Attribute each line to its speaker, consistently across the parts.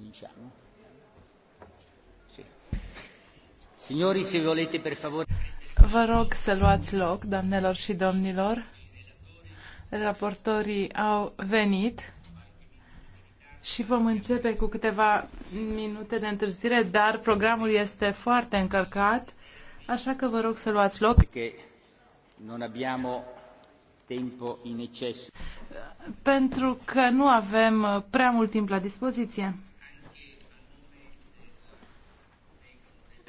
Speaker 1: Cominciamo. se volete per favore.
Speaker 2: Vă rog să luați loc, doamnelor și domnilor. Raportorii au venit și vom începe cu câteva minute de întârziere, dar programul este foarte încărcat, așa că vă rog să luați loc.
Speaker 1: Non abbiamo tempo in eccesso.
Speaker 2: Pentru că nu avem uh, prea mult timp la dispoziție.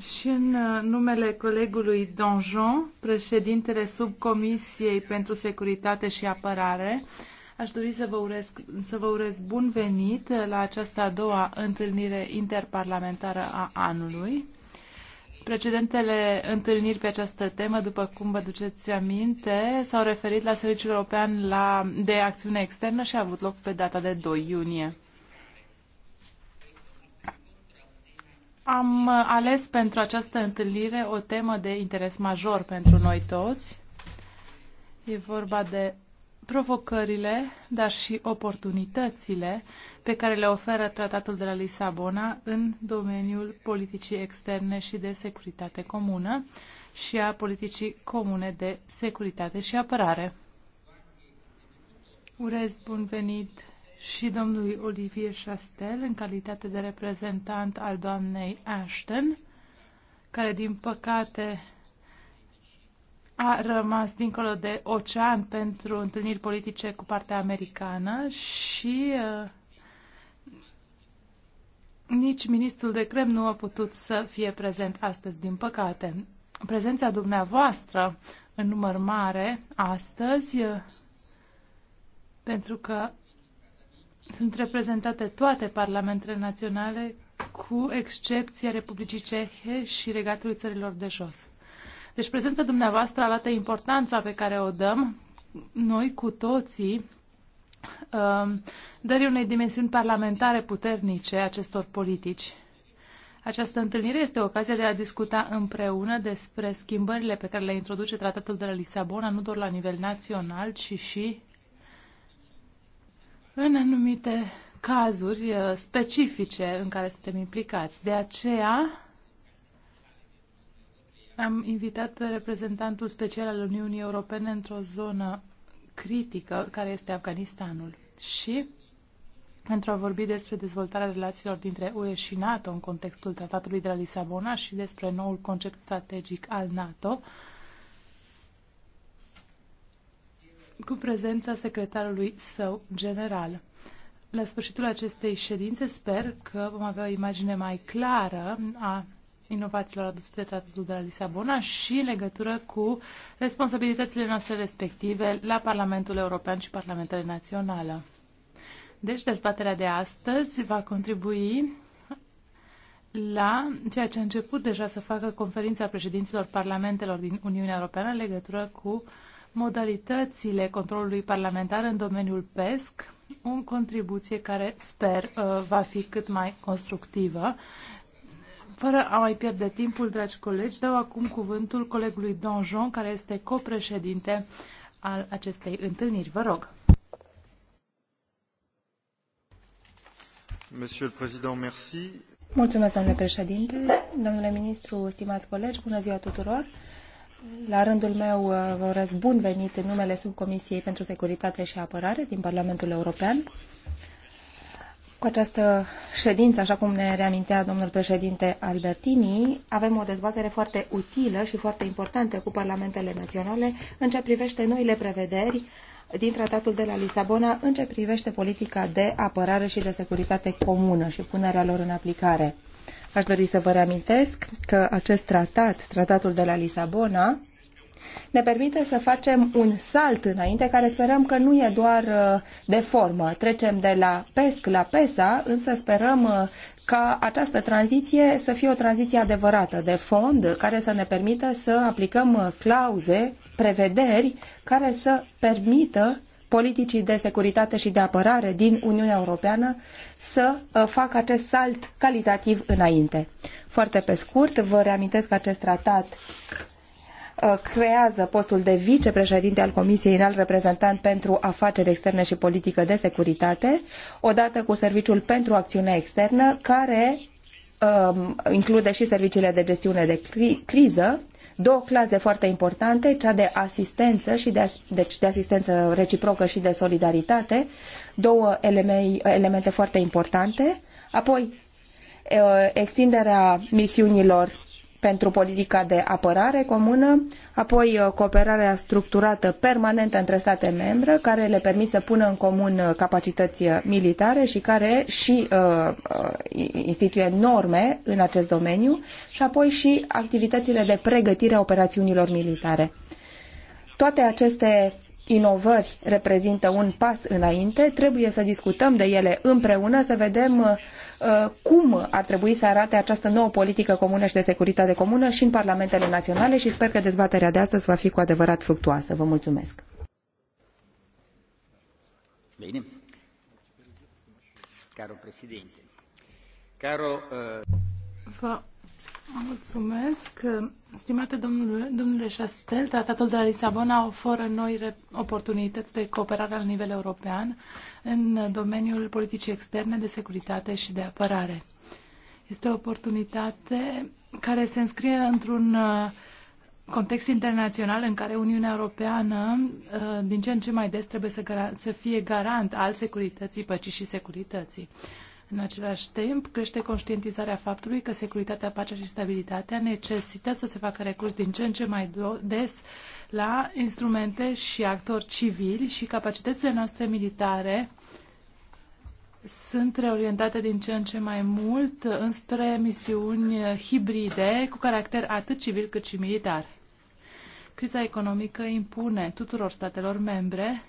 Speaker 2: Și în uh, numele colegului Donjon, președintele subcomisiei pentru securitate și apărare, aș dori să vă, urez, să vă urez bun venit la această a doua întâlnire interparlamentară a anului. Precedentele întâlniri pe această temă, după cum vă duceți aminte, s-au referit la Serviciul European la, de Acțiune Externă și a avut loc pe data de 2 iunie. Am uh, ales pentru această întâlnire o temă de interes major pentru noi toți. E vorba de provocările, dar și oportunitățile pe care le oferă Tratatul de la Lisabona în domeniul politicii externe și de securitate comună și a politicii comune de securitate și apărare. Urez bun venit și domnului Olivier Chastel în calitate de reprezentant al doamnei Ashton, care din păcate a rămas dincolo de ocean pentru întâlniri politice cu partea americană și uh, nici ministrul de Crem nu a putut să fie prezent astăzi, din păcate. Prezența dumneavoastră în număr mare astăzi, uh, pentru că sunt reprezentate toate parlamentele naționale, cu excepția Republicii Cehe și Regatului Țărilor de Jos. Deci prezența dumneavoastră arată importanța pe care o dăm noi cu toții um, dării unei dimensiuni parlamentare puternice acestor politici. Această întâlnire este ocazia de a discuta împreună despre schimbările pe care le introduce Tratatul de la Lisabona, nu doar la nivel național, ci și în anumite cazuri uh, specifice în care suntem implicați. De aceea am invitat reprezentantul special al Uniunii Europene într-o zonă critică care este Afganistanul și pentru a vorbi despre dezvoltarea relațiilor dintre UE și NATO în contextul Tratatului de la Lisabona și despre noul concept strategic al NATO, cu prezența secretarului său general. La sfârșitul acestei ședințe sper că vom avea o imagine mai clară a inovațiilor aduse de Tratatul de la Lisabona și în legătură cu responsabilitățile noastre respective la Parlamentul European și Parlamentele Naționale. Deci, dezbaterea de astăzi va contribui la ceea ce a început deja să facă conferința președinților parlamentelor din Uniunea Europeană în legătură cu uh, modalitățile controlului parlamentar în domeniul PESC, o contribuție care sper uh, va fi cât mai constructivă. Fără a mai pierde timpul, dragi colegi, dau acum cuvântul colegului Donjon, care este copreședinte al acestei întâlniri. Vă rog.
Speaker 1: Monsieur le Président, merci.
Speaker 3: Mulțumesc, domnule președinte, domnule ministru, stimați colegi, bună ziua tuturor. La rândul meu uh, vă urez bun venit în numele Subcomisiei pentru Securitate și Apărare din Parlamentul European. Cu această ședință, așa cum ne reamintea domnul președinte Albertini, avem o dezbatere foarte utilă și foarte importantă cu parlamentele naționale în ce privește noile prevederi din Tratatul de la Lisabona în ce privește politica de apărare și de securitate comună și punerea lor în aplicare. Aș dori să vă reamintesc că acest tratat, tratatul de la Lisabona, ne permite să facem un salt înainte, care sperăm că nu e doar uh, de formă. Trecem de la PESC la PESA, însă sperăm uh, ca această tranziție să fie o tranziție adevărată, de fond, care să ne permită să aplicăm uh, clauze, prevederi, care să permită politicii de securitate și de apărare din Uniunea Europeană să uh, facă acest salt calitativ înainte. Foarte pe scurt, vă reamintesc că acest tratat uh, creează postul de vicepreședinte al Comisiei înalt reprezentant pentru afaceri externe și politică de securitate, odată cu Serviciul pentru Acțiune Externă, care um, include și serviciile de gestiune de criză două claze foarte importante, cea de asistență și de, deci de asistență reciprocă și de solidaritate, două eleme, elemente foarte importante, apoi eh, extinderea misiunilor pentru politica de apărare comună, apoi uh, cooperarea structurată permanentă între state membre, care le permit să pună în comun uh, capacități uh, militare și care și uh, instituie norme în acest domeniu, și apoi și activitățile de pregătire a operațiunilor militare. Toate aceste inovări reprezintă un pas înainte, trebuie să discutăm de ele împreună, să vedem uh, cum ar trebui să arate această nouă politică comună și de securitate comună și în parlamentele naționale și sper că dezbaterea de astăzi va fi cu adevărat fructuoasă. Vă mulțumesc!
Speaker 1: Bine. Caro președinte, caro... Uh...
Speaker 3: Vă
Speaker 2: mulțumesc, Stimate domnule, domnule Chastel, tratatul de la Lisabona oferă noi oportunități de cooperare la nivel european în domeniul politicii externe de securitate și de apărare. Este o oportunitate care se înscrie într-un uh, context internațional în care Uniunea Europeană uh, din ce în ce mai des trebuie să, să fie garant al securității, păcii și securității. În același timp, crește conștientizarea faptului că securitatea, pacea și stabilitatea necesită să se facă recurs din ce în ce mai des la instrumente și actori civili și capacitățile noastre militare sunt reorientate din ce în ce mai mult înspre misiuni hibride cu caracter atât civil cât și militar. Criza economică impune tuturor statelor membre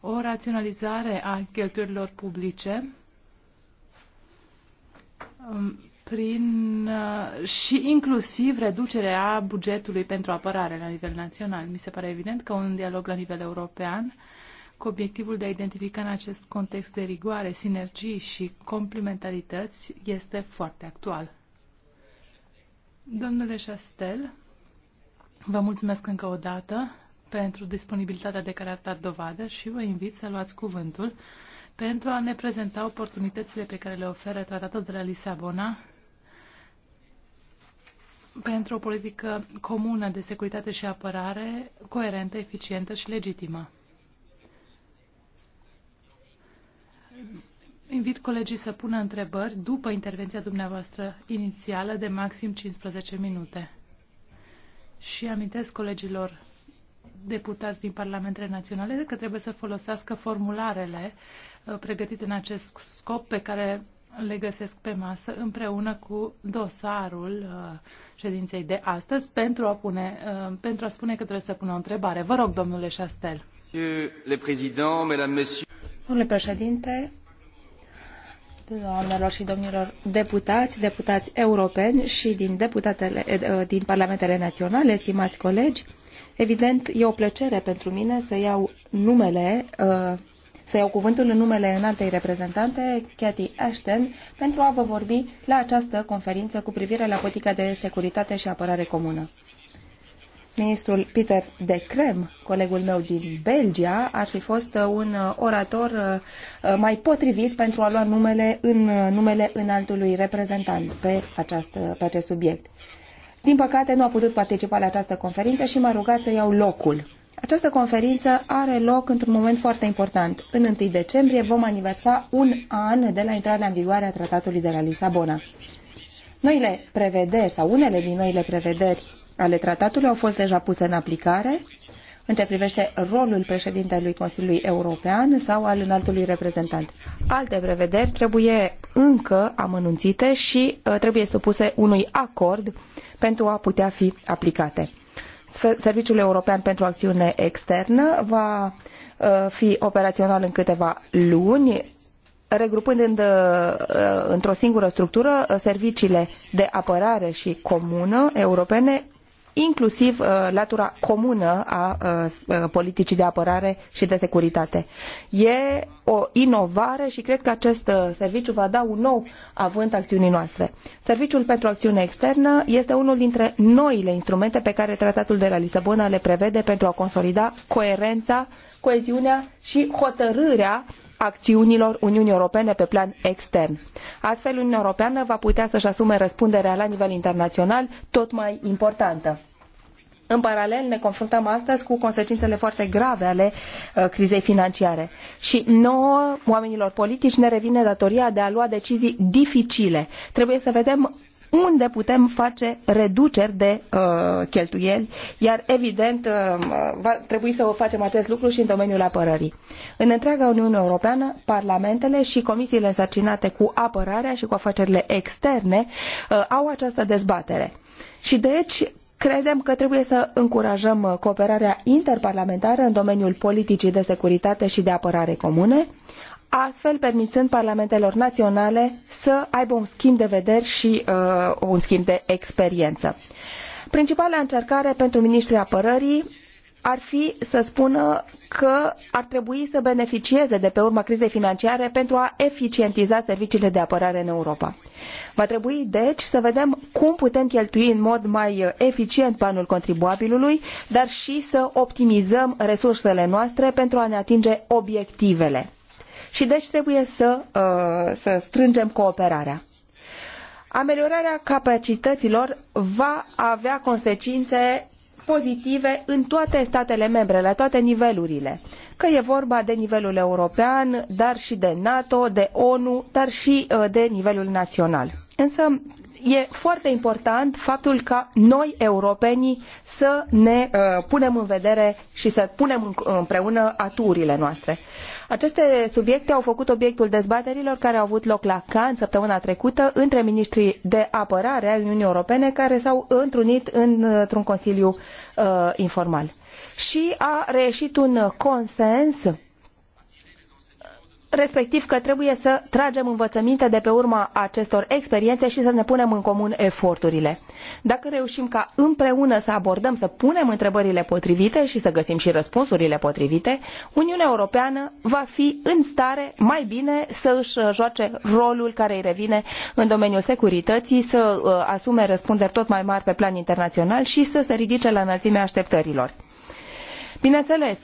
Speaker 2: o raționalizare a cheltuielilor publice prin uh, și inclusiv reducerea bugetului pentru apărare la nivel național. Mi se pare evident că un dialog la nivel european cu obiectivul de a identifica în acest context de rigoare, sinergii și complementarități este foarte actual. Domnule Chastel, vă mulțumesc încă o dată pentru disponibilitatea de care ați dat dovadă și vă invit să luați cuvântul pentru a ne prezenta oportunitățile pe care le oferă Tratatul de la Lisabona pentru o politică comună de securitate și apărare coerentă, eficientă și legitimă. Invit colegii să pună întrebări după intervenția dumneavoastră inițială de maxim 15 minute. Și amintesc colegilor deputați din Parlamentele Naționale că trebuie să folosească formularele pregătit în acest scop pe care le găsesc pe masă împreună cu dosarul uh, ședinței de astăzi pentru a, pune, uh, pentru a spune că trebuie să pună o întrebare.
Speaker 3: Vă rog, domnule Șastel. Domnule președinte, doamnelor și domnilor deputați, deputați europeni și din, deputatele, eh, din parlamentele naționale, estimați colegi, evident, e o plăcere pentru mine să iau numele eh, să iau cuvântul în numele înaltei reprezentante, Cathy Ashton, pentru a vă vorbi la această conferință cu privire la politica de securitate și apărare comună. Ministrul Peter de Crem, colegul meu din Belgia, ar fi fost uh, un uh, orator uh, mai potrivit pentru a lua numele în numele înaltului reprezentant pe, această, pe acest subiect. Din păcate, nu a putut participa la această conferință și m-a rugat să iau locul această conferință are loc într-un moment foarte important. În 1 decembrie vom aniversa un an de la intrarea în vigoare a Tratatului de la Lisabona. Noile prevederi sau unele din noile prevederi ale tratatului au fost deja puse în aplicare în ce privește rolul președintelui Consiliului European sau al înaltului reprezentant. Alte prevederi trebuie încă amănunțite și uh, trebuie supuse unui acord pentru a putea fi aplicate. Serviciul European pentru Acțiune Externă va uh, fi operațional în câteva luni, regrupând în, uh, într-o singură structură uh, serviciile de apărare și comună europene inclusiv uh, latura comună a uh, uh, politicii de apărare și de securitate. E o inovare și cred că acest serviciu va da un nou avânt acțiunii noastre. Serviciul pentru acțiune externă este unul dintre noile instrumente pe care Tratatul de la Lisabona le prevede pentru a consolida coerența, coeziunea și hotărârea acțiunilor Uniunii Europene pe plan extern. Astfel, Uniunea Europeană va putea să-și asume răspunderea la nivel internațional tot mai importantă. În paralel, ne confruntăm astăzi cu consecințele foarte grave ale uh, crizei financiare. Și nouă, oamenilor politici, ne revine datoria de a lua decizii dificile. Trebuie să vedem unde putem face reduceri de uh, cheltuieli, iar evident uh, va trebui să o facem acest lucru și în domeniul apărării. În întreaga Uniune Europeană, parlamentele și comisiile însărcinate cu apărarea și cu afacerile externe uh, au această dezbatere. Și deci Credem că trebuie să încurajăm uh, cooperarea interparlamentară în domeniul politicii de securitate și de apărare comune, astfel permițând parlamentelor naționale să aibă un schimb de vederi și uh, un schimb de experiență. Principala încercare pentru ministrii apărării ar fi să spună că ar trebui să beneficieze de pe urma crizei financiare pentru a eficientiza serviciile de apărare în Europa. Va trebui, deci, să vedem cum putem cheltui în mod mai eficient banul contribuabilului, dar și să optimizăm resursele noastre pentru a ne atinge obiectivele și deci trebuie să, uh, să strângem cooperarea. Ameliorarea capacităților va avea consecințe pozitive în toate statele membre, la toate nivelurile. Că e vorba de nivelul european, dar și de NATO, de ONU, dar și uh, de nivelul național. Însă e foarte important faptul ca noi, europenii, să ne uh, punem în vedere și să punem împreună aturile noastre. Uh, aceste subiecte au făcut obiectul dezbaterilor care au avut loc la Cannes săptămâna trecută între ministrii de apărare ai Uniunii Europene care s-au întrunit într-un consiliu uh, informal. Și a reieșit un consens uh, respectiv că trebuie să tragem învățăminte de pe urma acestor experiențe și să ne punem în comun eforturile. Dacă reușim ca împreună să abordăm, să punem întrebările potrivite și să găsim și răspunsurile potrivite, Uniunea Europeană va fi în stare mai bine să își uh, joace rolul care îi revine în domeniul securității, să uh, asume răspunderi tot mai mari pe plan internațional și să se ridice la înălțimea așteptărilor. Bineînțeles,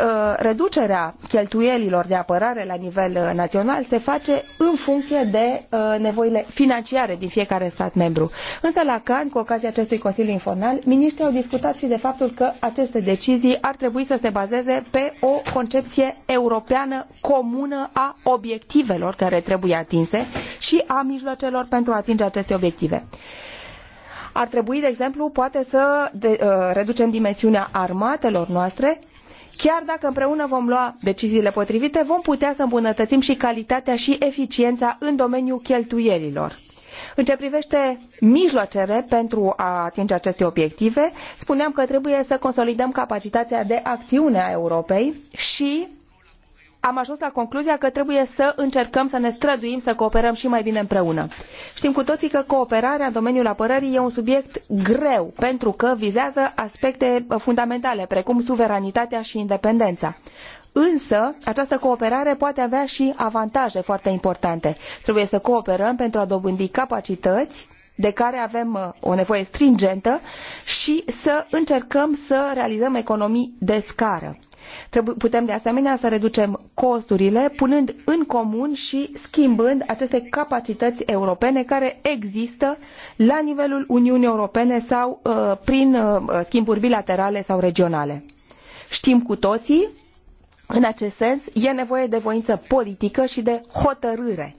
Speaker 3: Uh, reducerea cheltuielilor de apărare la nivel uh, național se face în funcție de uh, nevoile financiare din fiecare stat membru. Însă la Cannes, cu ocazia acestui Consiliu Informal, miniștrii au discutat și de faptul că aceste decizii ar trebui să se bazeze pe o concepție europeană comună a obiectivelor care trebuie atinse și a mijloacelor pentru a atinge aceste obiective ar trebui, de exemplu, poate să de, uh, reducem dimensiunea armatelor noastre Chiar dacă împreună vom lua deciziile potrivite, vom putea să îmbunătățim și calitatea și eficiența în domeniul cheltuielilor. În ce privește mijloacele pentru a atinge aceste obiective, spuneam că trebuie să consolidăm capacitatea de acțiune a Europei și am ajuns la concluzia că trebuie să încercăm să ne străduim, să cooperăm și mai bine împreună. Știm cu toții că cooperarea în domeniul apărării e un subiect greu, pentru că vizează aspecte fundamentale, precum suveranitatea și independența. Însă, această cooperare poate avea și avantaje foarte importante. Trebuie să cooperăm pentru a dobândi capacități de care avem uh, o nevoie stringentă și să încercăm să realizăm economii de scară Putem de asemenea să reducem costurile punând în comun și schimbând aceste capacități europene care există la nivelul Uniunii Europene sau uh, prin uh, schimburi bilaterale sau regionale. Știm cu toții, în acest sens, e nevoie de voință politică și de hotărâre.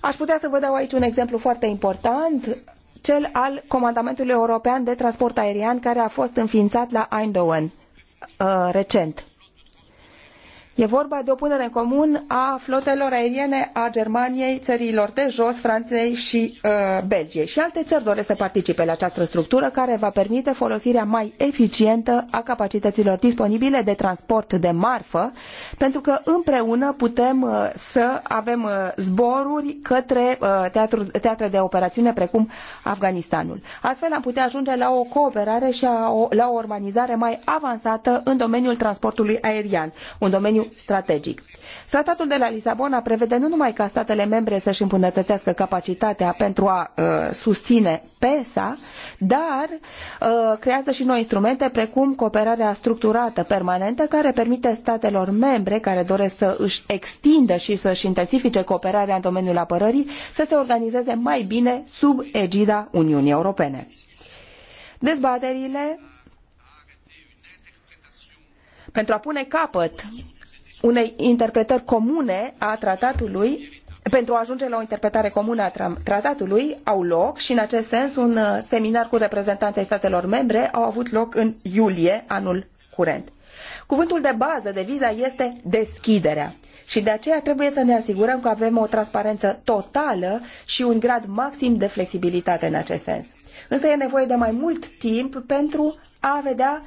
Speaker 3: Aș putea să vă dau aici un exemplu foarte important, cel al Comandamentului European de Transport Aerian, care a fost înființat la Eindhoven Uh, recent. E vorba de o punere în comun a flotelor aeriene a Germaniei, țărilor de jos, Franței și uh, Belgiei. Și alte țări doresc să participe la această structură care va permite folosirea mai eficientă a capacităților disponibile de transport de marfă, pentru că împreună putem uh, să avem uh, zboruri către uh, teatru, teatre de operațiune precum Afganistanul. Astfel am putea ajunge la o cooperare și a, o, la o organizare mai avansată în domeniul transportului aerian, un domeniu strategic. Tratatul de la Lisabona prevede nu numai ca statele membre să-și îmbunătățească capacitatea pentru a uh, susține PESA, dar uh, creează și noi instrumente precum cooperarea structurată permanentă care permite statelor membre care doresc să își extindă și să-și intensifice cooperarea în domeniul apărării să se organizeze mai bine sub egida Uniunii Europene. Dezbaterile pentru a pune capăt unei interpretări comune a tratatului pentru a ajunge la o interpretare comună a tratatului au loc și în acest sens un uh, seminar cu reprezentanții statelor membre au avut loc în iulie anul curent. Cuvântul de bază de viza este deschiderea și de aceea trebuie să ne asigurăm că avem o transparență totală și un grad maxim de flexibilitate în acest sens. Însă e nevoie de mai mult timp pentru a vedea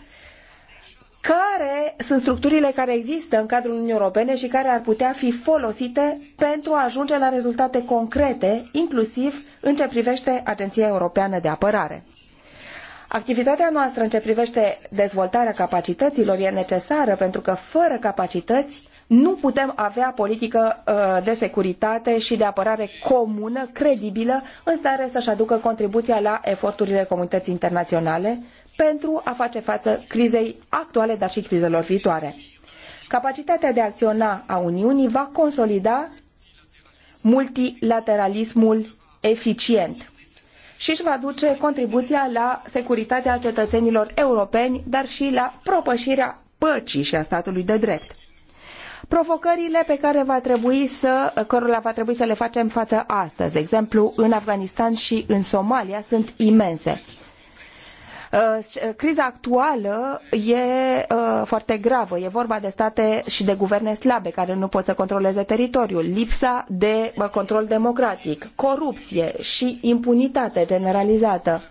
Speaker 3: care sunt structurile care există în cadrul Uniunii Europene și care ar putea fi folosite pentru a ajunge la rezultate concrete, inclusiv în ce privește Agenția Europeană de Apărare. Activitatea noastră în ce privește dezvoltarea capacităților e necesară pentru că fără capacități nu putem avea politică uh, de securitate și de apărare comună, credibilă, în stare să-și aducă contribuția la eforturile comunității internaționale, pentru a face față crizei actuale, dar și crizelor viitoare. Capacitatea de a acționa a Uniunii va consolida multilateralismul eficient și își va duce contribuția la securitatea cetățenilor europeni, dar și la propășirea păcii și a statului de drept. Provocările pe care va trebui să, cărora va trebui să le facem față astăzi, exemplu în Afganistan și în Somalia, sunt imense Uh, uh, criza actuală e uh, foarte gravă. E vorba de state și de guverne slabe care nu pot să controleze teritoriul, lipsa de control democratic, corupție și impunitate generalizată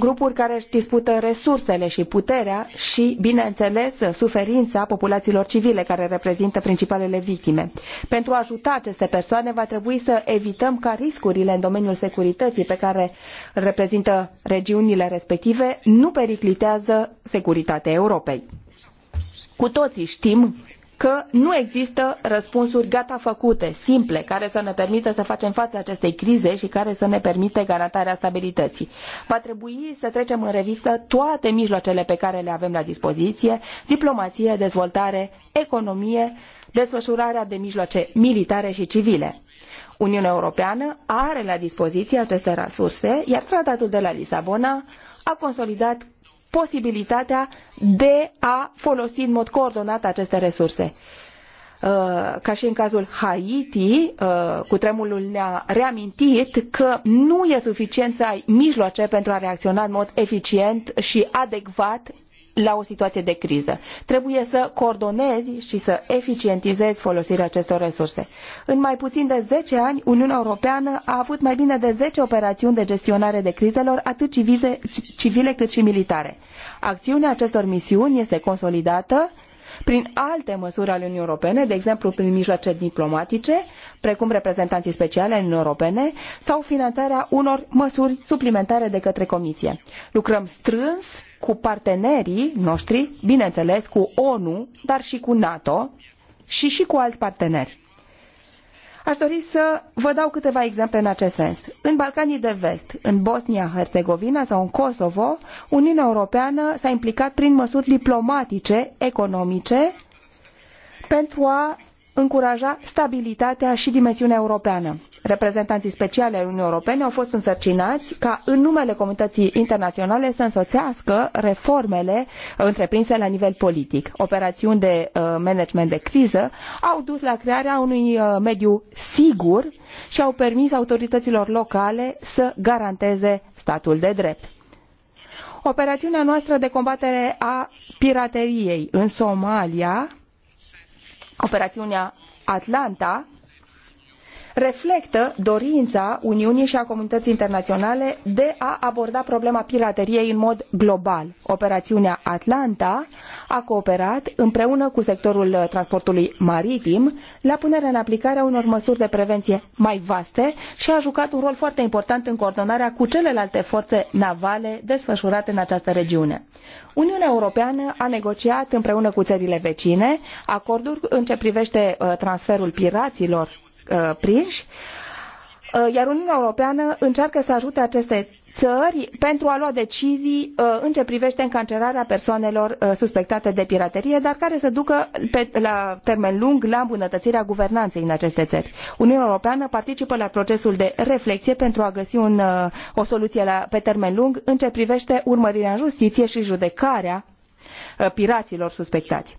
Speaker 3: grupuri care își dispută resursele și puterea și, bineînțeles, suferința populațiilor civile care reprezintă principalele victime. Pentru a ajuta aceste persoane va trebui să evităm ca riscurile în domeniul securității pe care reprezintă regiunile respective nu periclitează securitatea Europei. Cu toții știm că nu există răspunsuri gata făcute, simple, care să ne permită să facem față acestei crize și care să ne permite garantarea stabilității. Va trebui să trecem în revistă toate mijloacele pe care le avem la dispoziție, diplomație, dezvoltare, economie, desfășurarea de mijloace militare și civile. Uniunea Europeană are la dispoziție aceste resurse, iar tratatul de la Lisabona a consolidat posibilitatea de a folosi în mod coordonat aceste resurse uh, ca și în cazul Haiti, uh, cu tremurul ne-a reamintit că nu e suficient să ai mijloace pentru a reacționa în mod eficient și adecvat la o situație de criză. Trebuie să coordonezi și să eficientizezi folosirea acestor resurse. În mai puțin de zece ani, Uniunea Europeană a avut mai bine de zece operațiuni de gestionare de crizelor, atât civile, civile cât și militare. Acțiunea acestor misiuni este consolidată prin alte măsuri ale Uniunii Europene, de exemplu prin mijloace diplomatice, precum reprezentanții speciale ale Uniunii Europene, sau finanțarea unor măsuri suplimentare de către Comisie. Lucrăm strâns cu partenerii noștri, bineînțeles cu ONU, dar și cu NATO și și cu alți parteneri. Aș dori să vă dau câteva exemple în acest sens. În Balcanii de Vest, în Bosnia-Herzegovina sau în Kosovo, Uniunea Europeană s-a implicat prin măsuri diplomatice, economice, pentru a încuraja stabilitatea și dimensiunea europeană. Reprezentanții speciale ai Uniunii Europene au fost însărcinați ca în numele comunității internaționale să însoțească reformele întreprinse la nivel politic. Operațiuni de uh, management de criză au dus la crearea unui uh, mediu sigur și au permis autorităților locale să garanteze statul de drept. Operațiunea noastră de combatere a pirateriei în Somalia operaiunea atalanta reflectă dorința Uniunii și a comunității internaționale de a aborda problema pirateriei în mod global. Operațiunea Atlanta a cooperat împreună cu sectorul transportului maritim la punerea în aplicare a unor măsuri de prevenție mai vaste și a jucat un rol foarte important în coordonarea cu celelalte forțe navale desfășurate în această regiune. Uniunea Europeană a negociat împreună cu țările vecine acorduri în ce privește uh, transferul piraților Uh, prinși, uh, iar Uniunea Europeană încearcă să ajute aceste țări pentru a lua decizii uh, în ce privește încarcerarea persoanelor suspectate de piraterie, dar care să ducă pe, la termen lung la îmbunătățirea guvernanței în aceste țări. Uniunea Europeană participă la procesul de reflexie pentru a găsi un, o soluție la, pe termen lung în ce privește urmărirea în justiție și judecarea Uh, piraților suspectați.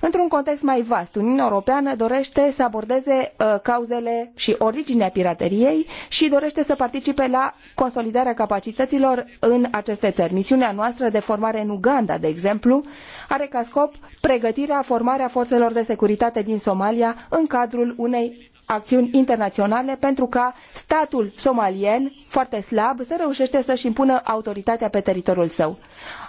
Speaker 3: Într-un context mai vast, Uniunea Europeană dorește să abordeze uh, cauzele și originea pirateriei și dorește să participe la consolidarea capacităților în aceste țări. Misiunea noastră de formare în Uganda, de exemplu, are ca scop pregătirea, formarea forțelor de securitate din Somalia în cadrul unei acțiuni internaționale pentru ca statul somalien, foarte slab, să reușește să-și impună autoritatea pe teritoriul său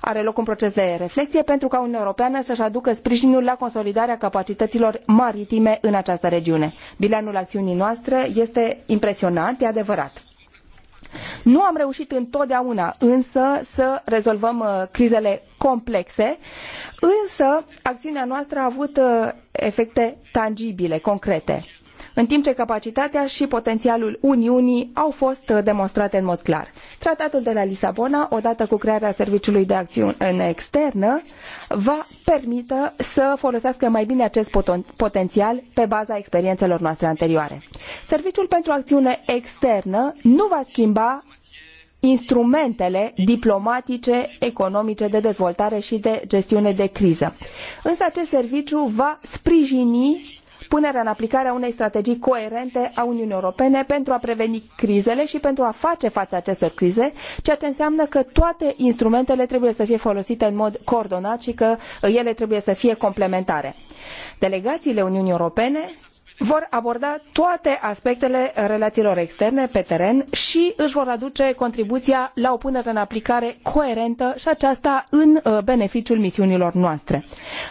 Speaker 3: are loc un proces de reflexie pentru ca Uniunea Europeană să-și aducă sprijinul la consolidarea capacităților maritime în această regiune. Bilanul acțiunii noastre este impresionant, e adevărat. Nu am reușit întotdeauna însă să rezolvăm uh, crizele complexe, însă acțiunea noastră a avut uh, efecte tangibile, concrete în timp ce capacitatea și potențialul Uniunii au fost uh, demonstrate în mod clar. Tratatul de la Lisabona, odată cu crearea Serviciului de Acțiune Externă, va permite să folosească mai bine acest potențial pe baza experiențelor noastre anterioare. Serviciul pentru Acțiune Externă nu va schimba instrumentele diplomatice, economice de dezvoltare și de gestiune de criză. Însă acest serviciu va sprijini punerea în aplicare a unei strategii coerente a Uniunii Europene pentru a preveni crizele și pentru a face față acestor crize, ceea ce înseamnă că toate instrumentele trebuie să fie folosite în mod coordonat și că ele trebuie să fie complementare. Delegațiile Uniunii Europene vor aborda toate aspectele relațiilor externe pe teren și își vor aduce contribuția la o punere în aplicare coerentă și aceasta în uh, beneficiul misiunilor noastre.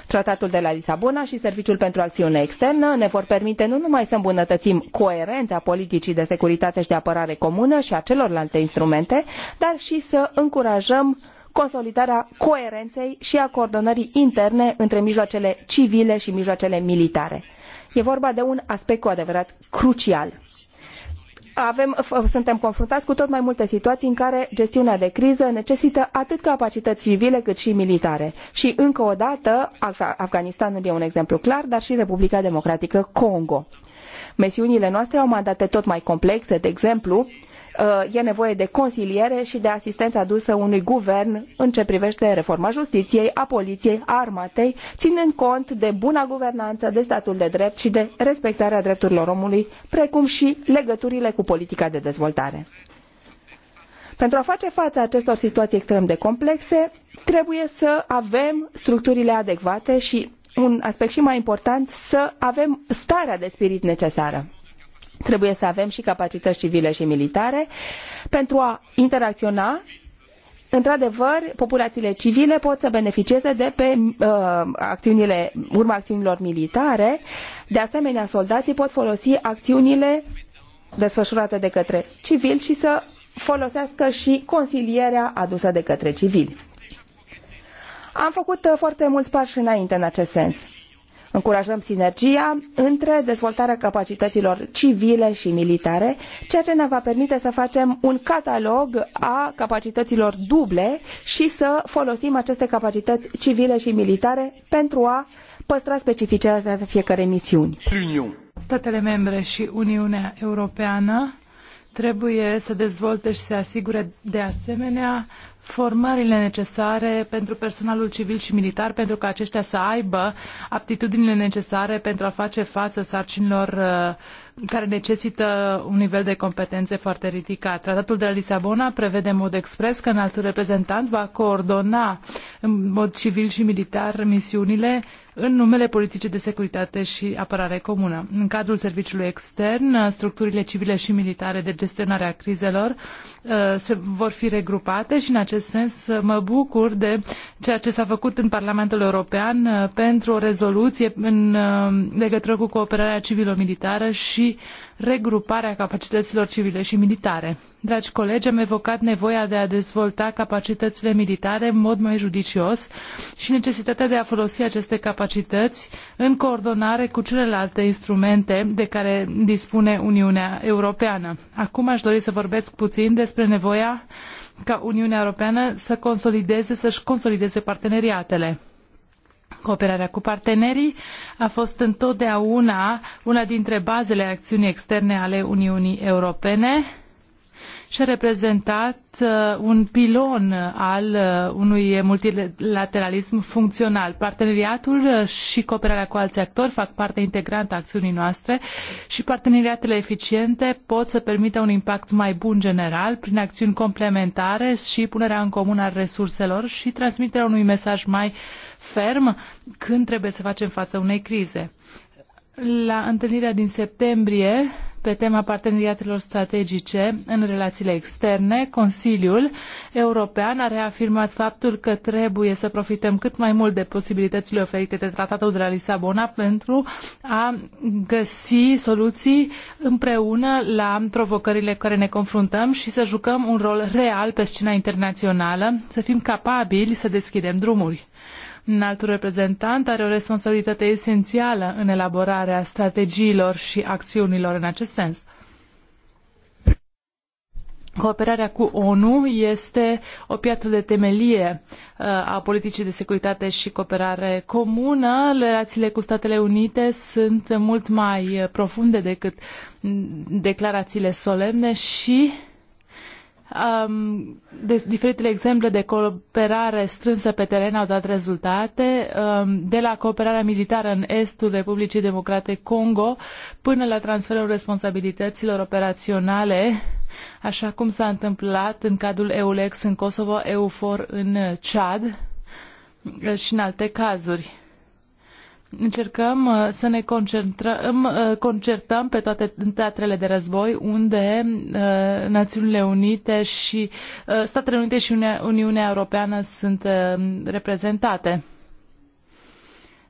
Speaker 3: Tratatul de la Lisabona și Serviciul pentru Acțiune Externă ne vor permite nu numai să îmbunătățim coerența politicii de securitate și de apărare comună și a celorlalte instrumente, dar și să încurajăm consolidarea coerenței și a coordonării interne între mijloacele civile și mijloacele militare. E vorba de un aspect cu adevărat crucial. Avem, suntem confruntați cu tot mai multe situații în care gestiunea de criză necesită atât capacități civile cât și militare. Și încă o dată, Afganistanul e un exemplu clar, dar și Republica Democratică Congo. Mesiunile noastre au mandate tot mai complexe, de exemplu, uh, Uh, e nevoie de consiliere și de asistență adusă unui guvern în ce privește reforma justiției, a poliției, a armatei, ținând cont de buna guvernanță, de statul de drept și de respectarea drepturilor omului, precum și legăturile cu politica de dezvoltare. Pentru a face față acestor situații extrem de complexe, trebuie să avem structurile adecvate și un aspect și mai important, să avem starea de spirit necesară. Trebuie să avem și capacități civile și militare pentru a interacționa într-adevăr, populațiile civile pot să beneficieze de pe uh, acțiunile, urma acțiunilor militare. De asemenea, soldații pot folosi acțiunile desfășurate de către civili și să folosească și consilierea adusă de către civili. Am făcut uh, foarte mulți pași înainte în acest sens încurajăm sinergia între dezvoltarea capacităților civile și militare, ceea ce ne va permite să facem un catalog a capacităților duble și să folosim aceste capacități civile și militare pentru a păstra specificitatea fiecărei misiuni. Statele membre
Speaker 2: și Uniunea Europeană trebuie să dezvolte și să asigure de asemenea formările necesare pentru personalul civil și militar pentru ca aceștia să aibă aptitudinile necesare pentru a face față sarcinilor uh, care necesită un nivel de competențe foarte ridicat. Tratatul de la Lisabona prevede în mod expres că înaltul reprezentant va coordona în mod civil și militar misiunile în numele politicii de securitate și apărare comună. În cadrul serviciului extern, structurile civile și militare de gestionare a crizelor uh, se vor fi regrupate și în acest sens mă bucur de ceea ce s-a făcut în Parlamentul European uh, pentru o rezoluție în uh, legătură cu cooperarea civilo-militară și uh, regruparea capacităților civile și militare. Dragi colegi, am evocat nevoia de a dezvolta capacitățile militare în mod mai judicios și necesitatea de a folosi aceste capacități în coordonare cu celelalte instrumente de care dispune Uniunea Europeană. Acum aș dori să vorbesc puțin despre nevoia ca Uniunea Europeană să consolideze, să-și consolideze parteneriatele. Cooperarea cu partenerii a fost întotdeauna una dintre bazele acțiunii externe ale Uniunii Europene și a reprezentat uh, un pilon al uh, unui multilateralism funcțional. Parteneriatul uh, și cooperarea cu alți actori fac parte integrantă a acțiunii noastre și parteneriatele eficiente pot să permită un impact mai bun general prin acțiuni complementare și punerea în comun a resurselor și transmiterea unui mesaj mai ferm când trebuie să facem față unei crize. La întâlnirea din septembrie pe tema parteneriatelor strategice în relațiile externe, Consiliul European a reafirmat faptul că trebuie să profităm cât mai mult de posibilitățile oferite de Tratatul de la Lisabona pentru a găsi soluții împreună la provocările care ne confruntăm și să jucăm un rol real pe scena internațională, să fim capabili să deschidem drumuri. Înaltul reprezentant are o responsabilitate esențială în elaborarea strategiilor și acțiunilor în acest sens. Cooperarea cu ONU este o piatră de temelie uh, a politicii de securitate și cooperare comună. Relațiile cu Statele Unite sunt mult mai profunde decât declarațiile solemne și uh, Um, de, diferitele exemple de cooperare strânsă pe teren au dat rezultate, um, de la cooperarea militară în estul Republicii Democrate Congo până la transferul responsabilităților operaționale, așa cum s-a întâmplat în cadrul EULEX în Kosovo, EUFOR în Chad uh, și în alte cazuri încercăm uh, să ne concentrăm, uh, concertăm pe toate teatrele de război unde uh, Națiunile Unite și Statele Unite și Uniunea Europeană sunt reprezentate.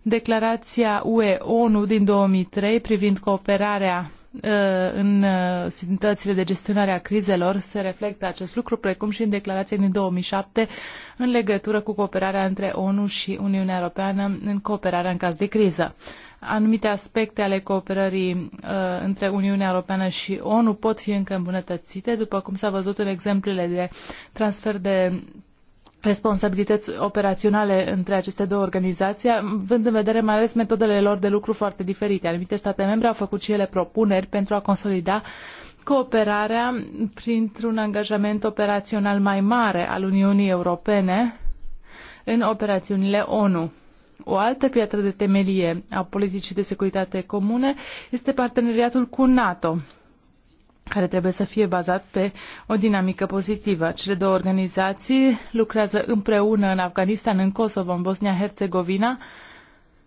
Speaker 2: Declarația UE-ONU din 2003 privind cooperarea Uh, în uh, situațiile de gestionare a crizelor se reflectă acest lucru, precum și în declarația din 2007 în legătură cu cooperarea între ONU și Uniunea Europeană în cooperarea în caz de criză. Anumite aspecte ale cooperării uh, între Uniunea Europeană și ONU pot fi încă îmbunătățite, după cum s-a văzut în exemplele de transfer de responsabilități operaționale între aceste două organizații, având în vedere mai ales metodele lor de lucru foarte diferite. Anumite state membre au făcut și ele propuneri pentru a consolida cooperarea printr-un angajament operațional mai mare al Uniunii Europene în operațiunile ONU. O altă piatră de temelie a politicii de securitate comune este parteneriatul cu NATO care trebuie să fie bazat pe o dinamică pozitivă. Cele două organizații lucrează împreună în Afganistan, în Kosovo, în Bosnia-Herzegovina,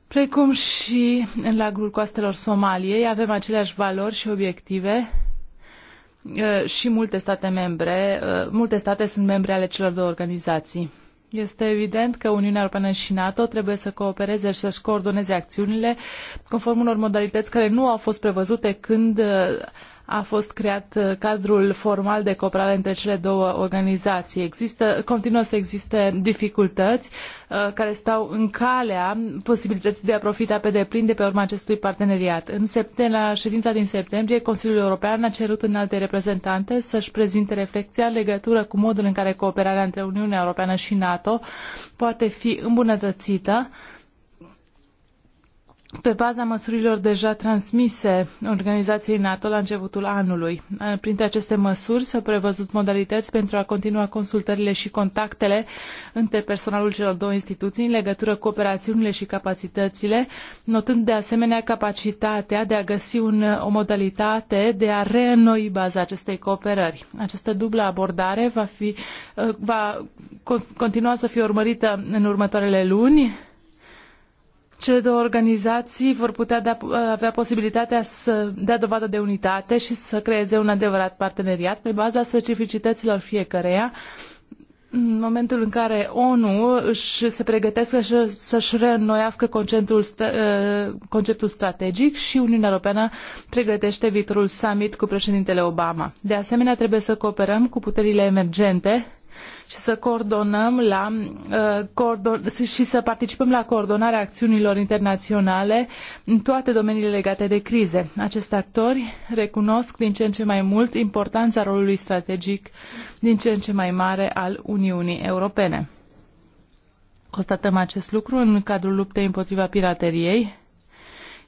Speaker 2: precum și în lagul coastelor Somaliei. Avem aceleași valori și obiective uh, și multe state membre, uh, multe state sunt membre ale celor două organizații. Este evident că Uniunea Europeană și NATO trebuie să coopereze și să-și coordoneze acțiunile conform unor modalități care nu au fost prevăzute când uh, a fost creat uh, cadrul formal de cooperare între cele două organizații. Există, continuă să existe dificultăți uh, care stau în calea posibilității de a profita pe deplin de pe urma acestui parteneriat. În septembrie, la ședința din septembrie, Consiliul European a cerut în alte reprezentante să-și prezinte reflexia în legătură cu modul în care cooperarea între Uniunea Europeană și NATO poate fi îmbunătățită pe baza măsurilor deja transmise organizației NATO la începutul anului. Printre aceste măsuri s-au prevăzut modalități pentru a continua consultările și contactele între personalul celor două instituții în legătură cu operațiunile și capacitățile, notând de asemenea capacitatea de a găsi un, o modalitate de a reînnoi baza acestei cooperări. Această dublă abordare va, fi, va continua să fie urmărită în următoarele luni cele două organizații vor putea da, uh, avea posibilitatea să dea dovadă de unitate și să creeze un adevărat parteneriat pe baza specificităților fiecăreia, în momentul în care ONU își se pregătesc să-și reînnoiască conceptul, uh, conceptul strategic și Uniunea Europeană pregătește viitorul summit cu președintele Obama. De asemenea, trebuie să cooperăm cu puterile emergente și să coordonăm la, uh, și să participăm la coordonarea acțiunilor internaționale în toate domeniile legate de crize. Acești actori recunosc din ce în ce mai mult importanța rolului strategic din ce în ce mai mare al Uniunii Europene. Constatăm acest lucru în cadrul luptei împotriva pirateriei,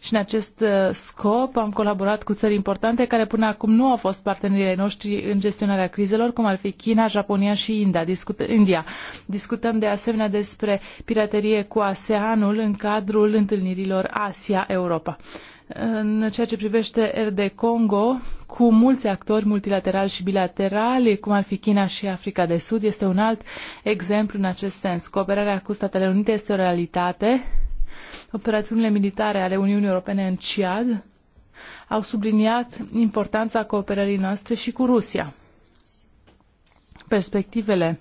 Speaker 2: și în acest uh, scop am colaborat cu țări importante care până acum nu au fost partenerii noștri în gestionarea crizelor, cum ar fi China, Japonia și India. Discut- India. Discutăm de asemenea despre piraterie cu ASEANul în cadrul întâlnirilor Asia-Europa. În ceea ce privește RD Congo, cu mulți actori multilaterali și bilaterali, cum ar fi China și Africa de Sud, este un alt exemplu în acest sens. Cooperarea cu Statele Unite este o realitate Operațiunile militare ale Uniunii Europene în Ciad au subliniat importanța cooperării noastre și cu Rusia. Perspectivele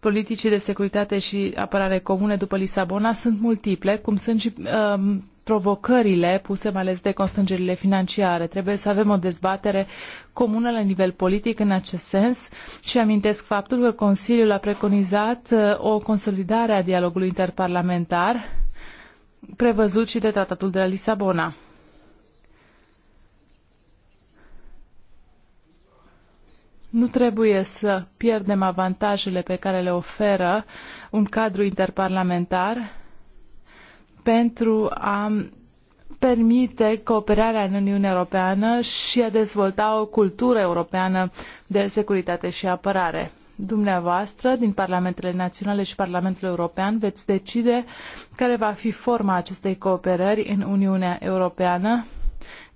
Speaker 2: politicii de securitate și apărare comune după Lisabona sunt multiple, cum sunt și um, provocările puse mai ales de constrângerile financiare. Trebuie să avem o dezbatere comună la nivel politic în acest sens și amintesc faptul că Consiliul a preconizat uh, o consolidare a dialogului interparlamentar prevăzut și de tratatul de la Lisabona. Nu trebuie să pierdem avantajele pe care le oferă un cadru interparlamentar pentru a permite cooperarea în Uniunea Europeană și a dezvolta o cultură europeană de securitate și apărare dumneavoastră din Parlamentele Naționale și Parlamentul European veți decide care va fi forma acestei cooperări în Uniunea Europeană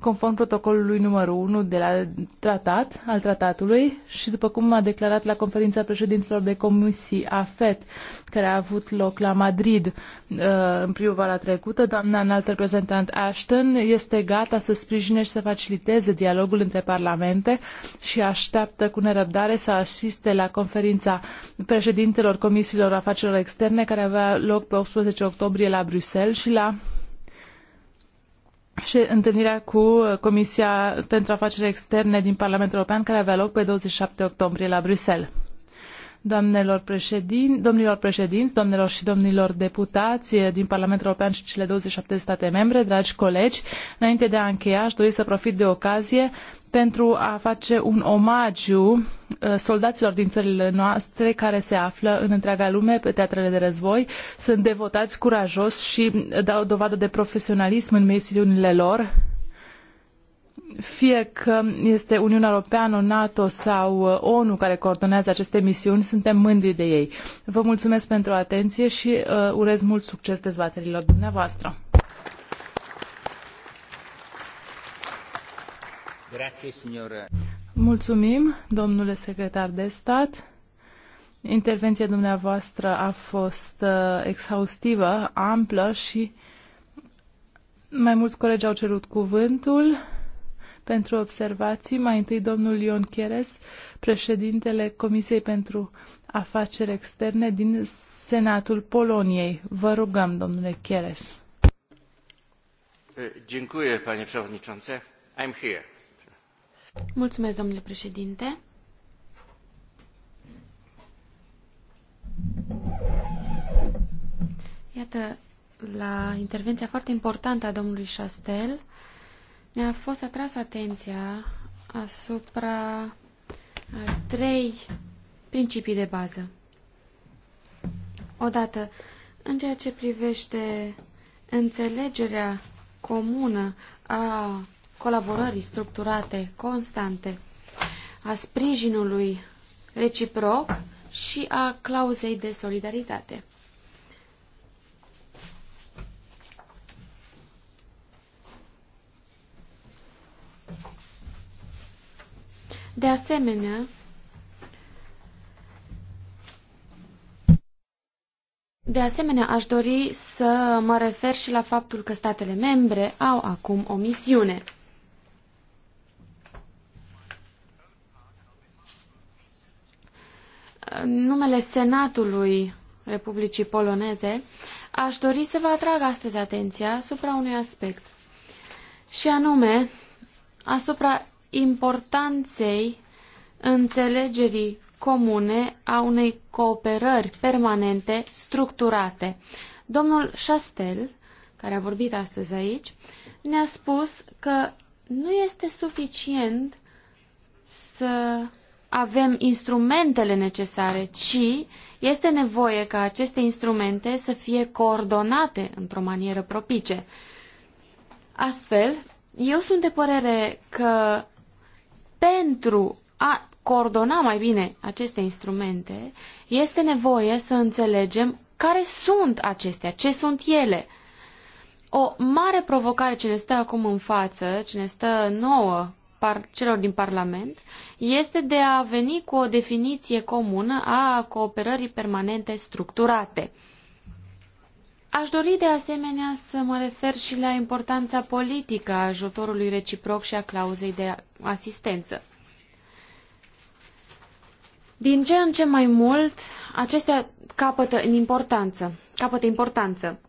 Speaker 2: conform protocolului numărul 1 de la tratat, al tratatului și după cum a declarat la conferința președinților de comisii AFET, care a avut loc la Madrid uh, în primăvara trecută, doamna înalt reprezentant Ashton este gata să sprijine și să faciliteze dialogul între parlamente și așteaptă cu nerăbdare să asiste la conferința președintelor comisiilor afacerilor externe care avea loc pe 18 octombrie la Bruxelles și la și întâlnirea cu Comisia pentru Afaceri Externe din Parlamentul European, care avea loc pe 27 octombrie la Bruxelles. Doamnelor președin, domnilor președinți, domnilor și domnilor deputați din Parlamentul European și cele 27 de state membre, dragi colegi, înainte de a încheia, aș dori să profit de ocazie pentru a face un omagiu uh, soldaților din țările noastre care se află în întreaga lume pe teatrele de război. Sunt devotați, curajos și dau dovadă de profesionalism în misiunile lor, fie că este Uniunea Europeană, NATO sau uh, ONU care coordonează aceste misiuni, suntem mândri de ei. Vă mulțumesc pentru atenție și uh, urez mult succes dezbaterilor dumneavoastră. Mulțumim, domnule secretar de stat. Intervenția dumneavoastră a fost uh, exhaustivă, amplă și mai mulți colegi au cerut cuvântul pentru observații. Mai întâi domnul Ion Cheres, președintele Comisiei pentru Afaceri Externe din Senatul Poloniei. Vă rugăm, domnule
Speaker 4: Cheres.
Speaker 1: Dziękuję, panie przewodniczący. I'm here.
Speaker 4: Mulțumesc, domnule președinte. Iată, la intervenția foarte importantă a domnului Chastel, ne-a fost atras atenția asupra a trei principii de bază. Odată, în ceea ce privește înțelegerea comună a colaborării structurate, constante, a sprijinului reciproc și a clauzei de solidaritate. De asemenea, De asemenea, aș dori să mă refer și la faptul că statele membre au acum o misiune. numele Senatului Republicii Poloneze, aș dori să vă atrag astăzi atenția asupra unui aspect, și anume asupra importanței înțelegerii comune a unei cooperări permanente, structurate. Domnul Chastel, care a vorbit astăzi aici, ne-a spus că nu este suficient să avem instrumentele necesare, ci este nevoie ca aceste instrumente să fie coordonate într-o manieră propice. Astfel, eu sunt de părere că pentru a coordona mai bine aceste instrumente, este nevoie să înțelegem care sunt acestea, ce sunt ele. O mare provocare ce ne stă acum în față, ce ne stă nouă par, celor din Parlament este de a veni cu o definiție comună a cooperării permanente structurate. Aș dori de asemenea să mă refer și la importanța politică a ajutorului reciproc și a clauzei de asistență. Din ce în ce mai mult, acestea capătă în importanță. Capătă importanță.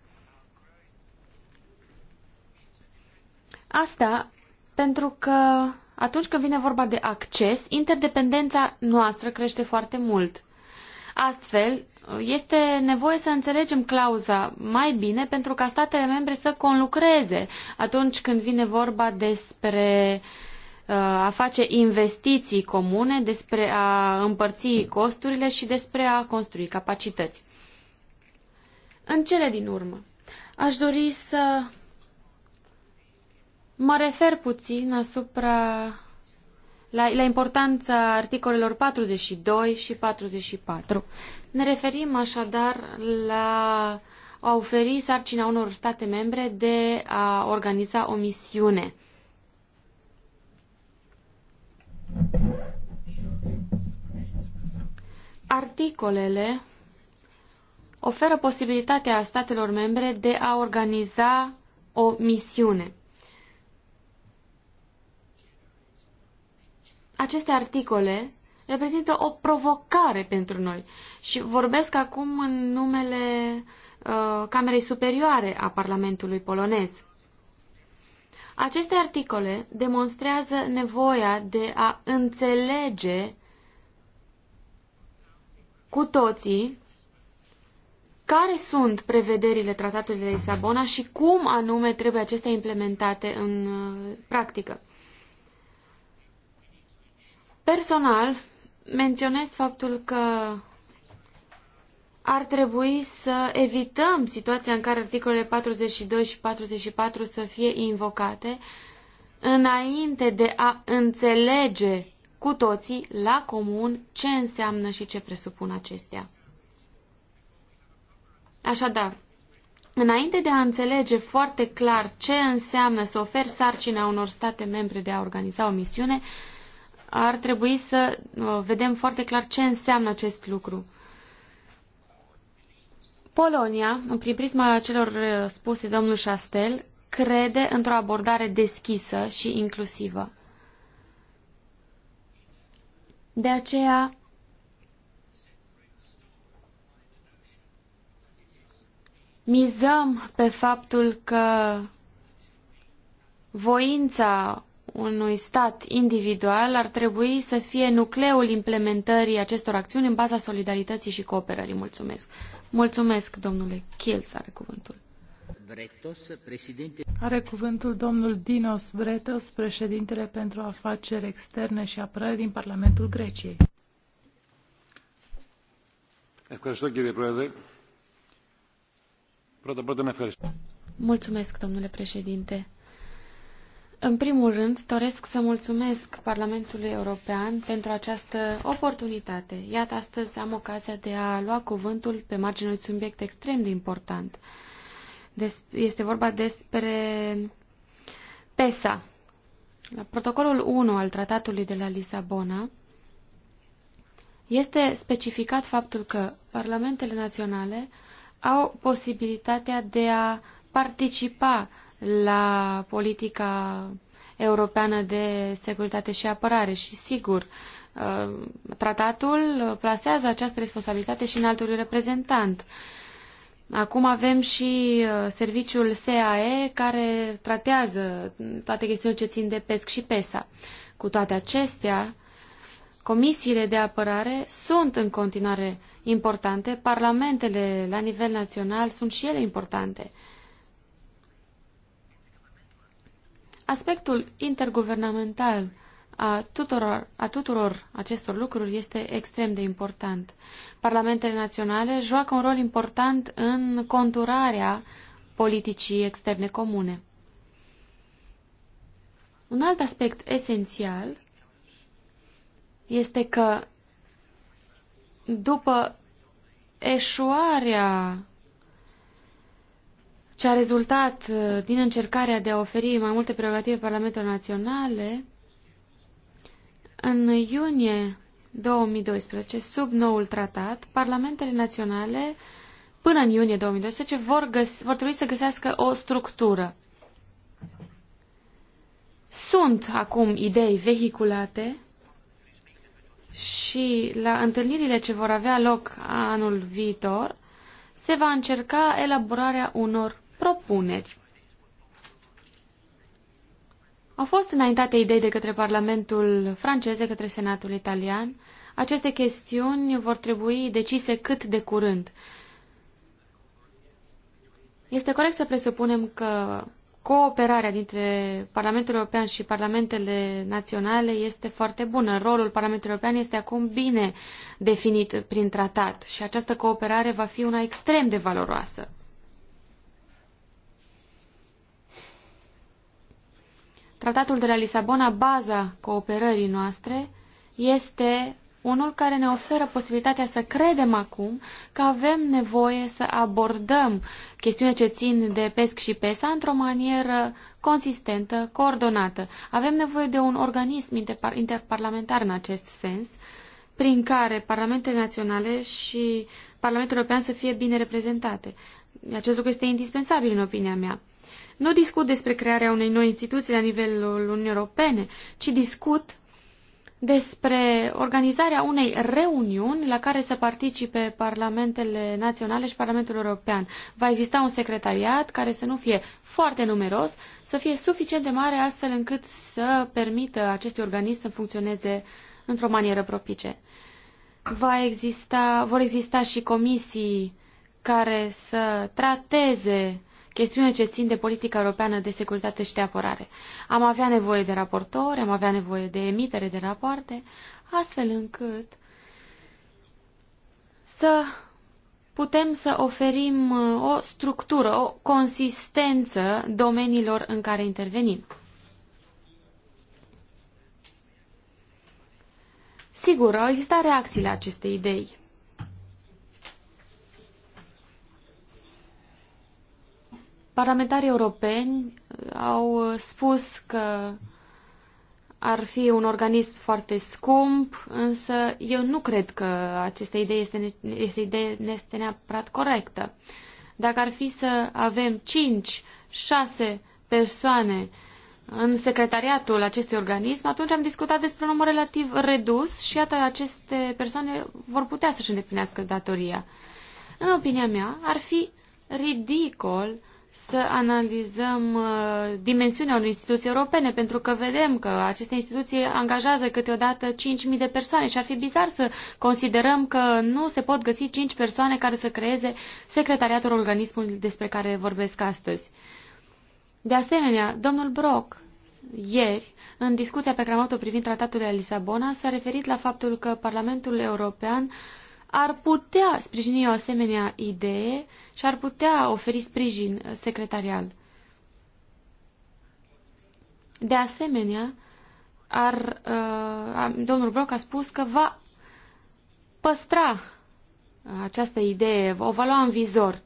Speaker 4: Asta pentru că atunci când vine vorba de acces, interdependența noastră crește foarte mult. Astfel, este nevoie să înțelegem clauza mai bine pentru ca statele membre să conlucreze atunci când vine vorba despre uh, a face investiții comune, despre a împărți costurile și despre a construi capacități. În cele din urmă, aș dori să Mă refer puțin asupra la, la importanța articolelor 42 și 44. Ne referim așadar la a oferi sarcina unor state membre de a organiza o misiune. Articolele oferă posibilitatea statelor membre de a organiza o misiune. aceste articole reprezintă o provocare pentru noi și vorbesc acum în numele uh, Camerei Superioare a Parlamentului polonez. Aceste articole demonstrează nevoia de a înțelege cu toții care sunt prevederile tratatului de Lisabona și cum anume trebuie acestea implementate în uh, practică. Personal, menționez faptul că ar trebui să evităm situația în care articolele 42 și 44 să fie invocate înainte de a înțelege cu toții la comun ce înseamnă și ce presupun acestea. Așadar, înainte de a înțelege foarte clar ce înseamnă să oferi sarcina unor state membre de a organiza o misiune, ar trebui să uh, vedem foarte clar ce înseamnă acest lucru. Polonia, prin prisma celor uh, spuse domnul Chastel, crede într-o abordare deschisă și inclusivă. De aceea, mizăm pe faptul că voința unui stat individual ar trebui să fie nucleul implementării acestor acțiuni în baza solidarității și cooperării. Mulțumesc. Mulțumesc, domnule Chils, are cuvântul. Bretos,
Speaker 2: președinte... Are cuvântul domnul Dinos Bretos, președintele pentru afaceri externe și apărare din Parlamentul Greciei.
Speaker 4: Mulțumesc, domnule președinte. În primul rând, doresc să mulțumesc Parlamentului European pentru această oportunitate. Iată, astăzi am ocazia de a lua cuvântul pe marginea unui subiect extrem de important. este vorba despre PESA. La protocolul 1 al Tratatului de la Lisabona este specificat faptul că parlamentele naționale au posibilitatea de a participa la politica europeană de securitate și apărare și, sigur, uh, tratatul plasează această responsabilitate și în altul reprezentant. Acum avem și uh, serviciul SAE care tratează toate chestiunile ce țin de PESC și PESA. Cu toate acestea, comisiile de apărare sunt în continuare importante, parlamentele la nivel național sunt și ele importante. Aspectul interguvernamental a tuturor, a tuturor acestor lucruri este extrem de important. Parlamentele naționale joacă un rol important în conturarea politicii externe comune. Un alt aspect esențial este că după eșuarea ce a rezultat uh, din încercarea de a oferi mai multe prerogative Parlamentelor Naționale, în iunie 2012, sub noul tratat, Parlamentele Naționale, până în iunie 2012, vor, găs- vor trebui să găsească o structură. Sunt acum idei vehiculate și la întâlnirile ce vor avea loc anul viitor se va încerca elaborarea unor propuneri. Au fost înaintate idei de către Parlamentul francez, de către Senatul italian. Aceste chestiuni vor trebui decise cât de curând. Este corect să presupunem că cooperarea dintre Parlamentul European și Parlamentele Naționale este foarte bună. Rolul Parlamentului European este acum bine definit prin tratat și această cooperare va fi una extrem de valoroasă. Tratatul de la Lisabona, baza cooperării noastre, este unul care ne oferă posibilitatea să credem acum că avem nevoie să abordăm chestiunile ce țin de pesc și pesa într-o manieră consistentă, coordonată. Avem nevoie de un organism interparlamentar în acest sens, prin care parlamentele naționale și Parlamentul European să fie bine reprezentate. Acest lucru este indispensabil în opinia mea. Nu discut despre crearea unei noi instituții la nivelul Uniunii Europene, ci discut despre organizarea unei reuniuni la care să participe parlamentele naționale și Parlamentul European. Va exista un secretariat care să nu fie foarte numeros, să fie suficient de mare astfel încât să permită acestui organism să funcționeze într-o manieră propice. Va exista, vor exista și comisii care să trateze chestiune ce țin de politica europeană de securitate și de apărare. Am avea nevoie de raportori, am avea nevoie de emitere de rapoarte, astfel încât să putem să oferim uh, o structură, o consistență domeniilor în care intervenim. Sigur, au existat reacții la aceste idei. Parlamentarii europeni uh, au uh, spus că ar fi un organism foarte scump, însă eu nu cred că această idee este, este, idee este neapărat corectă. Dacă ar fi să avem 5-6 persoane în secretariatul acestui organism, atunci am discutat despre un număr relativ redus și iată aceste persoane vor putea să-și îndeplinească datoria. În opinia mea, ar fi ridicol să analizăm uh, dimensiunea unei instituții europene, pentru că vedem că aceste instituții angajează câteodată 5.000 de persoane și ar fi bizar să considerăm că nu se pot găsi 5 persoane care să creeze secretariatul organismului despre care vorbesc astăzi. De asemenea, domnul Brock, ieri, în discuția pe care am avut-o privind tratatul de la Lisabona, s-a referit la faptul că Parlamentul European ar putea sprijini o asemenea idee uh, și ar putea oferi sprijin uh, secretarial. De asemenea, ar, uh, domnul Broc a spus că va păstra această idee, o va lua în vizor.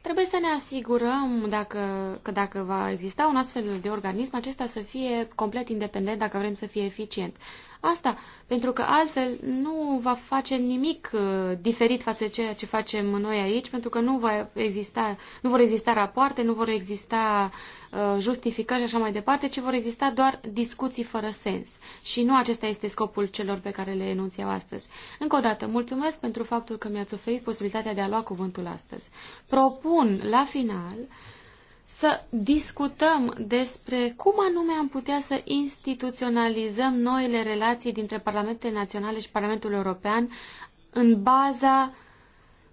Speaker 4: Trebuie să ne asigurăm dacă, că dacă va exista un astfel de organism, acesta să fie complet independent dacă vrem să fie eficient asta, pentru că altfel nu va face nimic uh, diferit față de ceea ce facem noi aici, pentru că nu, va exista, nu vor exista rapoarte, nu vor exista uh, justificări și așa mai departe, ci vor exista doar discuții fără sens. Și nu acesta este scopul celor pe care le enunț eu astăzi. Încă o dată, mulțumesc pentru faptul că mi-ați oferit posibilitatea de a lua cuvântul astăzi. Propun la final să discutăm despre cum anume am putea să instituționalizăm noile relații dintre Parlamentele Naționale și Parlamentul European în baza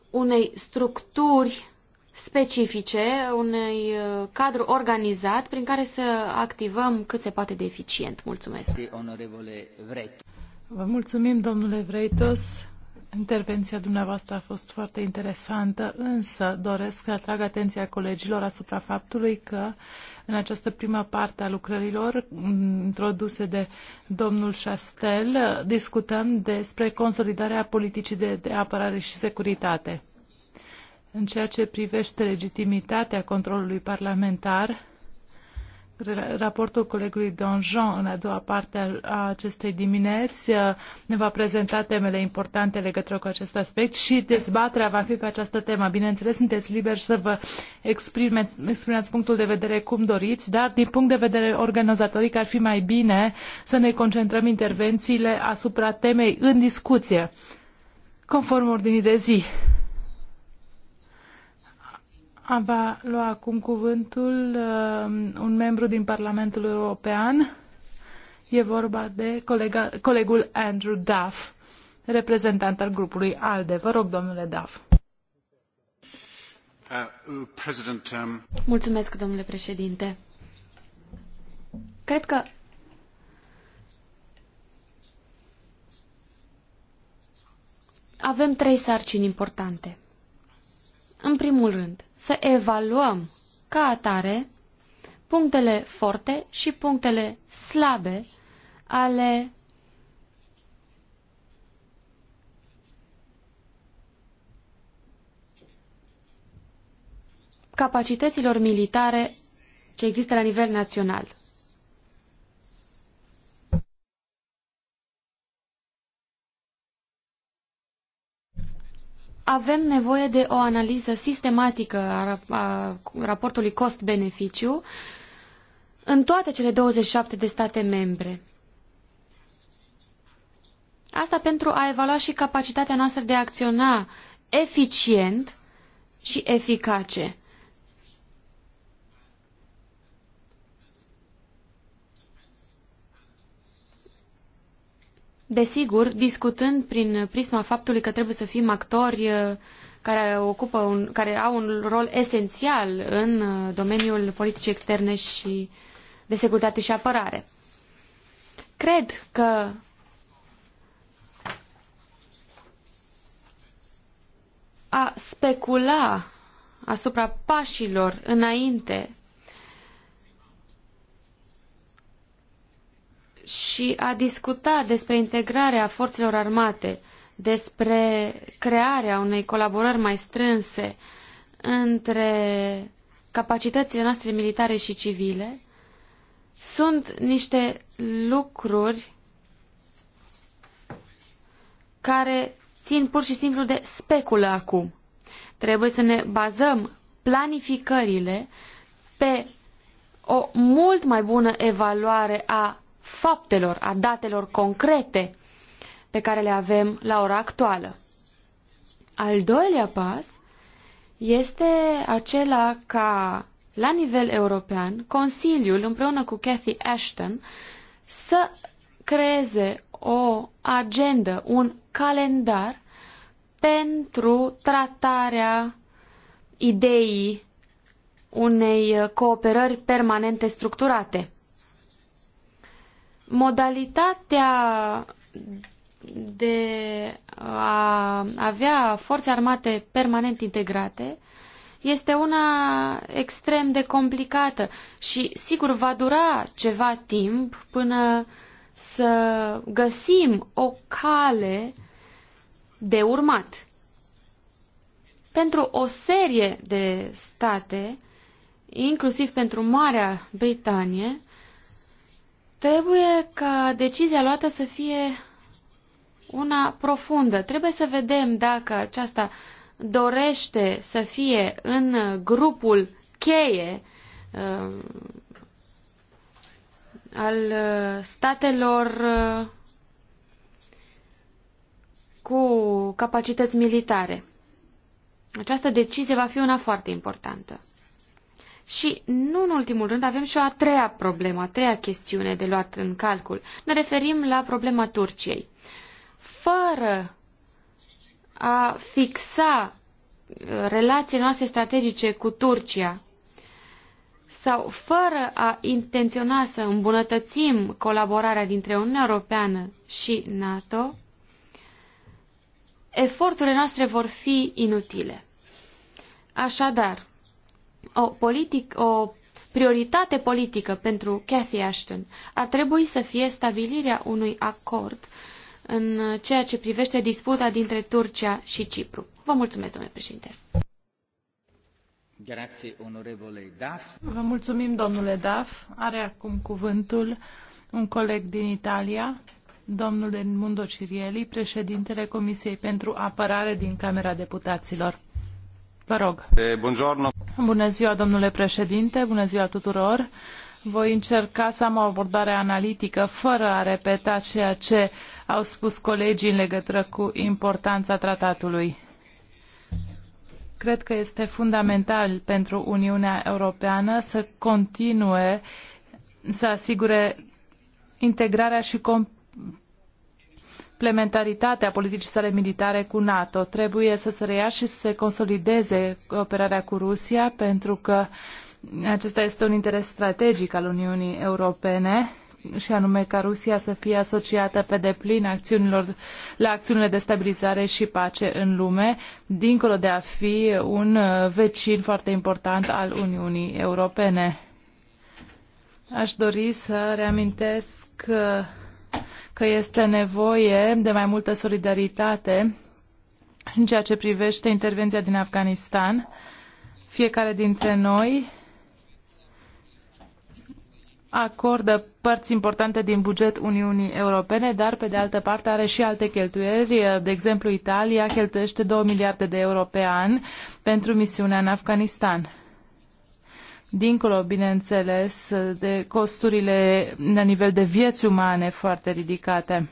Speaker 4: unei structuri specifice, unui uh, cadru organizat prin care să activăm cât se poate de eficient. Mulțumesc! Vă mulțumim, domnule Vreitos!
Speaker 2: Intervenția dumneavoastră a fost foarte interesantă, însă doresc să atrag atenția colegilor asupra faptului că în această prima parte a lucrărilor introduse de domnul Chastel discutăm despre consolidarea politicii de, de apărare și securitate. În ceea ce privește legitimitatea controlului parlamentar, Raportul colegului Donjon în a doua parte a acestei dimineți uh, ne va prezenta temele importante legătură cu acest aspect și dezbaterea va fi pe această temă. Bineînțeles, sunteți liberi să vă exprimeți, exprimați punctul de vedere cum doriți, dar din punct de vedere organizatoric ar fi mai bine să ne concentrăm intervențiile asupra temei în discuție, conform ordinii de zi. A va lua acum cuvântul uh, un membru din Parlamentul European. E vorba de colega, colegul Andrew Duff, reprezentant al grupului ALDE. Vă rog, domnule Duff. Uh, um...
Speaker 4: Mulțumesc, domnule președinte. Cred că avem trei sarcini importante. În primul rând, să evaluăm ca atare punctele forte și punctele slabe ale capacităților militare ce există la nivel național. avem nevoie de o analiză sistematică a, a raportului cost-beneficiu în toate cele 27 de state membre. Asta pentru a evalua și capacitatea noastră de a acționa eficient și eficace. Desigur, discutând prin prisma faptului că trebuie să fim actori uh, care, ocupă un, care au un rol esențial în uh, domeniul politicii externe și de securitate și apărare. Cred că a specula asupra pașilor înainte și a discuta despre integrarea forțelor armate, despre crearea unei colaborări mai strânse între capacitățile noastre militare și civile, sunt niște lucruri care țin pur și simplu de speculă acum. Trebuie să ne bazăm planificările pe o mult mai bună evaluare a faptelor, a datelor concrete pe care le avem la ora actuală. Al doilea pas este acela ca, la nivel european, Consiliul, împreună cu Cathy Ashton, să creeze o agendă, un calendar pentru tratarea ideii unei cooperări permanente structurate modalitatea de a avea forțe armate permanent integrate este una extrem de complicată și sigur va dura ceva timp până să găsim o cale de urmat. Pentru o serie de state, inclusiv pentru Marea Britanie, Trebuie ca decizia luată să fie una profundă. Trebuie să vedem dacă aceasta dorește să fie în grupul cheie uh, al uh, statelor uh, cu capacități militare. Această decizie va fi una foarte importantă. Și, nu în ultimul rând, avem și o a treia problemă, a treia chestiune de luat în calcul. Ne referim la problema Turciei. Fără a fixa uh, relații noastre strategice cu Turcia sau fără a intenționa să îmbunătățim colaborarea dintre Uniunea Europeană și NATO, eforturile noastre vor fi inutile. Așadar, o, politic, o prioritate politică pentru Cathy Ashton ar trebui să fie stabilirea unui acord în ceea ce privește disputa dintre Turcia și Cipru. Vă mulțumesc, domnule președinte.
Speaker 1: Grazie, onorevole Daf.
Speaker 4: Vă mulțumim, domnule Daf. Are acum cuvântul
Speaker 2: un coleg din Italia, domnul Edmundo Cirieli, președintele Comisiei pentru Apărare din Camera Deputaților. Bună ziua, domnule președinte, bună ziua tuturor. Voi încerca să am o abordare analitică fără a repeta ceea ce au spus colegii în legătură cu importanța tratatului. Cred că este fundamental pentru Uniunea Europeană să continue să asigure integrarea și comp- complementaritatea politicii sale militare cu NATO. Trebuie să se reia și să se consolideze cooperarea cu Rusia, pentru că acesta este un interes strategic al Uniunii Europene și anume ca Rusia să fie asociată pe deplin acțiunilor, la acțiunile de stabilizare și pace în lume, dincolo de a fi un vecin foarte important al Uniunii Europene. Aș dori să reamintesc că este nevoie de mai multă solidaritate în ceea ce privește intervenția din Afganistan. Fiecare dintre noi acordă părți importante din buget Uniunii Europene, dar pe de altă parte are și alte cheltuieli. De exemplu, Italia cheltuiește 2 miliarde de euro pe an pentru misiunea în Afganistan dincolo, bineînțeles, de costurile la nivel de vieți umane foarte ridicate.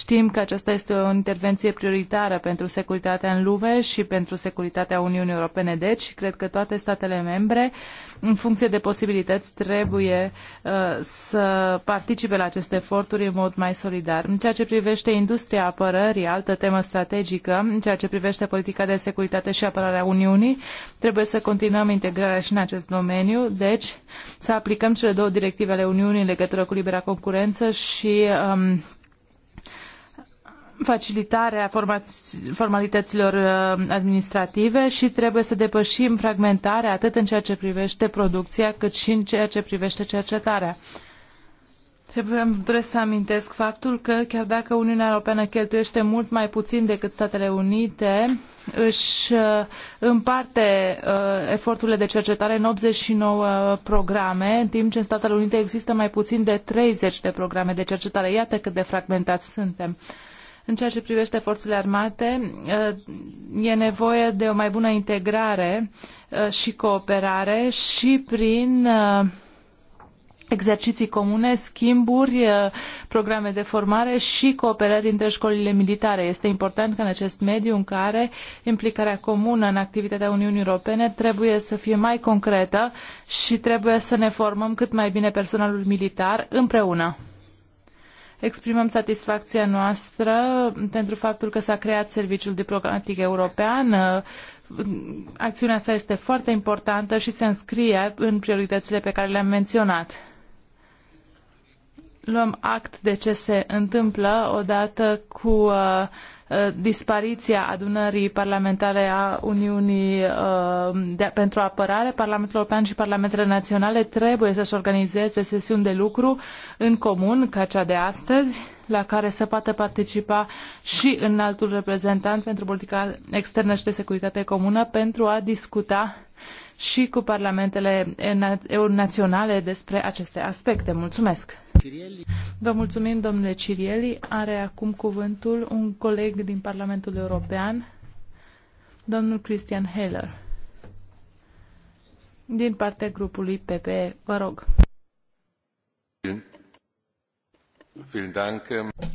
Speaker 2: Știm că aceasta este o intervenție prioritară pentru securitatea în lume și pentru securitatea Uniunii Europene. Deci, cred că toate statele membre, în funcție de posibilități, trebuie uh, să participe la aceste eforturi în mod mai solidar. În ceea ce privește industria apărării, altă temă strategică, în ceea ce privește politica de securitate și apărarea Uniunii, trebuie să continuăm integrarea și în acest domeniu. Deci, să aplicăm cele două directive ale Uniunii în legătură cu libera concurență și um, facilitarea formalităților uh, administrative și trebuie să depășim fragmentarea atât în ceea ce privește producția cât și în ceea ce privește cercetarea. Trebuie, doresc să amintesc faptul că chiar dacă Uniunea Europeană cheltuiește mult mai puțin decât Statele Unite, își uh, împarte uh, eforturile de cercetare în 89 programe, în timp ce în Statele Unite există mai puțin de 30 de programe de cercetare. Iată cât de fragmentați suntem. În ceea ce privește forțele armate, uh, e nevoie de o mai bună integrare uh, și cooperare și prin uh, exerciții comune, schimburi, programe de formare și cooperări între școlile militare. Este important că în acest mediu în care implicarea comună în activitatea Uniunii Europene trebuie să fie mai concretă și trebuie să ne formăm cât mai bine personalul militar împreună. Exprimăm satisfacția noastră pentru faptul că s-a creat Serviciul Diplomatic European. Acțiunea sa este foarte importantă și se înscrie în prioritățile pe care le-am menționat luăm act de ce se întâmplă odată cu uh, Uh, dispariția adunării parlamentare a Uniunii uh, de, pentru apărare, Parlamentul European și Parlamentele Naționale trebuie să-și organizeze sesiuni de lucru în comun, ca cea de astăzi, la care să poată participa și înaltul reprezentant pentru politica externă și de securitate comună pentru a discuta și cu parlamentele naționale despre aceste aspecte. Mulțumesc! Vă mulțumim, domnule Cirieli. Are acum cuvântul un coleg din Parlamentul European, domnul Christian Heller, din partea grupului PPE. Vă rog.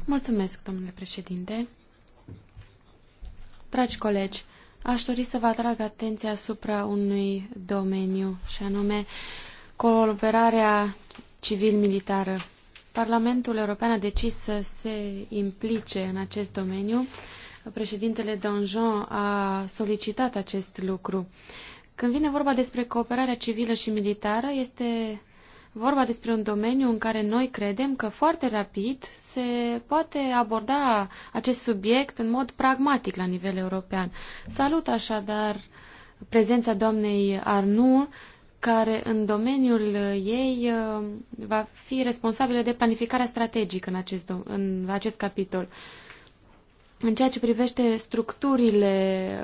Speaker 4: Mulțumesc, domnule președinte. Dragi colegi, Aș dori să vă atrag atenția asupra unui domeniu, și anume cooperarea civil-militară. Parlamentul European a decis să se implice în acest domeniu. Președintele Donjon a solicitat acest lucru. Când vine vorba despre cooperarea civilă și militară, este vorba despre un domeniu în care noi credem că foarte rapid se poate aborda acest subiect în mod pragmatic la nivel european. Salut așadar prezența doamnei Arnu, care în domeniul ei uh, va fi responsabilă de planificarea strategică în acest, în acest capitol. În ceea ce privește structurile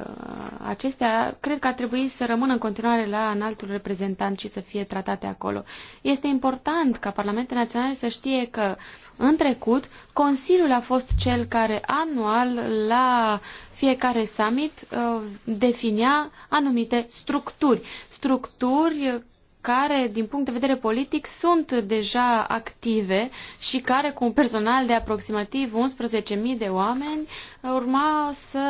Speaker 4: uh, acestea, cred că ar trebui să rămână în continuare la înaltul reprezentant și să fie tratate acolo. Este important ca Parlamentele Naționale să știe că, în trecut, Consiliul a fost cel care anual, la fiecare summit, uh, definea anumite structuri. Structuri care, din punct de vedere politic, sunt deja active și care, cu un personal de aproximativ 11.000 de oameni, urma să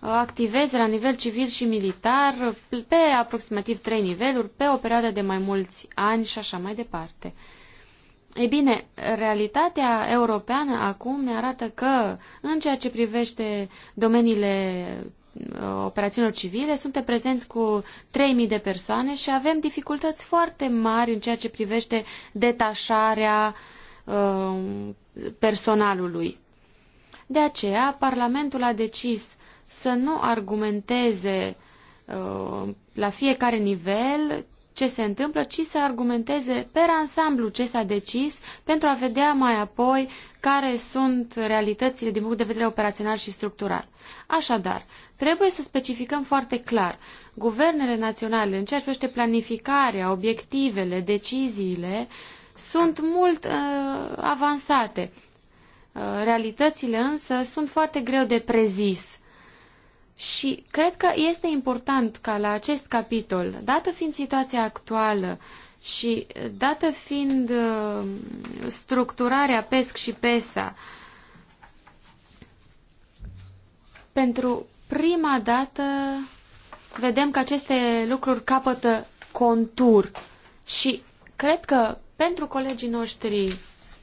Speaker 4: activeze la nivel civil și militar pe aproximativ trei niveluri, pe o perioadă de mai mulți ani și așa mai departe. Ei bine, realitatea europeană acum ne arată că, în ceea ce privește domeniile Uh, operațiunilor civile, suntem prezenți cu 3.000 de persoane și avem dificultăți foarte mari în ceea ce privește detașarea uh, personalului. De aceea, Parlamentul a decis să nu argumenteze uh, la fiecare nivel ce se întâmplă, ci să argumenteze per ansamblu ce s-a decis pentru a vedea mai apoi care sunt realitățile din punct de vedere operațional și structural. Așadar, Trebuie să specificăm foarte clar. Guvernele naționale, în ceea ce privește planificarea, obiectivele, deciziile, sunt mult uh, avansate. Uh, realitățile însă sunt foarte greu de prezis. Și cred că este important ca la acest capitol, dată fiind situația actuală și dată fiind uh, structurarea PESC și PESA, pentru prima dată vedem că aceste lucruri capătă contur și cred că pentru colegii noștri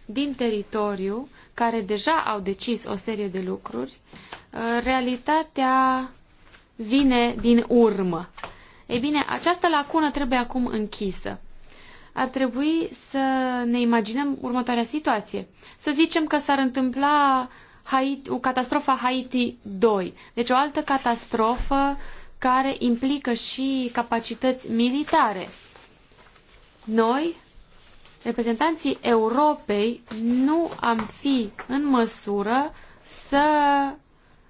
Speaker 4: din teritoriu, care deja au decis o serie de lucruri, ă, realitatea vine din urmă. Ei bine, această lacună trebuie acum închisă. Ar trebui să ne imaginăm următoarea situație. Să zicem că s-ar întâmpla Haiti, catastrofa Haiti 2. Deci o altă catastrofă care implică și capacități militare. Noi, reprezentanții Europei, nu am fi în măsură să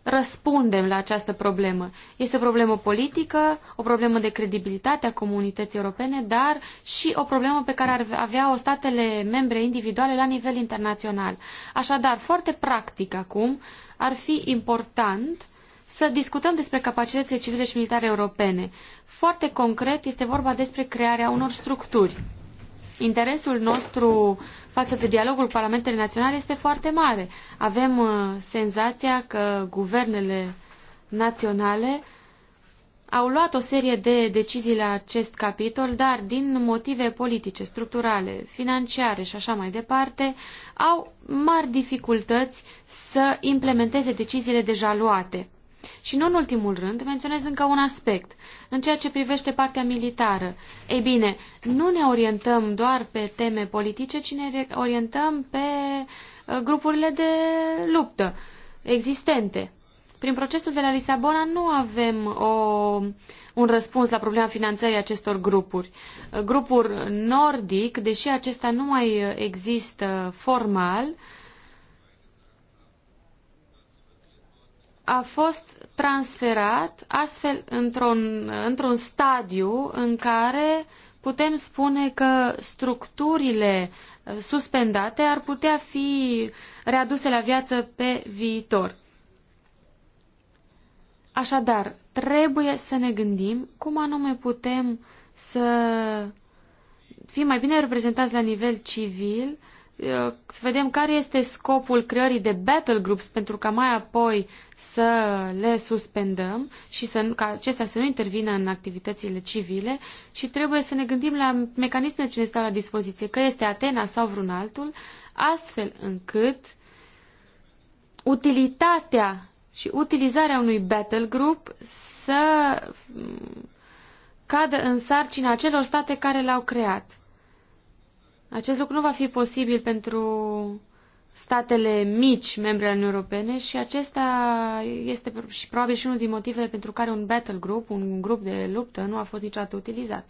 Speaker 4: răspundem la această problemă. Este o problemă politică, o problemă de credibilitate a comunității europene, dar și o problemă pe care ar avea o statele membre individuale la nivel internațional. Așadar, foarte practic acum, ar fi important să discutăm despre capacitățile civile și militare europene. Foarte concret este vorba despre crearea unor structuri. Interesul nostru uh, față de dialogul cu parlamentele naționale este foarte mare. Avem uh, senzația că guvernele naționale au luat o serie de decizii la acest capitol, dar din motive politice, structurale, financiare și așa mai departe, au mari dificultăți să implementeze deciziile deja luate. Și nu în ultimul rând, menționez încă un aspect. În ceea ce privește partea militară, ei bine, nu ne orientăm doar pe teme politice, ci ne orientăm pe uh, grupurile de luptă existente. Prin procesul de la Lisabona nu avem o, un răspuns la problema finanțării acestor grupuri. Grupul nordic, deși acesta nu mai există formal, uh, a fost transferat astfel într-un, într-un stadiu în care putem spune că structurile uh, suspendate ar putea fi readuse la viață pe viitor. Așadar, trebuie să ne gândim cum anume putem să fim mai bine reprezentați la nivel civil Uh, să vedem care este scopul creării de battle groups pentru ca mai apoi să le suspendăm și să, ca acestea să nu intervină în activitățile civile și trebuie să ne gândim la mecanismele ce ne stau la dispoziție, că este Atena sau vreun altul, astfel încât utilitatea și utilizarea unui battle group să cadă în sarcina acelor state care l-au creat. Acest lucru nu va fi posibil pentru statele mici membre ale Uniunii Europene și acesta este și probabil și unul din motivele pentru care un battle group, un grup de luptă, nu a fost niciodată utilizat.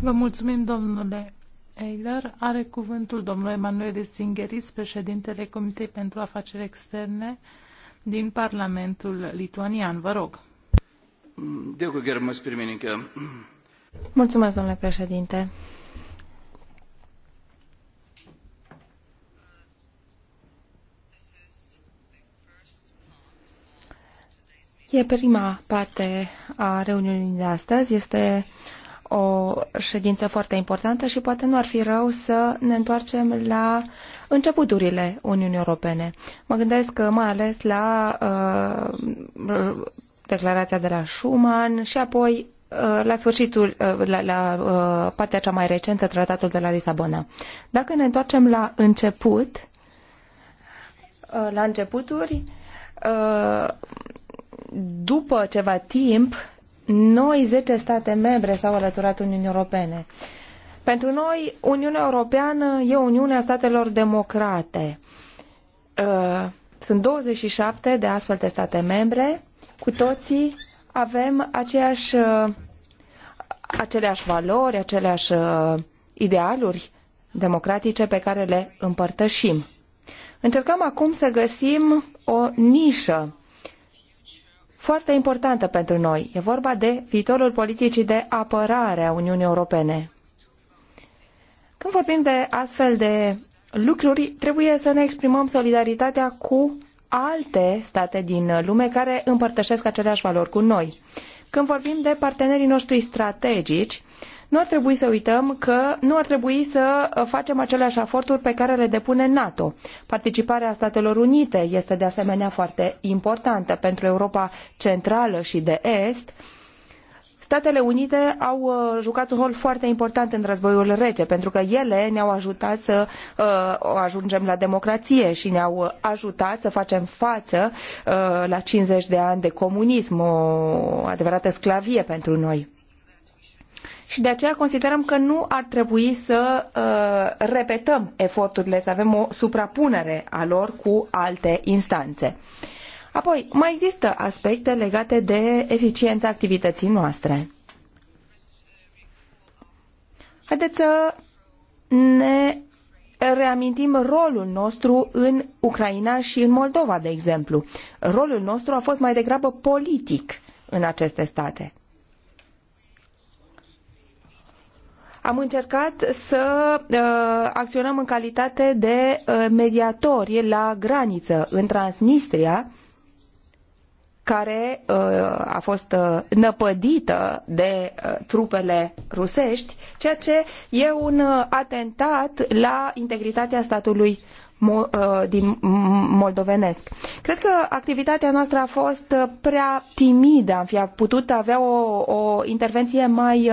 Speaker 4: Vă mulțumim, domnule Eiler.
Speaker 2: Are cuvântul domnul Emanuel Zingheris, președintele Comisiei pentru Afaceri Externe din Parlamentul Lituanian. Vă rog.
Speaker 3: Mulțumesc, domnule președinte. E prima parte a reuniunii de astăzi. Este o ședință foarte importantă și poate nu ar fi rău să ne întoarcem la începuturile Uniunii Europene. Mă gândesc mai ales la uh, declarația de la Schuman și apoi uh, la sfârșitul, uh, la, la uh, partea cea mai recentă, tratatul de la Lisabona. Dacă ne întoarcem la început, la începuturi, după ceva timp, noi 10 state membre s-au alăturat Uniunii Europene. Pentru noi, Uniunea Europeană e Uniunea Statelor Democrate. Uh, sunt 27 de astfel de state membre, cu toții avem aceeași, uh, aceleași valori, aceleași uh, idealuri democratice pe care le împărtășim. Încercăm acum să găsim o nișă foarte importantă pentru noi. E vorba de viitorul politicii de apărare a Uniunii Europene. Când vorbim de astfel de lucruri, trebuie să ne exprimăm solidaritatea cu alte state din lume care împărtășesc aceleași valori cu noi. Când vorbim de partenerii noștri strategici, nu ar trebui să uităm că nu ar trebui să uh, facem aceleași eforturi pe care le depune NATO. Participarea Statelor Unite este de asemenea foarte importantă pentru Europa Centrală și de Est. Statele Unite au uh, jucat un rol foarte important în războiul rece, pentru că ele ne-au ajutat să uh, ajungem la democrație și ne-au ajutat să facem față la 50 de ani de comunism, o adevărată sclavie pentru noi și de aceea considerăm că nu ar trebui să uh, repetăm eforturile, să avem o suprapunere a lor cu alte instanțe. Apoi, mai există aspecte legate de eficiența activității noastre. Haideți să ne reamintim rolul nostru în Ucraina și în Moldova, de exemplu. Rolul nostru a fost mai degrabă politic în aceste state. Am încercat să uh, acționăm în calitate de uh, mediatori la graniță în Transnistria, care uh, a fost năpădită de trupele rusești, ceea ce e un atentat la integritatea statului din moldovenesc. Cred că activitatea noastră a fost prea timidă, am fi putut avea o, o intervenție mai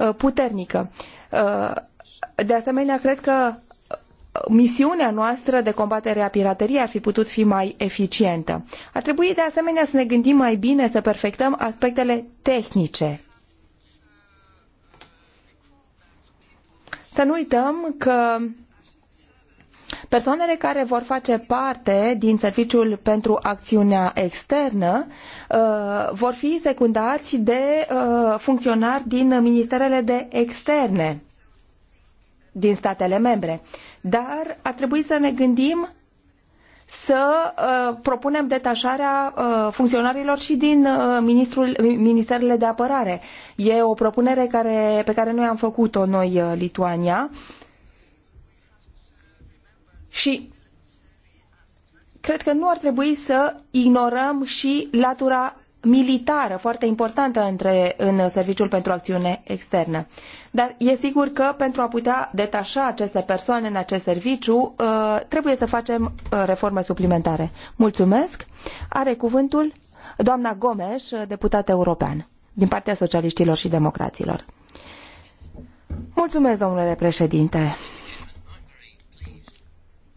Speaker 3: Uh, puternică. Uh, de asemenea, cred că misiunea noastră de combatere a pirateriei ar fi putut fi mai eficientă. Ar trebui de asemenea să ne gândim mai bine, să perfectăm aspectele tehnice. Să nu uităm că Persoanele care vor face parte din serviciul pentru acțiunea externă uh, vor fi secundați de uh, funcționari din ministerele de externe din statele membre. Dar ar trebui să ne gândim să uh, propunem detașarea uh, funcționarilor și din uh, ministrul, ministerele de apărare. E o propunere care, pe care noi am făcut-o noi, uh, Lituania. Uh, și cred că nu ar trebui să ignorăm și latura militară foarte importantă între, în Serviciul pentru Acțiune Externă. Dar e sigur că pentru a putea detașa aceste persoane în acest serviciu, uh, trebuie să facem uh, reforme suplimentare. Mulțumesc. Are cuvântul doamna Gomes, uh, deputat european, din partea socialiștilor și democraților. Mulțumesc, domnule președinte.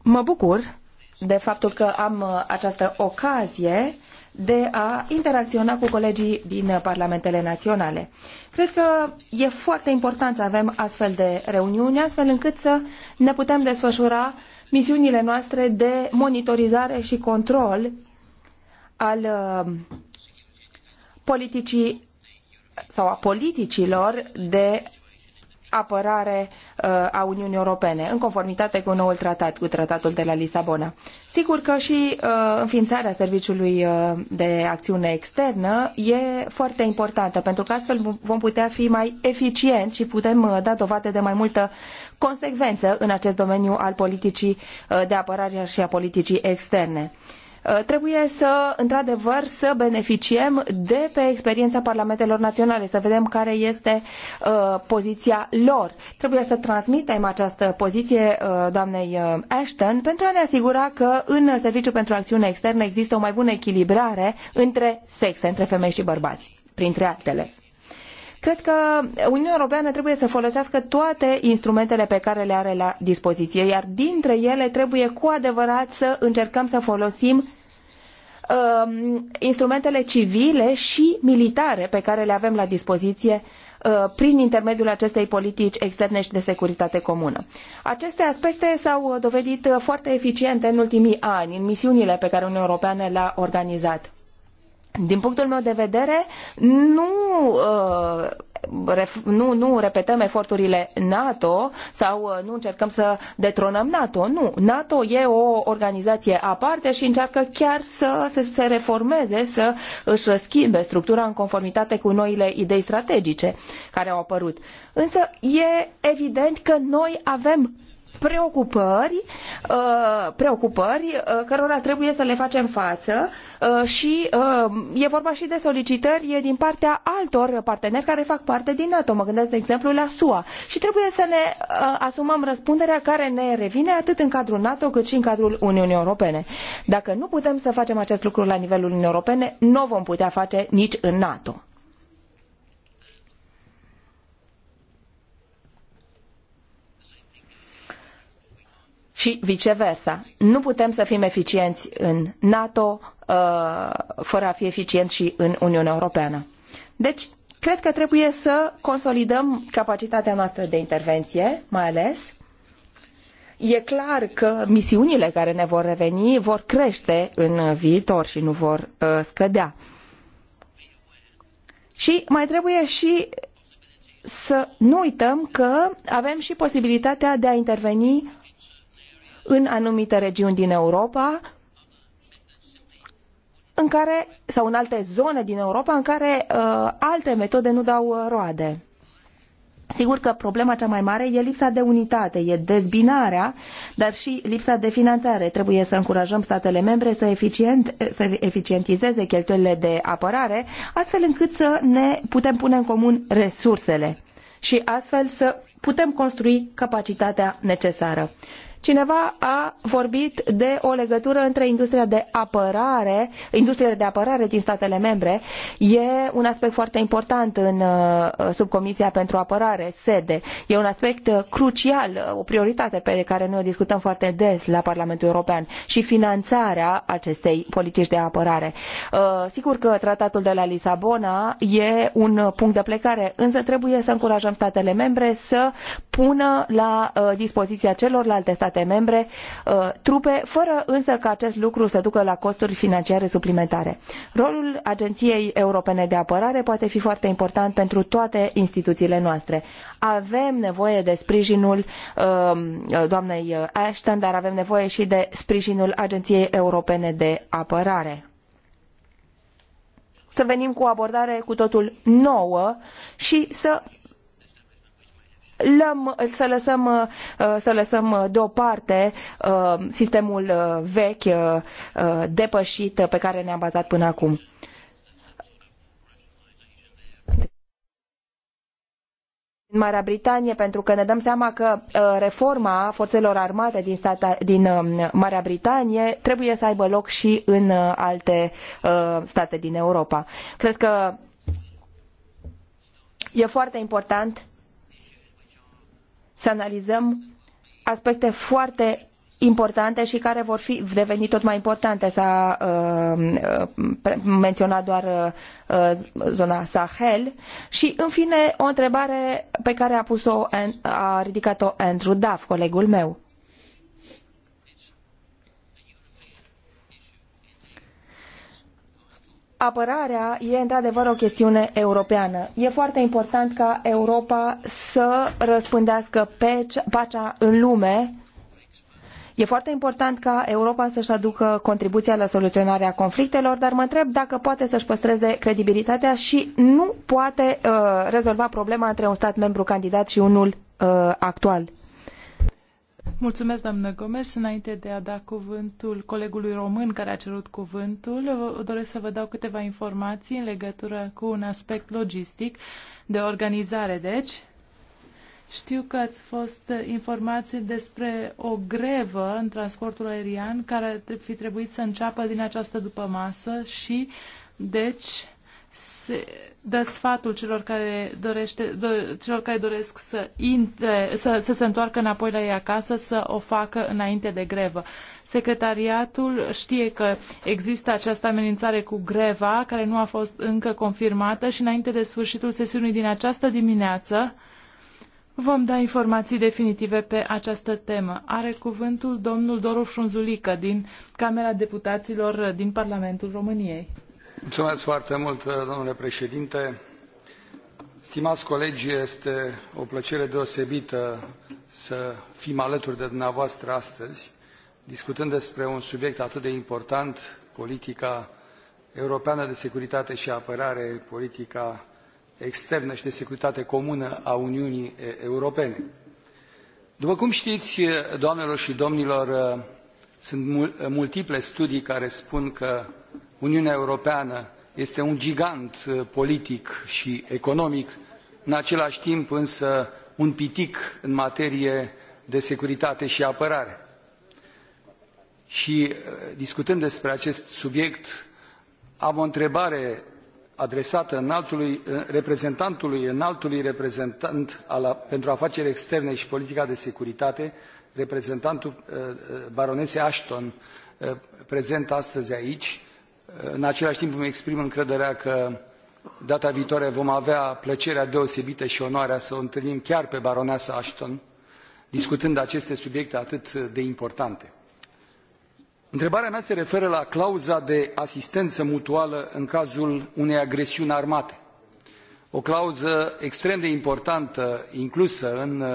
Speaker 3: Mă bucur de faptul că am uh, această ocazie de a interacționa cu colegii din parlamentele naționale. Cred că e foarte important să avem astfel de reuniuni, astfel încât să ne putem desfășura misiunile noastre de monitorizare și control al uh, politicii sau a politicilor de apărare uh, a Uniunii Europene, în conformitate cu noul tratat, cu tratatul de la Lisabona. Sigur că și uh, înființarea Serviciului uh, de Acțiune Externă e foarte importantă, pentru că astfel vom putea fi mai eficienți și putem da dovadă de mai multă consecvență în acest domeniu al politicii de apărare și a politicii externe. Uh, trebuie să, într-adevăr, să beneficiem de pe experiența parlamentelor naționale, să vedem care este uh, poziția lor. Trebuie să transmitem această poziție uh, doamnei Ashton pentru a ne asigura că în Serviciu pentru Acțiune Externă există o mai bună echilibrare între sexe, între femei și bărbați, printre altele. Cred că Uniunea Europeană trebuie să folosească toate instrumentele pe care le are la dispoziție, iar dintre ele trebuie cu adevărat să încercăm să folosim um, instrumentele civile și militare pe care le avem la dispoziție uh, prin intermediul acestei politici externe și de securitate comună. Aceste aspecte s-au dovedit foarte eficiente în ultimii ani, în misiunile pe care Uniunea Europeană le-a organizat din punctul meu de vedere, nu uh, nu, nu repetăm eforturile NATO sau uh, nu încercăm să detronăm NATO. Nu. NATO e o organizație aparte și încearcă chiar să, să se reformeze, să își schimbe structura în conformitate cu noile idei strategice care au apărut. Însă e evident că noi avem preocupări, uh, preocupări uh, cărora trebuie să le facem față uh, și e vorba și de solicitări din partea altor parteneri care fac parte din NATO. Mă gândesc, de exemplu, la SUA. Și trebuie să ne asumăm răspunderea care ne revine atât în cadrul NATO cât și în cadrul Uniunii Europene. Dacă nu putem să facem acest lucru la nivelul Uniunii Europene, nu o vom putea face nici în NATO. și viceversa. Nu putem să fim eficienți în NATO uh, fără a fi eficienți și în Uniunea Europeană. Deci, cred că trebuie să consolidăm capacitatea noastră de intervenție, mai ales. E clar că misiunile care ne vor reveni vor crește în viitor și nu vor uh, scădea. Și mai trebuie și să nu uităm că avem și posibilitatea de a interveni în anumite regiuni din Europa în care, sau în alte zone din Europa în care uh, alte metode nu dau uh, roade. Sigur că problema cea mai mare e lipsa de unitate, e dezbinarea, dar și lipsa de finanțare. Trebuie să încurajăm statele membre să, eficient, să eficientizeze cheltuielile de apărare, astfel încât să ne putem pune în comun resursele și astfel să putem construi capacitatea necesară. Cineva a vorbit de o legătură între industria de apărare, industriile de apărare din statele membre. E un aspect foarte important în uh, subcomisia pentru apărare, sede. E un aspect uh, crucial, uh, o prioritate pe care noi o discutăm foarte des la Parlamentul European și finanțarea acestei politici de apărare. Sigur că tratatul de la Lisabona e un punct de plecare, însă trebuie să încurajăm statele membre să pună la dispoziția celorlalte state state membre uh, trupe, fără însă ca acest lucru să ducă la costuri financiare suplimentare. Rolul Agenției Europene de Apărare poate fi foarte important pentru toate instituțiile noastre. Avem nevoie de sprijinul um, uh, doamnei Ashton, dar avem nevoie și de sprijinul Agenției Europene de Apărare să venim cu o abordare cu totul nouă și să lăm, să lăsăm, uh, să lăsăm deoparte uh, sistemul uh, vechi, depășit, pe care ne-am bazat până acum. în Marea Britanie, pentru că ne dăm seama că reforma forțelor armate din, stata, din um, Marea Britanie trebuie să aibă loc și în alte state din Europa. Cred că e foarte important să analizăm aspecte foarte importante și care vor fi deveni tot mai importante. S-a uh, uh menționat doar uh, zona Sahel și, în fine, o întrebare pe care a pus-o, a ridicat-o Andrew Duff, colegul meu. apărarea e într-adevăr o chestiune europeană. E foarte important ca Europa să răspândească pacea în lume. E foarte important ca Europa să-și aducă contribuția la soluționarea conflictelor, dar mă întreb dacă poate să-și păstreze credibilitatea și nu poate uh, rezolva problema între un stat membru candidat și unul uh, actual.
Speaker 2: Mulțumesc, doamnă Gomes. Înainte de a da cuvântul colegului român care a cerut cuvântul, doresc să vă dau câteva informații în legătură cu un aspect logistic de organizare, deci. Știu că ați fost informații despre o grevă în transportul aerian care ar fi trebuit să înceapă din această dupămasă și, deci, se dă sfatul celor care, dorește, do, celor care doresc să, intre, să, să se întoarcă înapoi la ei acasă să o facă înainte de grevă. Secretariatul știe că există această amenințare cu greva care nu a fost încă confirmată și înainte de sfârșitul sesiunii din această dimineață vom da informații definitive pe această temă. Are cuvântul domnul Doru Frunzulică din Camera Deputaților din Parlamentul României.
Speaker 1: Mulțumesc foarte mult, domnule președinte. Stimați colegi, este o plăcere deosebită să fim alături de dumneavoastră astăzi, discutând despre un subiect atât de important, politica europeană de securitate și apărare, politica externă și de securitate comună a Uniunii Europene. După cum știți, doamnelor și domnilor, sunt multiple studii care spun că Uniunea Europeană este un gigant uh, politic și economic, în același timp însă un pitic în materie de securitate și apărare. Și uh, discutând despre acest subiect, am o întrebare adresată înaltului, uh, reprezentantului înaltului reprezentant al, pentru afaceri externe și politica de securitate, reprezentantul baronesei Ashton, prezent astăzi aici, în același timp îmi exprim încrederea că data viitoare vom avea plăcerea deosebită și onoarea să o întâlnim chiar pe baroneasa Ashton, discutând aceste subiecte atât de importante. Întrebarea mea se referă la clauza de asistență mutuală în cazul unei agresiuni armate. O clauză extrem de importantă inclusă în uh,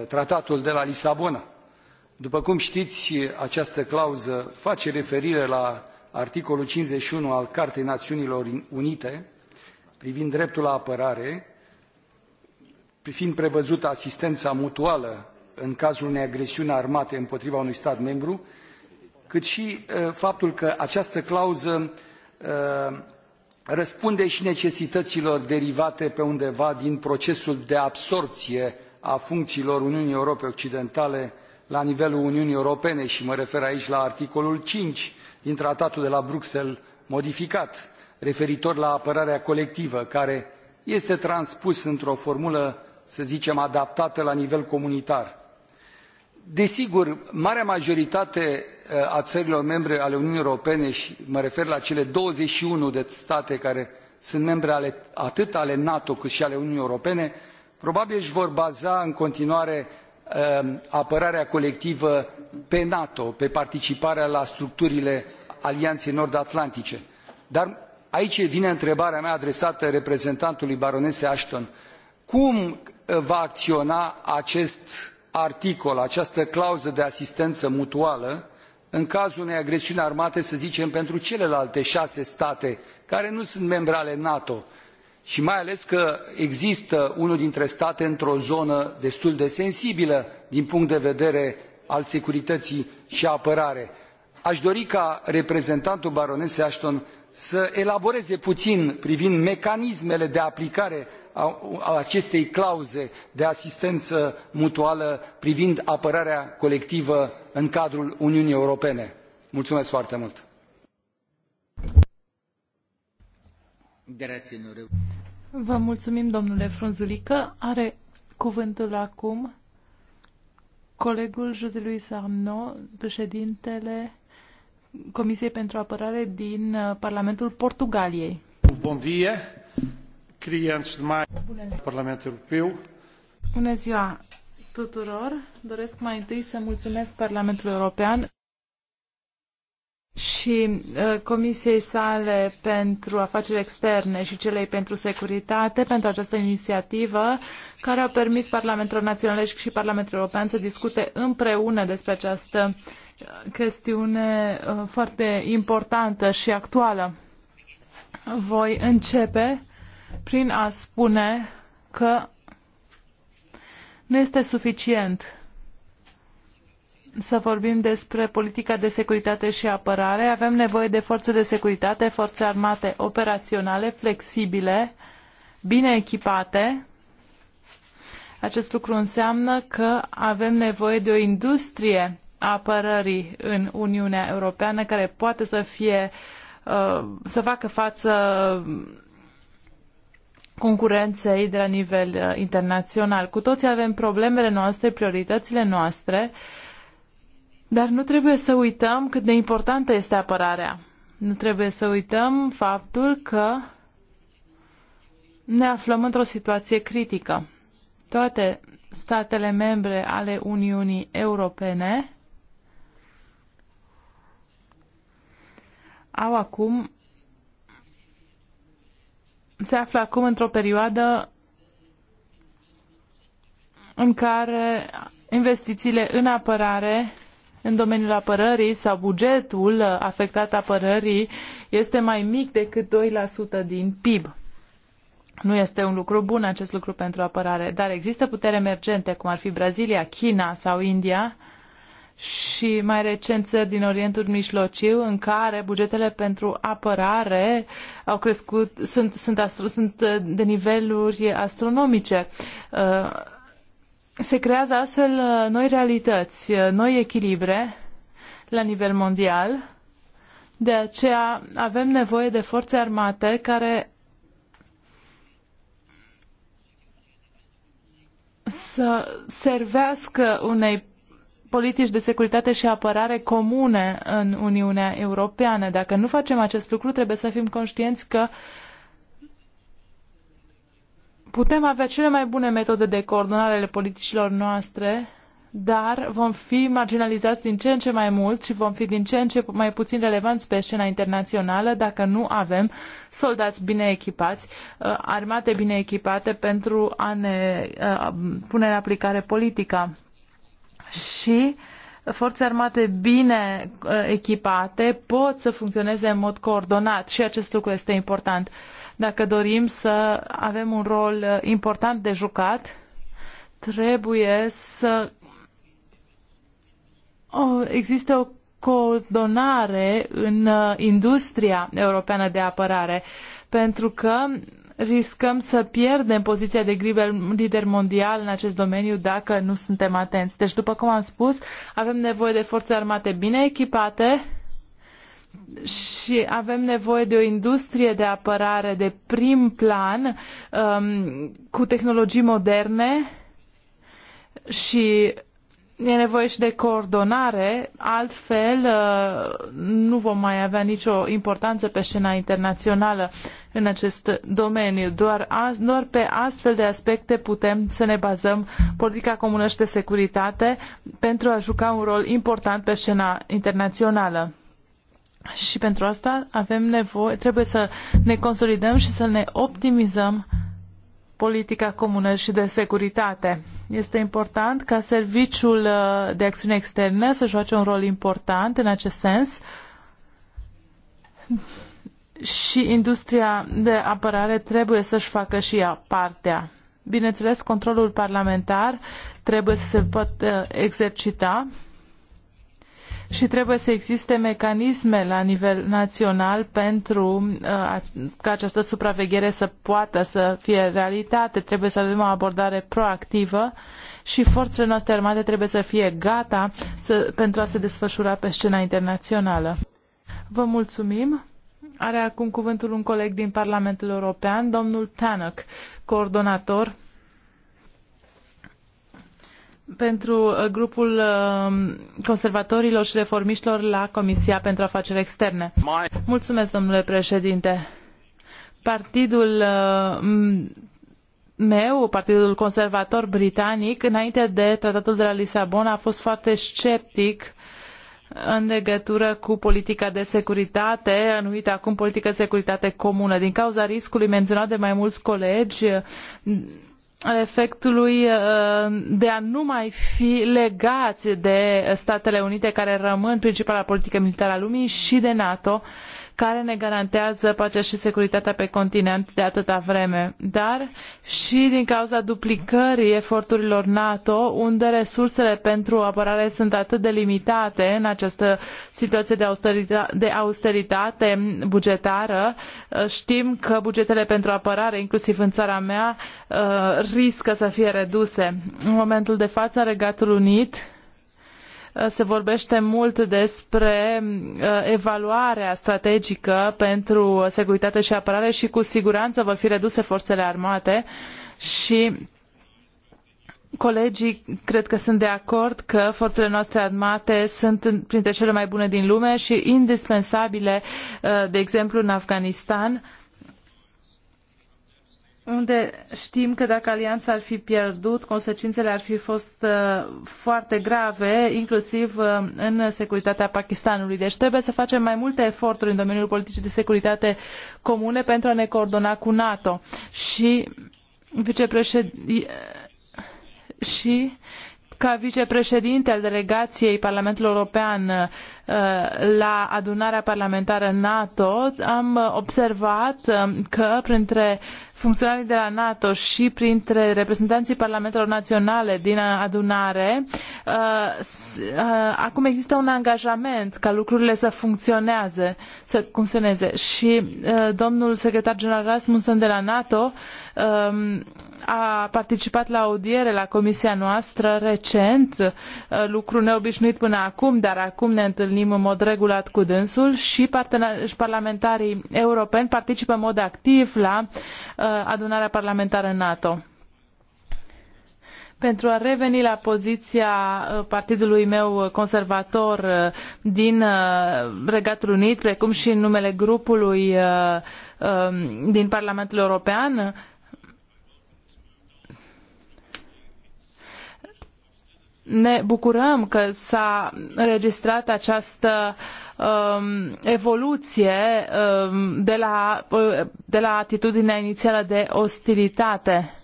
Speaker 1: uh, tratatul de la Lisabona. După cum știți, această clauză face referire la articolul 51 al Cartei Națiunilor Unite privind dreptul la apărare, fiind prevăzută asistența mutuală în cazul unei agresiuni armate împotriva unui stat membru, cât și uh, faptul că această clauză uh, răspunde și necesităților derivate pe undeva din procesul de absorpție a funcțiilor Uniunii Europei Occidentale la nivelul Uniunii Europene și mă refer aici la articolul 5 din tratatul de la Bruxelles modificat, referitor la apărarea colectivă, care este transpus într-o formulă, să zicem, adaptată la nivel comunitar. Desigur, marea majoritate uh, a țărilor membre ale Uniunii Europene, și mă refer la cele 21 de state care sunt membre ale, atât ale NATO cât și ale Uniunii Europene, probabil își vor baza în continuare Um, apărarea colectivă pe NATO, pe participarea la structurile Alianței Nord-Atlantice. Dar aici vine întrebarea mea adresată reprezentantului baronese Ashton. Cum uh, va acționa acest articol, această clauză de asistență mutuală, în cazul unei agresiuni armate, să zicem, pentru celelalte șase state care nu sunt membre ale NATO, și mai ales că există unul dintre state într-o zonă destul de sensibilă din punct de vedere al securității și apărare. Aș dori ca reprezentantul baronesei Ashton să elaboreze puțin privind mecanismele de aplicare a acestei clauze de asistență mutuală privind apărarea colectivă în cadrul Uniunii Europene. Mulțumesc foarte mult!
Speaker 2: Vă mulțumim, domnule Frunzulică. Are cuvântul acum colegul José Luis Arnaud, președintele Comisiei pentru Apărare din uh, Parlamentul Portugaliei.
Speaker 1: Bun dia! Queria, de mai, Parlamentul Europeu.
Speaker 2: Bună ziua tuturor! Doresc mai întâi să mulțumesc Parlamentului European și uh, Comisiei sale pentru afaceri externe și celei pentru securitate pentru această inițiativă care a permis Parlamentelor Naționale și Parlamentul European să discute împreună despre această uh, chestiune uh, foarte importantă și actuală. Voi începe prin a spune că nu este suficient să vorbim despre politica de securitate și apărare. Avem nevoie de forțe de securitate, forțe armate operaționale, flexibile, bine echipate. Acest lucru înseamnă că avem nevoie de o industrie a apărării în Uniunea Europeană care poate să fie uh, să facă față concurenței de la nivel uh, internațional. Cu toții avem problemele noastre, prioritățile noastre, dar nu trebuie să uităm cât de importantă este apărarea. Nu trebuie să uităm faptul că ne aflăm într-o situație critică. Toate statele membre ale Uniunii Europene au acum se află acum într-o perioadă în care investițiile în apărare în domeniul apărării sau bugetul afectat apărării este mai mic decât 2% din PIB. Nu este un lucru bun acest lucru pentru apărare, dar există putere emergente, cum ar fi Brazilia, China sau India, și mai recent țări din Orientul Mijlociu, în care bugetele pentru apărare au crescut, sunt, sunt, astro, sunt de niveluri astronomice. Uh, se creează astfel uh, noi realități, uh, noi echilibre la nivel mondial. De aceea avem nevoie de forțe armate care să servească unei politici de securitate și apărare comune în Uniunea Europeană. Dacă nu facem acest lucru, trebuie să fim conștienți că putem avea cele mai bune metode de coordonare ale politicilor noastre, dar vom fi marginalizați din ce în ce mai mult și vom fi din ce în ce mai puțin relevanți pe scena internațională dacă nu avem soldați bine echipați, uh, armate bine echipate pentru a ne uh, pune în aplicare politica. Și forțe armate bine uh, echipate pot să funcționeze în mod coordonat și acest lucru este important dacă dorim să avem un rol uh, important de jucat, trebuie să există o coordonare în uh, industria europeană de apărare, pentru că riscăm să pierdem poziția de lider mondial în acest domeniu dacă nu suntem atenți. Deci, după cum am spus, avem nevoie de forțe armate bine echipate, și avem nevoie de o industrie de apărare de prim plan um, cu tehnologii moderne și e nevoie și de coordonare, altfel uh, nu vom mai avea nicio importanță pe scena internațională în acest domeniu. Doar, doar pe astfel de aspecte putem să ne bazăm politica comună și de securitate pentru a juca un rol important pe scena internațională. Și pentru asta avem nevoie, trebuie să ne consolidăm și să ne optimizăm politica comună și de securitate. Este important ca serviciul uh, de acțiune externă să joace un rol important în acest sens și industria de apărare trebuie să-și facă și ea partea. Bineînțeles, controlul parlamentar trebuie să se poată uh, exercita și trebuie să existe mecanisme la nivel național pentru uh, ca această supraveghere să poată să fie realitate. Trebuie să avem o abordare proactivă și forțele noastre armate trebuie să fie gata să, pentru a se desfășura pe scena internațională. Vă mulțumim! Are acum cuvântul un coleg din Parlamentul European, domnul Tanăc, coordonator pentru uh, grupul uh, conservatorilor și reformiștilor la Comisia pentru Afaceri Externe. Mulțumesc, domnule președinte. Partidul uh, meu, Partidul Conservator Britanic, înainte de Tratatul de la Lisabona, a fost foarte sceptic în legătură cu politica de securitate, anumită acum politică de securitate comună. Din cauza riscului menționat de mai mulți colegi, efectului uh, de a nu mai fi legați de Statele Unite, care rămân principala politică militară a lumii, și de NATO, care ne garantează pacea și securitatea pe continent de atâta vreme, dar și din cauza duplicării eforturilor NATO, unde resursele pentru apărare sunt atât de limitate în această situație de, austerita de austeritate bugetară. Uh, știm că bugetele pentru apărare, inclusiv în țara mea, uh, riscă să fie reduse. În momentul de față, Regatul Unit Uh, se vorbește mult despre uh, evaluarea strategică pentru securitate și apărare și cu siguranță vor fi reduse forțele armate și colegii cred că sunt de acord că forțele noastre armate sunt printre cele mai bune din lume și indispensabile, uh, de exemplu, în Afganistan unde știm că dacă alianța ar fi pierdut, consecințele ar fi fost uh, foarte grave, inclusiv uh, în securitatea Pakistanului. Deci trebuie să facem mai multe eforturi în domeniul politicii de securitate comune pentru a ne coordona cu NATO. Și vicepreședinte și ca vicepreședinte al delegației Parlamentului European uh, la adunarea parlamentară NATO, am observat că printre funcionarii de la NATO și printre reprezentanții parlamentelor naționale din adunare, uh, uh, acum există un angajament ca lucrurile să funcționeze, să funcționeze. Și uh, domnul secretar general Rasmussen de la NATO um, a participat la audiere la comisia noastră recent, lucru neobișnuit până acum, dar acum ne întâlnim în mod regulat cu dânsul și parlamentarii europeni participă în mod activ la Uh, adunarea parlamentară NATO. Pentru a reveni la poziția uh, partidului meu conservator uh, din Regatul Unit, precum și în numele grupului um, din Parlamentul European, ne bucurăm că s-a înregistrat această uh, um, evoluție um, de, la, uh, de la atitudinea inițială de ostilitate.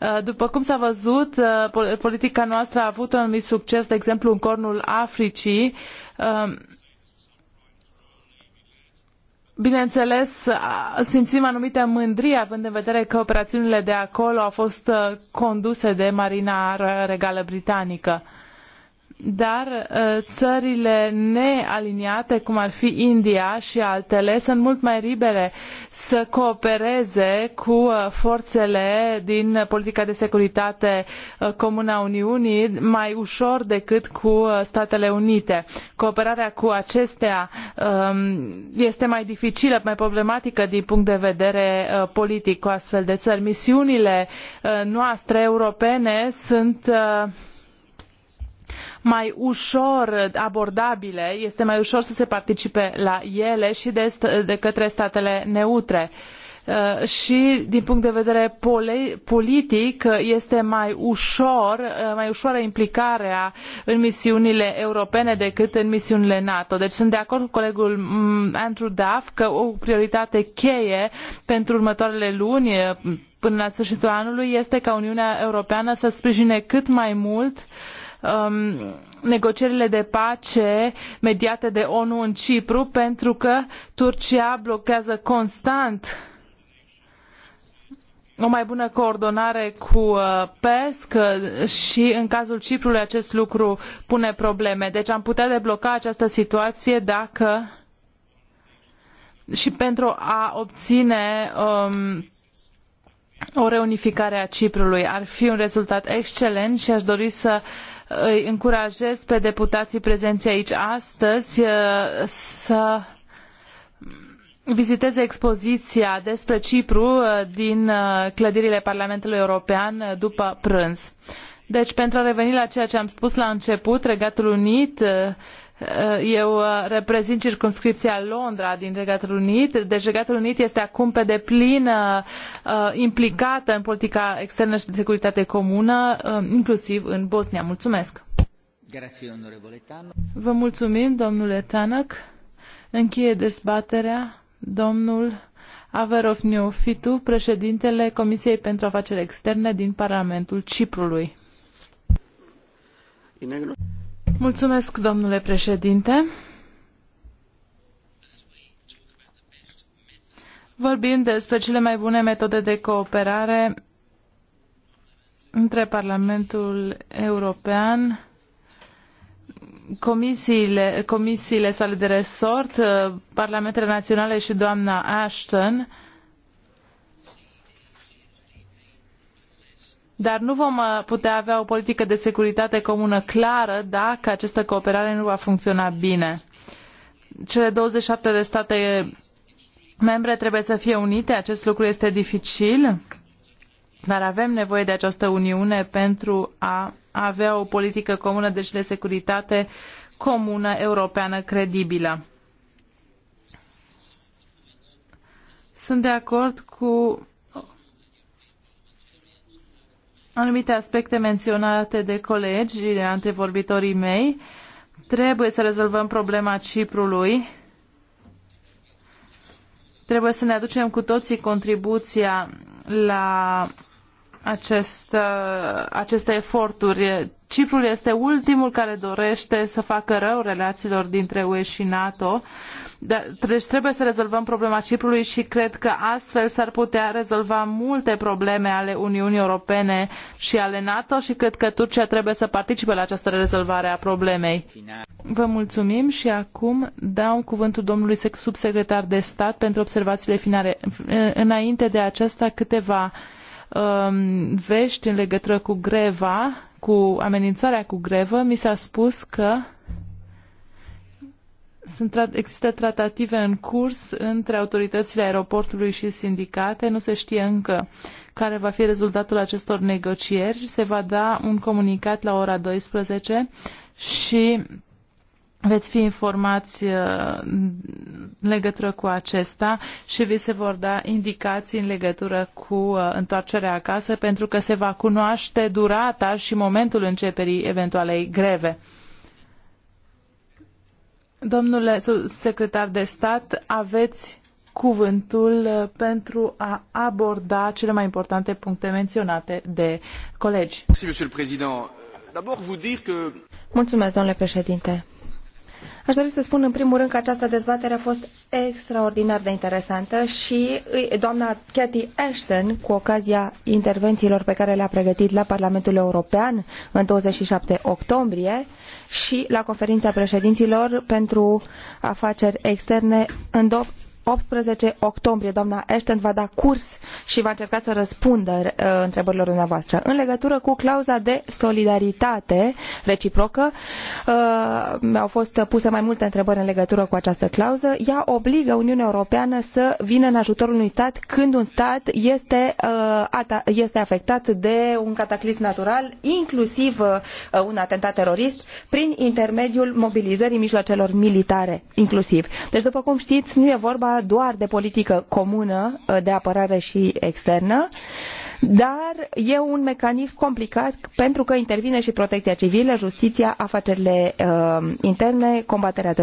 Speaker 2: Uh, după cum s-a văzut, uh, politica noastră a avut un anumit succes, de exemplu, în cornul Africii. Um, bineînțeles, simțim anumite mândrie, având în vedere că operațiunile de acolo au fost conduse de Marina Regală Britanică dar uh, țările nealiniate, cum ar fi India și altele, sunt mult mai libere să coopereze cu uh, forțele din politica de securitate uh, comună a Uniunii mai ușor decât cu Statele Unite. Cooperarea cu acestea um, este mai dificilă, mai problematică din punct de vedere politic cu astfel de țări. Misiunile noastre europene sunt mai ușor abordabile, este mai ușor să se participe la ele și de, de către statele neutre uh, și din punct de vedere politic este mai ușor, uh, mai ușoară implicarea în misiunile europene decât în misiunile NATO. Deci sunt de acord cu colegul mm, Andrew Duff că o prioritate cheie pentru următoarele luni uh, până la sfârșitul anului este ca Uniunea Europeană să sprijine cât mai mult uh, um, negocierile de pace mediate de ONU în Cipru, pentru că Turcia blochează constant o mai bună coordonare cu uh, PESC uh, și în cazul Ciprului acest lucru pune probleme. Deci am putea debloca această situație dacă și pentru a obține um, o reunificare a Ciprului. Ar fi un rezultat excelent și aș dori să uh, îi încurajez pe deputații prezeni aici astăzi uh, să viziteze expoziția despre Cipru uh, din uh, clădirile Parlamentului European după prânz. Deci, pentru a reveni la ceea ce am spus la început, Regatul Unit uh, Eh, eu eh, reprezint circumscripția Londra din Regatul Unit. Deci Regatul Unit este acum pe deplin eh, implicată în politica externă și de securitate comună, inclusiv în Bosnia. Mulțumesc! Vă mulțumim, domnule Tanăc. Încheie dezbaterea domnul Averov Neofitu, președintele Comisiei pentru Afaceri Externe din Parlamentul Ciprului. Mulțumesc, domnule președinte. Vorbim despre cele mai bune metode de cooperare între Parlamentul European, comisiile, comisiile sale de resort, Parlamentele Naționale și doamna Ashton. Dar nu vom uh, putea avea o politică de securitate comună clară dacă această cooperare nu va funcționa bine. Cele 27 de state membre trebuie să fie unite, acest lucru este dificil, dar avem nevoie de această uniune pentru a avea o politică comună, deci de securitate comună europeană credibilă. Sunt de acord cu anumite aspecte menționate de colegi, de antevorbitorii mei. Trebuie să rezolvăm problema Ciprului. Trebuie să ne aducem cu toții contribuția la acest, uh, aceste eforturi. Ciprul este ultimul care dorește să facă rău relațiilor dintre UE și NATO da, deci trebuie să rezolvăm problema Ciprului și cred că astfel s-ar putea rezolva multe probleme ale Uniunii Europene și ale NATO și cred că Turcia trebuie să participe la această rezolvare a problemei. Vă mulțumim și acum dau cuvântul domnului subsecretar de stat pentru observațiile finale. Înainte de aceasta câteva um, vești în legătură cu greva, cu amenințarea cu grevă. Mi s-a spus că sunt, există tratative în curs între autoritățile aeroportului și sindicate. Nu se știe încă care va fi rezultatul acestor negocieri. Se va da un comunicat la ora 12 și veți fi informați uh, în legătură cu acesta și vi se vor da indicații în legătură cu uh, întoarcerea acasă pentru că se va cunoaște durata și momentul începerii eventualei greve. Domnule secretar de stat, aveți cuvântul uh, pentru a aborda cele mai importante puncte
Speaker 3: menționate de colegi. Mulțumesc, domnule președinte. Aș dori să spun în primul rând că această dezbatere a fost extraordinar de interesantă și doamna Cathy Ashton, cu ocazia intervențiilor pe care le-a pregătit la Parlamentul European în 27 octombrie și la conferința președinților pentru afaceri externe în 18 octombrie doamna Ashton va da curs și va încerca să răspundă uh, întrebărilor dumneavoastră. În legătură cu clauza de solidaritate reciprocă, mi-au uh, fost puse mai multe întrebări în legătură cu această clauză. Ea obligă Uniunea Europeană să vină în ajutorul unui stat când un stat este, uh, este afectat de un cataclism natural, inclusiv un atentat terorist, prin intermediul mobilizării mijloacelor militare, inclusiv. Deci, după cum știți, nu e vorba doar de politică comună uh, de apărare și externă, dar e un mecanism complicat pentru că intervine și protecția civilă, justiția, afacerile uh, interne, combaterea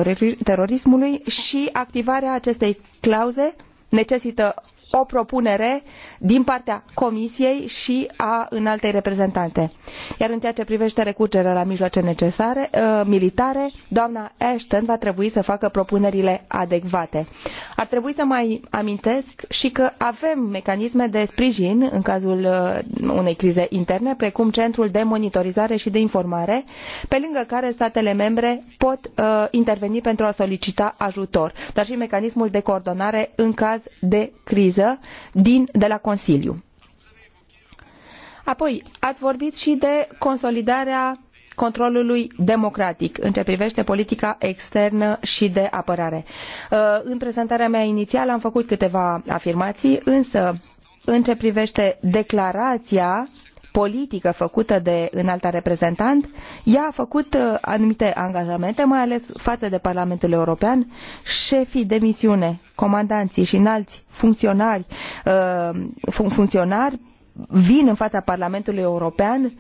Speaker 3: terorismului și activarea acestei clauze necesită o propunere din partea Comisiei și a înaltei reprezentante. Iar în ceea ce privește recurgerea la mijloace necesare, uh, militare, doamna Ashton va trebui să facă propunerile adecvate. Ar trebui să mai amintesc și că avem mecanisme de sprijin în cazul uh, unei crize interne, precum Centrul de Monitorizare și de Informare, pe lângă care statele membre pot uh, interveni pentru a solicita ajutor, dar și mecanismul de coordonare în caz de criză criză din, de la Consiliu. Apoi, ați vorbit și de consolidarea controlului democratic în ce privește politica externă și de apărare. Uh, în prezentarea mea inițială am făcut câteva afirmații, însă în ce privește declarația politică făcută de înalta reprezentant, ea a făcut uh, anumite angajamente, mai ales față de Parlamentul European, șefii de misiune, comandanții și înalți funcționari, uh, funcționari vin în fața Parlamentului European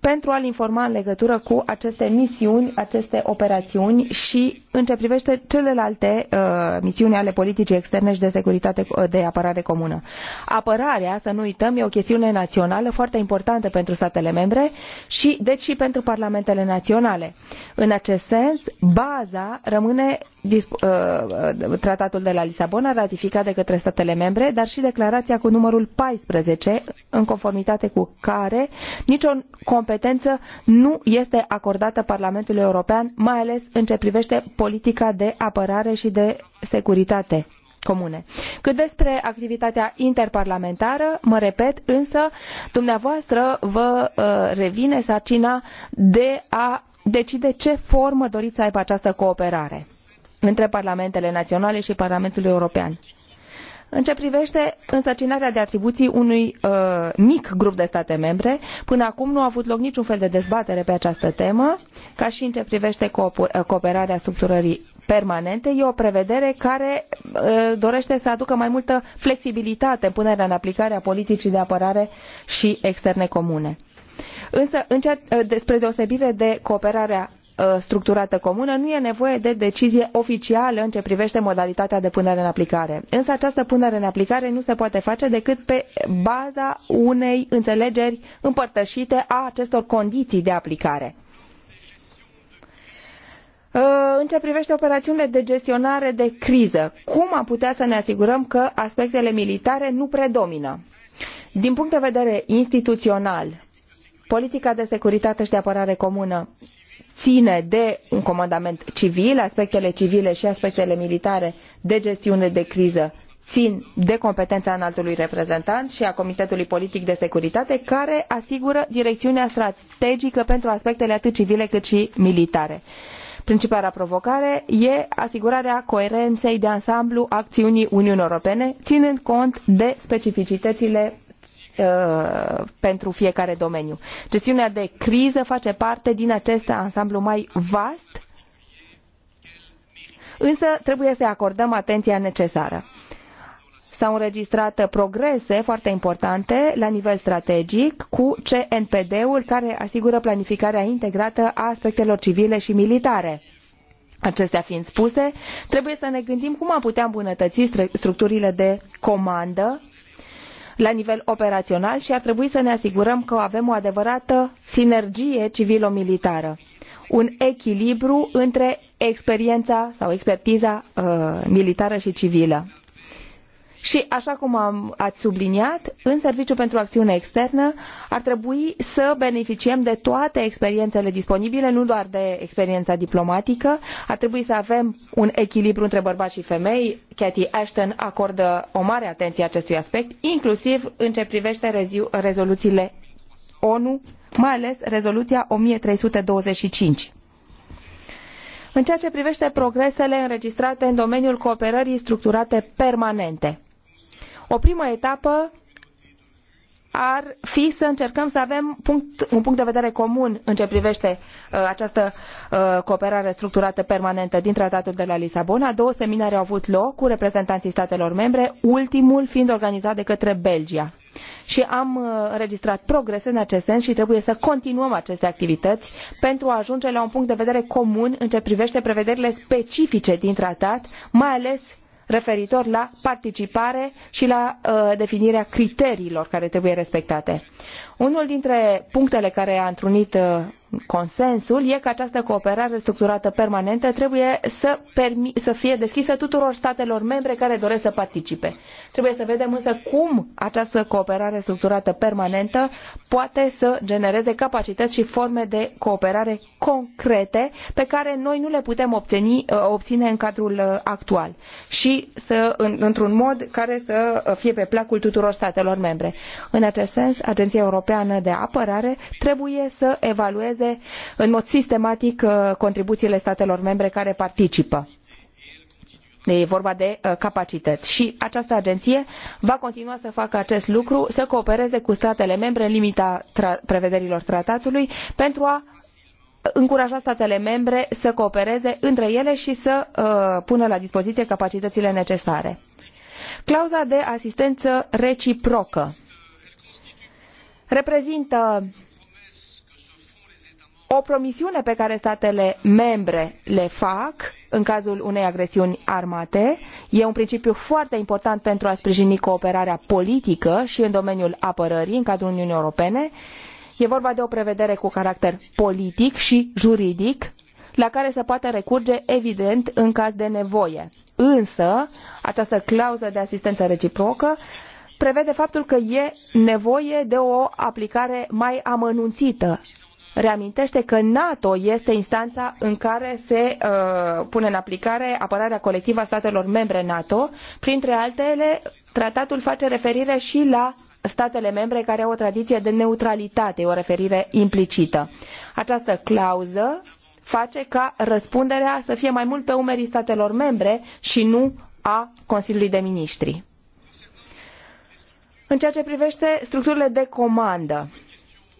Speaker 3: pentru a-l informa în legătură cu aceste misiuni, aceste operațiuni și în ce privește celelalte uh, misiuni ale politicii externe și de securitate uh, de apărare comună. Apărarea, să nu uităm, e o chestiune națională foarte importantă pentru statele membre și deci și pentru parlamentele naționale. În acest sens, baza rămâne Uh, uh, tratatul de la Lisabona ratificat de către statele membre, dar și declarația cu numărul 14, în conformitate cu care nicio competență nu este acordată Parlamentului European, mai ales în ce privește politica de apărare și de securitate comune. Cât despre activitatea interparlamentară, mă repet, însă dumneavoastră vă uh, revine sarcina de a decide ce formă doriți să aibă această cooperare între parlamentele naționale și Parlamentul European. În ce privete însărcinarea de atribuții unui uh, mic grup de state membre, până acum nu a avut loc niciun fel de dezbatere pe această temă, ca și în ce privete uh, cooperarea structurării permanente, e o prevedere care uh, dorește să aducă mai multă flexibilitate în punerea în aplicare a politicii de apărare și externe comune. Însă, în uh, despre deosebire de cooperarea Uh, structurată comună, nu e nevoie de decizie oficială în ce privește modalitatea de punere în aplicare. Însă această punere în aplicare nu se poate face decât pe baza unei înțelegeri împărtășite a acestor condiții de aplicare. Uh, în ce privește operațiunile de gestionare de criză, cum am putea să ne asigurăm că aspectele militare nu predomină? Din punct de vedere instituțional, Politica de securitate și de apărare comună ține de un comandament civil, aspectele civile și aspectele militare de gestiune de criză țin de competența înaltului reprezentant și a Comitetului Politic de Securitate, care asigură direcțiunea strategică pentru aspectele atât civile cât și militare. Principala provocare e asigurarea coerenței de ansamblu acțiunii Uniunii Europene, ținând cont de specificitățile Uh, pentru fiecare domeniu. Gestiunea de criză face parte din acest ansamblu mai vast, însă trebuie să acordăm atenția necesară. S-au înregistrat progrese foarte importante la nivel strategic cu CNPD-ul care asigură planificarea integrată a aspectelor civile și militare. Acestea fiind spuse, trebuie să ne gândim cum am putea îmbunătăți structurile de comandă la nivel operațional și ar trebui să ne asigurăm că avem o adevărată sinergie civilo-militară un echilibru între experiența sau expertiza uh, militară și civilă. Și, așa cum am, ați subliniat, în Serviciu pentru Acțiune Externă ar trebui să beneficiem de toate experiențele disponibile, nu doar de experiența diplomatică. Ar trebui să avem un echilibru între bărbați și femei. Cathy Ashton acordă o mare atenție acestui aspect, inclusiv în ce privește rezoluțiile ONU, mai ales rezoluția 1325. În ceea ce privește progresele înregistrate în domeniul cooperării structurate permanente, o primă etapă ar fi să încercăm să avem punct, un punct de vedere comun în ce privește uh, această uh, cooperare structurată permanentă din tratatul de la Lisabona. Două seminare au avut loc cu reprezentanții statelor membre, ultimul fiind organizat de către Belgia. Și am uh, înregistrat progrese în acest sens și trebuie să continuăm aceste activități pentru a ajunge la un punct de vedere comun în ce privește prevederile specifice din tratat, mai ales referitor la participare și la uh, definirea criteriilor care trebuie respectate. Unul dintre punctele care a întrunit uh, consensul e că această cooperare structurată permanentă trebuie să, să fie deschisă tuturor statelor membre care doresc să participe. Trebuie să vedem însă cum această cooperare structurată permanentă poate să genereze capacități și forme de cooperare concrete pe care noi nu le putem obține, uh, obține în cadrul uh, actual și să, într-un mod care să uh, fie pe placul tuturor statelor membre. În acest sens, Agenția Europeană de Apărare trebuie să evalueze evalueze în mod sistematic uh, contribuțiile statelor membre care participă. E vorba de uh, capacități. Și această agenție va continua să facă acest lucru, să coopereze cu statele membre în limita tra prevederilor tratatului pentru a uh, încuraja statele membre să coopereze între ele și să uh, pună la dispoziție capacitățile necesare. Clauza de asistență reciprocă reprezintă o promisiune pe care statele membre le fac în cazul unei agresiuni armate. E un principiu foarte important pentru a sprijini cooperarea politică și în domeniul apărării în cadrul Uniunii Europene. E vorba de o prevedere cu caracter politic și juridic la care se poate recurge, evident, în caz de nevoie. Însă, această clauză de asistență reciprocă prevede faptul că e nevoie de o aplicare mai amănunțită reamintește că NATO este instanța în care se uh, pune în aplicare apărarea colectivă a statelor membre NATO. Printre altele, tratatul face referire și la statele membre care au o tradiție de neutralitate, o referire implicită. Această clauză face ca răspunderea să fie mai mult pe umerii statelor membre și nu a Consiliului de Ministri. În ceea ce privește structurile de comandă,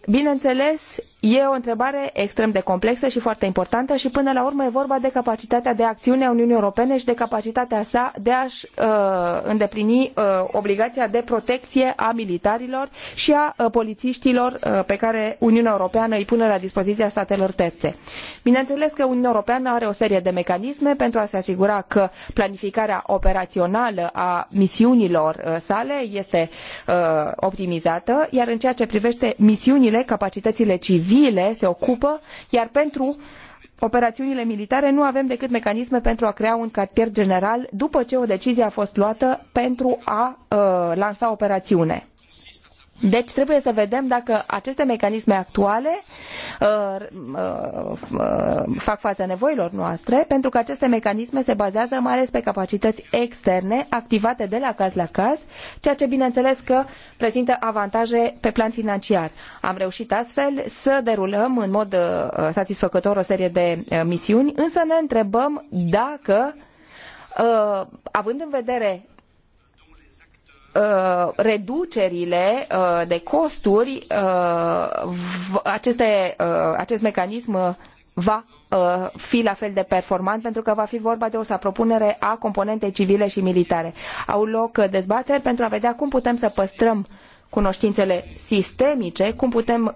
Speaker 3: Bineînțeles, e o întrebare extrem de complexă și foarte importantă și până la urmă e vorba de capacitatea de acțiune a Uniunii Europene și de capacitatea sa de a i uh, îndeplini uh, obligația de protecție a militarilor și a uh, polițiștilor uh, pe care Uniunea Europeană îi pune la dispoziia statelor terțe. Bineînțeles că Uniunea Europeană are o serie de mecanisme pentru a se asigura că planificarea operațională a misiunilor uh, sale este uh, optimizată, iar în ceea ce privește misiunile civile, capacitățile civile se ocupă, iar pentru operațiunile militare nu avem decât mecanisme pentru a crea un cartier general după ce o decizie a fost luată pentru a uh, lansa operațiune. Deci trebuie să vedem dacă aceste mecanisme actuale uh, uh, uh, fac față nevoilor noastre, pentru că aceste mecanisme se bazează mai ales pe capacități externe activate de la caz la caz, ceea ce bineînțeles că prezintă avantaje pe plan financiar. Am reușit astfel să derulăm în mod uh, satisfăcător o serie de uh, misiuni, însă ne întrebăm dacă uh, având în vedere Uh, reducerile uh, de costuri, uh, aceste, acest mecanism va fi la fel de performant pentru că va fi vorba de o propunere a componentei civile și militare. Au loc dezbateri pentru a vedea cum putem să păstrăm cunoștințele sistemice, cum putem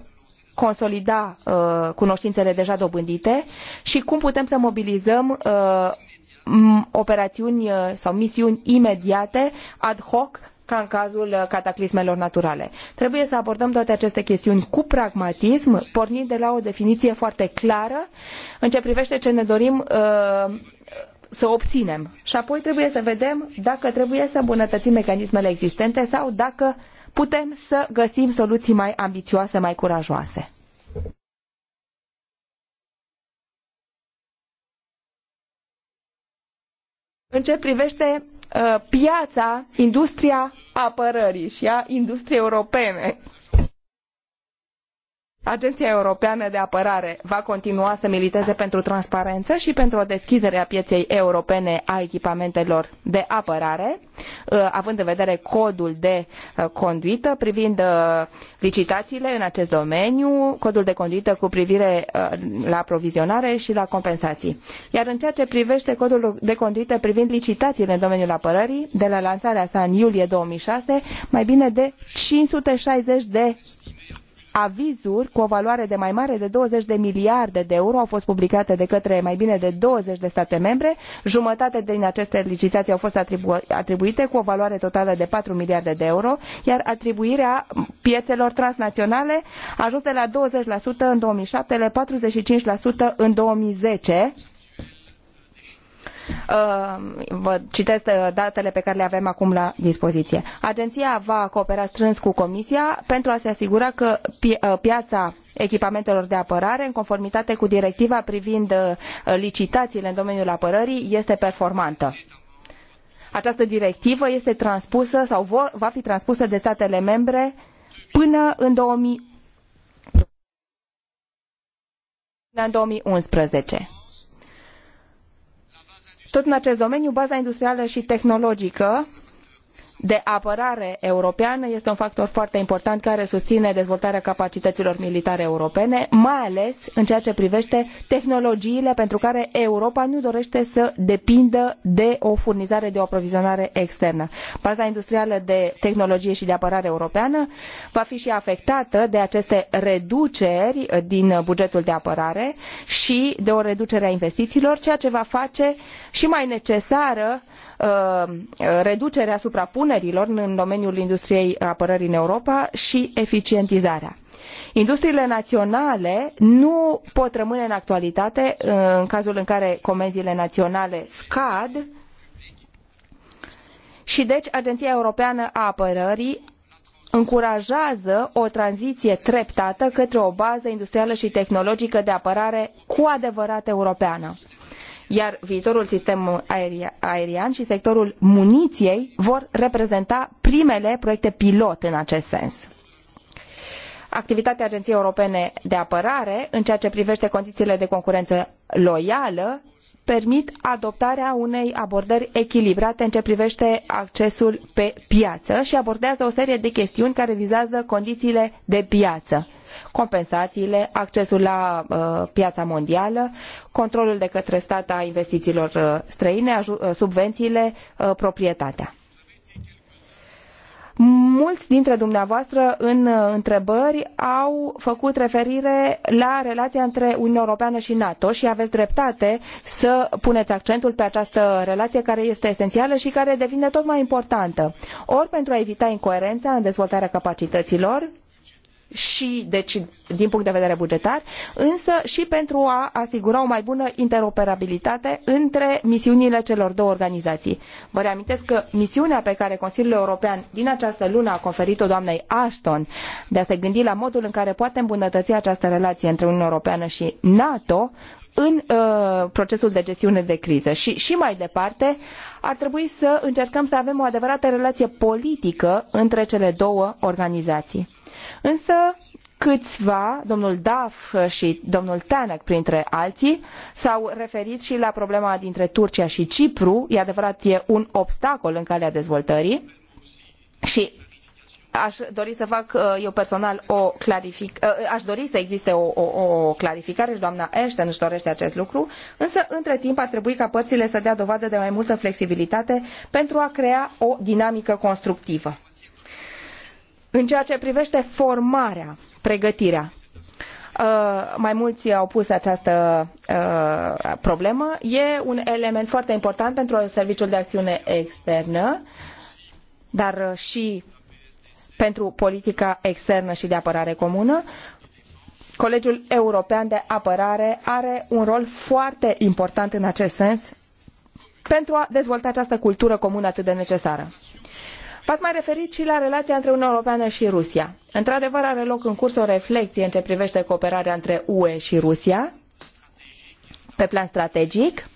Speaker 3: consolida uh, cunoștințele deja dobândite și cum putem să mobilizăm uh, operațiuni sau misiuni imediate, ad hoc, ca în cazul uh, cataclismelor naturale. Trebuie să abordăm toate aceste chestiuni cu pragmatism, pornind de la o definiție foarte clară în ce privește ce ne dorim uh, să obținem. Și apoi trebuie să vedem dacă trebuie să îmbunătățim mecanismele existente sau dacă putem să găsim soluții mai ambițioase, mai curajoase. În ce privește Uh, piața, industria apărării și a industriei europene. Agenția Europeană de Apărare va continua să militeze pentru transparență și pentru o deschidere a pieței europene a echipamentelor de apărare, uh, având în vedere codul de uh, conduită privind uh, licitațiile în acest domeniu, codul de conduită cu privire la aprovizionare și la compensații. Iar în ceea ce privește codul de conduită privind licitațiile în domeniul apărării, de la lansarea sa în iulie 2006, mai bine de 560 de avizuri cu o valoare de mai mare de 20 de miliarde de euro au fost publicate de către mai bine de 20 de state membre. Jumătate din aceste licitații au fost atribu atribuite cu o valoare totală de 4 miliarde de euro, iar atribuirea piețelor transnaționale ajunge la 20% în 2007, 45% în 2010 Uh, vă citesc uh, datele pe care le avem acum la dispoziție. Agenția va coopera strâns cu Comisia pentru a se asigura că uh, piața echipamentelor de apărare, în conformitate cu directiva privind licitațiile în domeniul apărării, este performantă. Această directivă este transpusă sau vor, va fi transpusă de statele membre până în 2000 până în 2011. Tot în acest domeniu, baza industrială și tehnologică de apărare europeană este un factor foarte important care susține dezvoltarea capacităților militare europene, mai ales în ceea ce privește tehnologiile pentru care Europa nu dorește să depindă de o furnizare de o aprovizionare externă. Baza industrială de tehnologie și de apărare europeană va fi și afectată de aceste reduceri din bugetul de apărare și de o reducere a investițiilor, ceea ce va face și mai necesară Uh, reducerea suprapunerilor în domeniul industriei apărării în Europa și eficientizarea. Industriile naționale nu pot rămâne în actualitate uh, în cazul în care comenzile naționale scad și deci Agenția Europeană a Apărării încurajează o tranziție treptată către o bază industrială și tehnologică de apărare cu adevărat europeană iar viitorul sistem aerian și sectorul muniției vor reprezenta primele proiecte pilot în acest sens activitatea Agenției Europene de Apărare în ceea ce privește condițiile de concurență loială permit adoptarea unei abordări echilibrate în ceea ce privește accesul pe piață și abordează o serie de chestiuni care vizează condițiile de piață compensațiile, accesul la uh, piața mondială, controlul de către stat a investițiilor uh, străine, uh, subvențiile, proprietatea. Mulți dintre dumneavoastră în întrebări au făcut referire la relația între Uniunea Europeană și NATO și aveți dreptate să puneți accentul pe această relație care este esențială și care devine tot mai importantă. Ori pentru a evita incoerența în dezvoltarea capacităților, și deci din punct de vedere bugetar, însă și pentru a asigura o mai bună interoperabilitate între misiunile celor două organizații. Vă reamintesc că misiunea pe care Consiliul European din această lună a conferit-o doamnei Ashton de a se gândi la modul în care poate îmbunătăți această relație între Uniunea Europeană și NATO în uh, procesul de gestiune de criză. Și, și mai departe, ar trebui să încercăm să avem o adevărată relație politică între cele două organizații. Însă, câțiva, domnul Daf și domnul Tanek, printre alții, s-au referit și la problema dintre Turcia și Cipru. E adevărat, e un obstacol în calea dezvoltării. Și aș dori să fac uh, eu personal o clarific. Uh, uh, aș dori să existe o, o, o clarificare și doamna Ashton își dorește acest lucru, însă între timp ar trebui ca părțile să dea dovadă de mai multă flexibilitate pentru a crea o dinamică constructivă. În ceea ce privește formarea, pregătirea, mai mulți au pus această problemă. E un element foarte important pentru Serviciul de Acțiune Externă, dar și pentru politica externă și de apărare comună. Colegiul European de Apărare are un rol foarte important în acest sens pentru a dezvolta această cultură comună atât de necesară. V-ați mai referit și la relația între Uniunea Europeană și Rusia. Într-adevăr, are loc în curs o reflexie în ce privește cooperarea între UE și Rusia pe plan strategic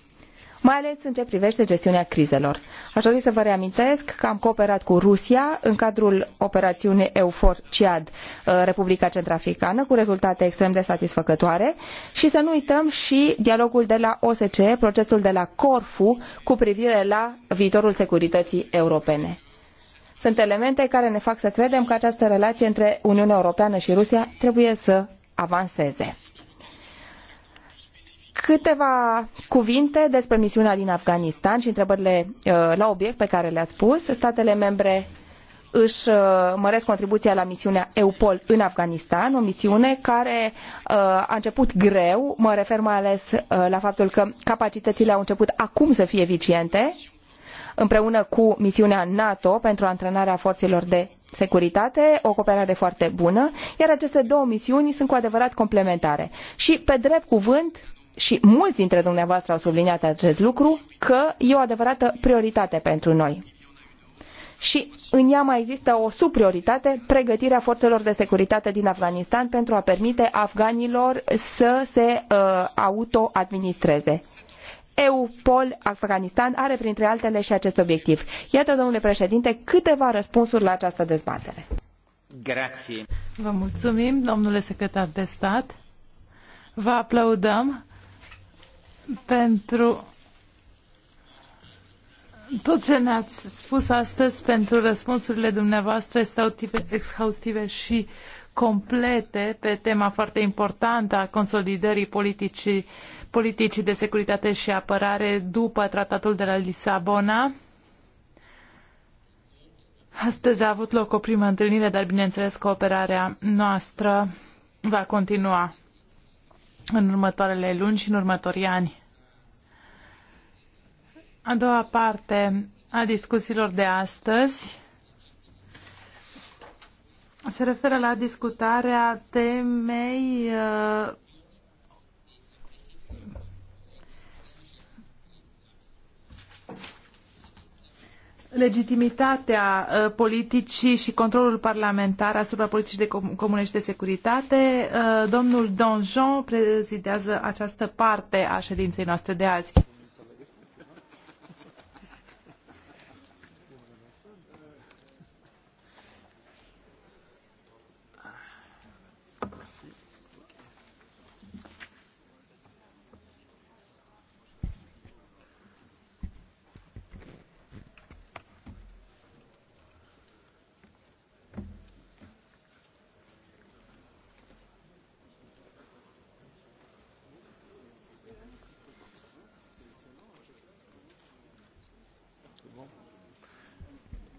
Speaker 3: mai ales în ce privește gestiunea crizelor. Aș dori să vă reamintesc că am cooperat cu Rusia în cadrul operațiunii EUFOR CIAD uh, Republica Centrafricană cu rezultate extrem de satisfăcătoare și să nu uităm și dialogul de la OSCE, procesul de la Corfu cu privire la viitorul securității europene. Sunt elemente care ne fac să credem că această relație între Uniunea Europeană și Rusia trebuie să avanseze. Câteva cuvinte despre misiunea din Afganistan și întrebările uh, la obiect pe care le-ați pus. Statele membre își uh, măresc contribuția la misiunea EUPOL în Afganistan, o misiune care uh, a început greu, mă refer mai ales la faptul că capacitățile au început acum să fie eficiente, împreună cu misiunea NATO pentru antrenarea forțelor de securitate, o cooperare foarte bună, iar aceste două misiuni sunt cu adevărat complementare. Și, pe drept cuvânt, și mulți dintre dumneavoastră au subliniat acest lucru, că e o adevărată prioritate pentru noi. Și în ea mai există o subprioritate, pregătirea forțelor de securitate din Afganistan pentru a permite afganilor să se uh, autoadministreze. EUPOL Afganistan are printre altele și acest obiectiv. Iată, domnule președinte, câteva răspunsuri la această dezbatere.
Speaker 1: Grazie.
Speaker 3: Vă mulțumim,
Speaker 2: domnule secretar de stat.
Speaker 3: Vă aplaudăm
Speaker 2: pentru tot ce ne-ați spus astăzi, pentru răspunsurile dumneavoastră exhaustive și complete pe tema foarte importantă a consolidării politicii, politicii de securitate și apărare după tratatul de la Lisabona. Astăzi a avut loc o primă întâlnire, dar bineînțeles cooperarea noastră va continua în următoarele luni și în următorii ani. A doua parte a discuțiilor de astăzi se referă la discutarea temei uh, legitimitatea uh, politicii și controlul parlamentar asupra politicii de comune și de securitate. Uh, domnul Donjon prezidează această parte a ședinței noastre de azi.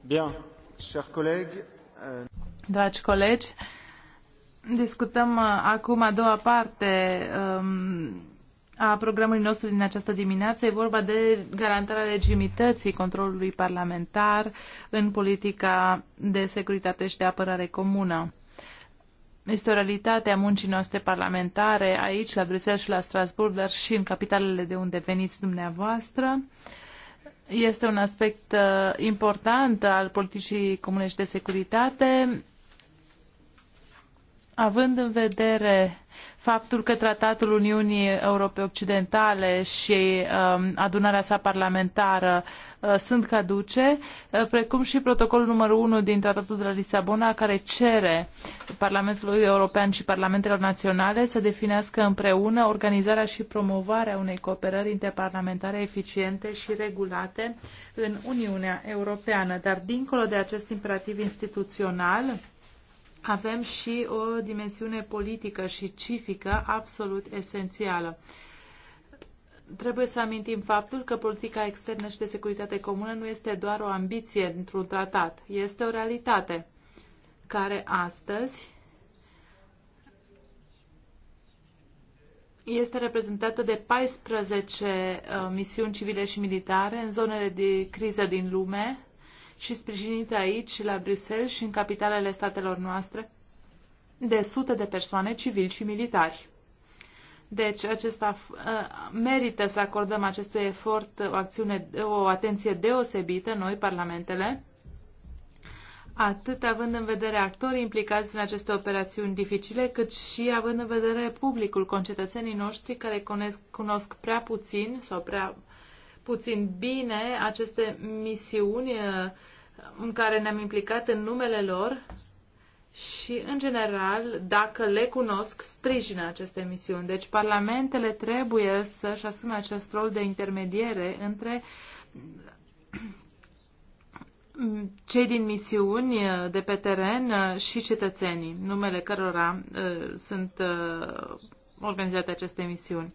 Speaker 2: Euh, Dragi colegi, discutăm uh, acum a doua parte um, a programului nostru din această dimineață. E vorba de garantarea legitimității controlului parlamentar în politica de securitate și de apărare comună. Este o realitate a muncii noastre parlamentare aici, la Bruxelles și la Strasbourg, dar și în capitalele de unde veniți dumneavoastră. Uh, este un aspect uh, important al politicii comune de securitate, având în vedere faptul că Tratatul Uniunii Europei Occidentale și um, adunarea sa parlamentară uh, sunt caduce, uh, precum și protocolul numărul 1 din Tratatul de la Lisabona, care cere Parlamentului European și Parlamentelor Naționale să definească împreună organizarea și promovarea unei cooperări interparlamentare eficiente și regulate în Uniunea Europeană. Dar dincolo de acest imperativ instituțional, avem și o dimensiune politică și civică absolut esențială. Trebuie să amintim faptul că politica externă și de securitate comună nu este doar o ambiție într-un tratat, este o realitate care astăzi este reprezentată de 14 uh, misiuni civile și militare în zonele de criză din lume, și sprijinite aici, la Bruxelles și în capitalele statelor noastre, de sute de persoane civili și militari. Deci acesta uh, merită să acordăm acestui efort o, acțiune, o atenție deosebită, noi, parlamentele, atât având în vedere actorii implicați în aceste operațiuni dificile, cât și având în vedere publicul, concetățenii noștri care cunosc, cunosc prea puțin sau prea puțin bine aceste misiuni uh, în care ne-am implicat în numele lor și, în general, dacă le cunosc, sprijină aceste misiuni. Deci, parlamentele trebuie să-și asume acest rol de intermediere între cei din misiuni uh, de pe teren uh, și cetățenii, numele cărora uh, sunt uh, organizate aceste misiuni.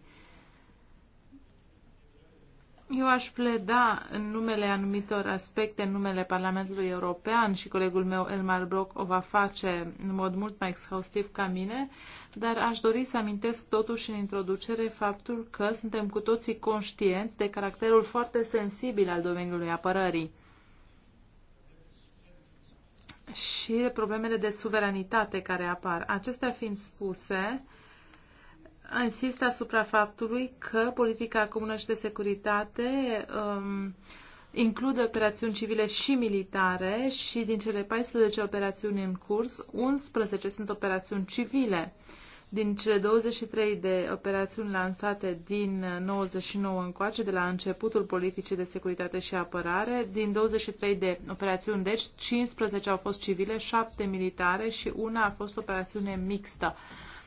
Speaker 2: Eu aș pleda în numele anumitor aspecte, în numele Parlamentului European și colegul meu Elmar Brock o va face în mod mult mai exhaustiv ca mine, dar aș dori să amintesc totuși în introducere faptul că suntem cu toții conștienți de caracterul foarte sensibil al domeniului apărării și problemele de suveranitate care apar. Acestea fiind spuse, insist asupra faptului că politica comună și de securitate um, include operațiuni civile și militare și din cele 14 operațiuni în curs, 11 sunt operațiuni civile. Din cele 23 de operațiuni lansate din 99 încoace, de la începutul politicii de securitate și apărare, din 23 de operațiuni, deci 15 au fost civile, 7 militare și una a fost operațiune mixtă.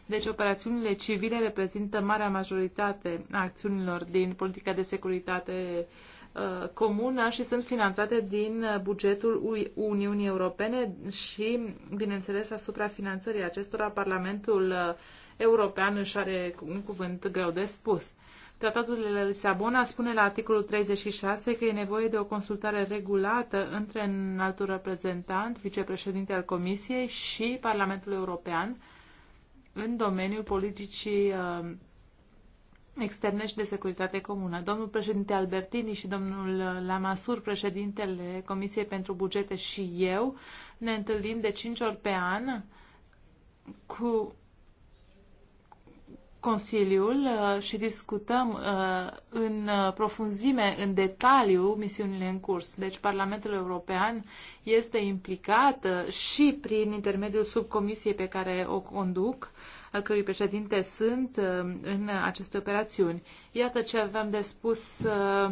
Speaker 2: Deci operațiunile civile reprezintă marea majoritate a acțiunilor din politica de securitate uh, comună și sunt finanțate din bugetul Uniunii Europene și, bineînțeles, asupra finanțării acestora, Parlamentul uh, European își are un cuvânt greu de spus. Tratatul de la Lisabona spune la articolul 36 că e nevoie de o consultare regulată între înaltul reprezentant, vicepreședinte al Comisiei și Parlamentul European în domeniul politicii uh, externe și de securitate comună. Domnul președinte Albertini și domnul uh, Lamasur, președintele Comisiei pentru Bugete și eu, ne întâlnim de 5 ori pe an cu Consiliul uh, și discutăm în profunzime, în detaliu, misiunile în curs. Deci Parlamentul European este implicat și prin intermediul subcomisiei pe care o conduc al cărui președinte sunt uh, în aceste operațiuni. Iată ce aveam de spus uh,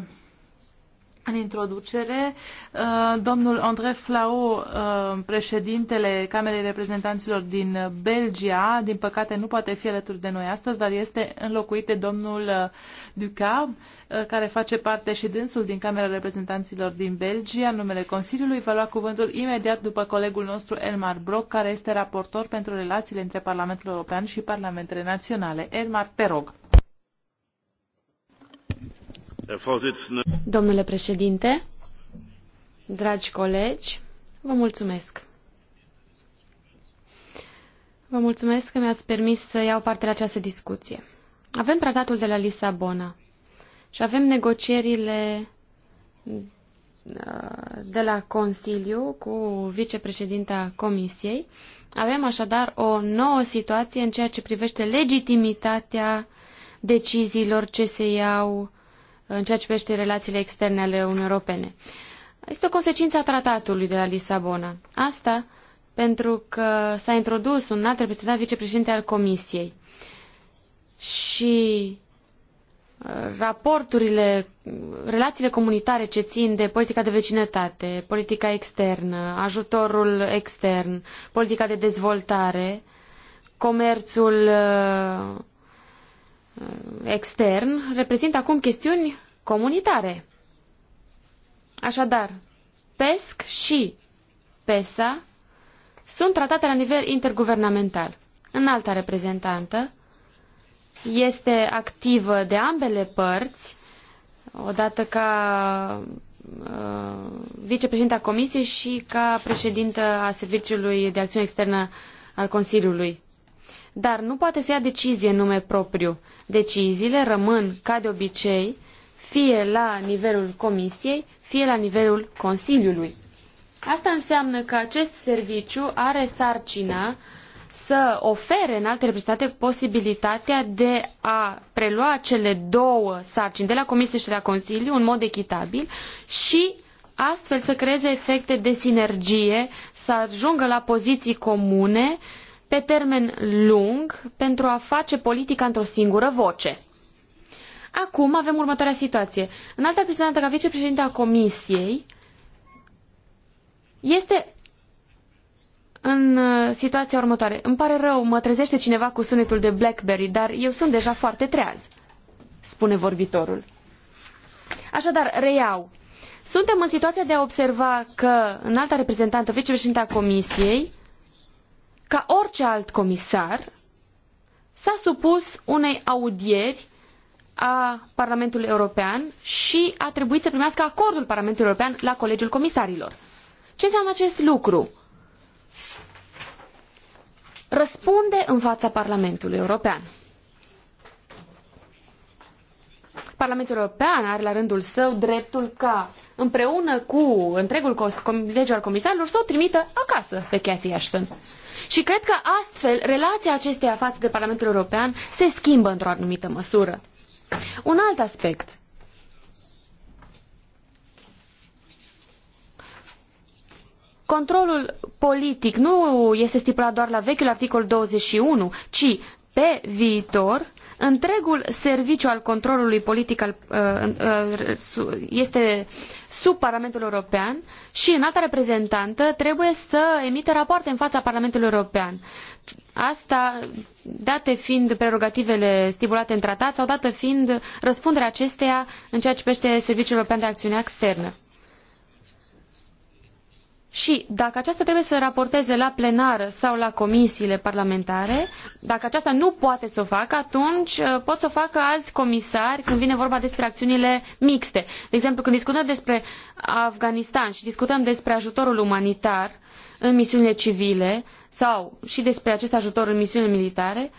Speaker 2: în introducere, uh, domnul André Flau, uh, președintele Camerei Reprezentanților din Belgia, din păcate nu poate fi alături de noi astăzi, dar este înlocuit de domnul uh, Ducab, care face parte și dânsul din Camera Reprezentanților din Belgia, în numele Consiliului. Va lua cuvântul imediat după colegul nostru Elmar Brock, care este raportor pentru relațiile între Parlamentul European și Parlamentele Naționale. Elmar, te rog.
Speaker 4: Domnule președinte, dragi colegi, vă mulțumesc. Vă mulțumesc că mi-ați permis să iau parte la această discuție. Avem tratatul de la Lisabona și avem negocierile uh, de la Consiliu cu vicepreședinta Comisiei. Avem așadar o nouă situație în ceea ce privește legitimitatea deciziilor ce se iau în ceea ce privește relațiile externe ale Uniunii Europene. Este o consecință a tratatului de la Lisabona. Asta pentru că s-a introdus un alt reprezentant vicepreședinte al Comisiei. Și uh, raporturile, relațiile comunitare ce țin de politica de vecinătate, politica externă, ajutorul extern, politica de dezvoltare, comerțul uh, Uh, extern reprezintă acum chestiuni comunitare. Așadar, PESC și PESA sunt tratate la nivel interguvernamental. alta reprezentantă este activă de ambele părți, odată ca uh, vicepreședinta Comisiei și ca președintă a Serviciului de Acțiune Externă al Consiliului. Dar nu poate să ia decizie în nume propriu. Uh, Deciziile rămân, ca de obicei, fie la nivelul Comisiei, fie la nivelul Consiliului. Asta înseamnă că acest serviciu are sarcina să ofere în alte reprezentate posibilitatea de a prelua cele două sarcini de la Comisie și de la Consiliu în mod echitabil și astfel să creeze efecte de sinergie, să ajungă la poziții comune uh, pe termen lung pentru a face politica într-o singură voce. Acum avem următoarea situație. Înalta reprezentantă ca vicepreședinte a Comisiei este în uh, situația următoare. Îmi pare rău, mă trezește cineva cu sunetul de Blackberry, dar eu sunt deja foarte treaz, spune vorbitorul. Așadar, reiau. Suntem în situația de a observa că înalta reprezentantă, vicepreședinta Comisiei, ca orice alt comisar, s-a supus unei audieri a Parlamentului European și a trebuit să primească acordul Parlamentului European la Colegiul Comisarilor. Ce înseamnă acest lucru? Răspunde în fața Parlamentului European. Parlamentul European are la rândul său dreptul ca, împreună cu întregul colegiu al comisarilor, să o trimită acasă pe Cathy Ashton. Și cred că astfel relația acesteia față de Parlamentul European se schimbă într-o anumită măsură. Un alt aspect. Controlul politic nu este stipulat doar la vechiul articol 21, ci pe viitor Întregul serviciu al controlului politic al, uh, uh, este sub Parlamentul European și înalta reprezentantă trebuie să emite rapoarte în fața Parlamentului European. Asta, date fiind prerogativele stipulate în tratat sau dată fiind răspunderea acesteia în ceea ce privește Serviciul European de Acțiune Externă. Și dacă aceasta trebuie să raporteze la plenară sau la comisiile parlamentare, dacă aceasta nu poate să o facă, atunci uh, pot să o facă alți comisari când vine vorba despre acțiunile mixte. De exemplu, când discutăm despre Afganistan și discutăm despre ajutorul umanitar în misiunile civile sau și despre acest ajutor în misiunile militare,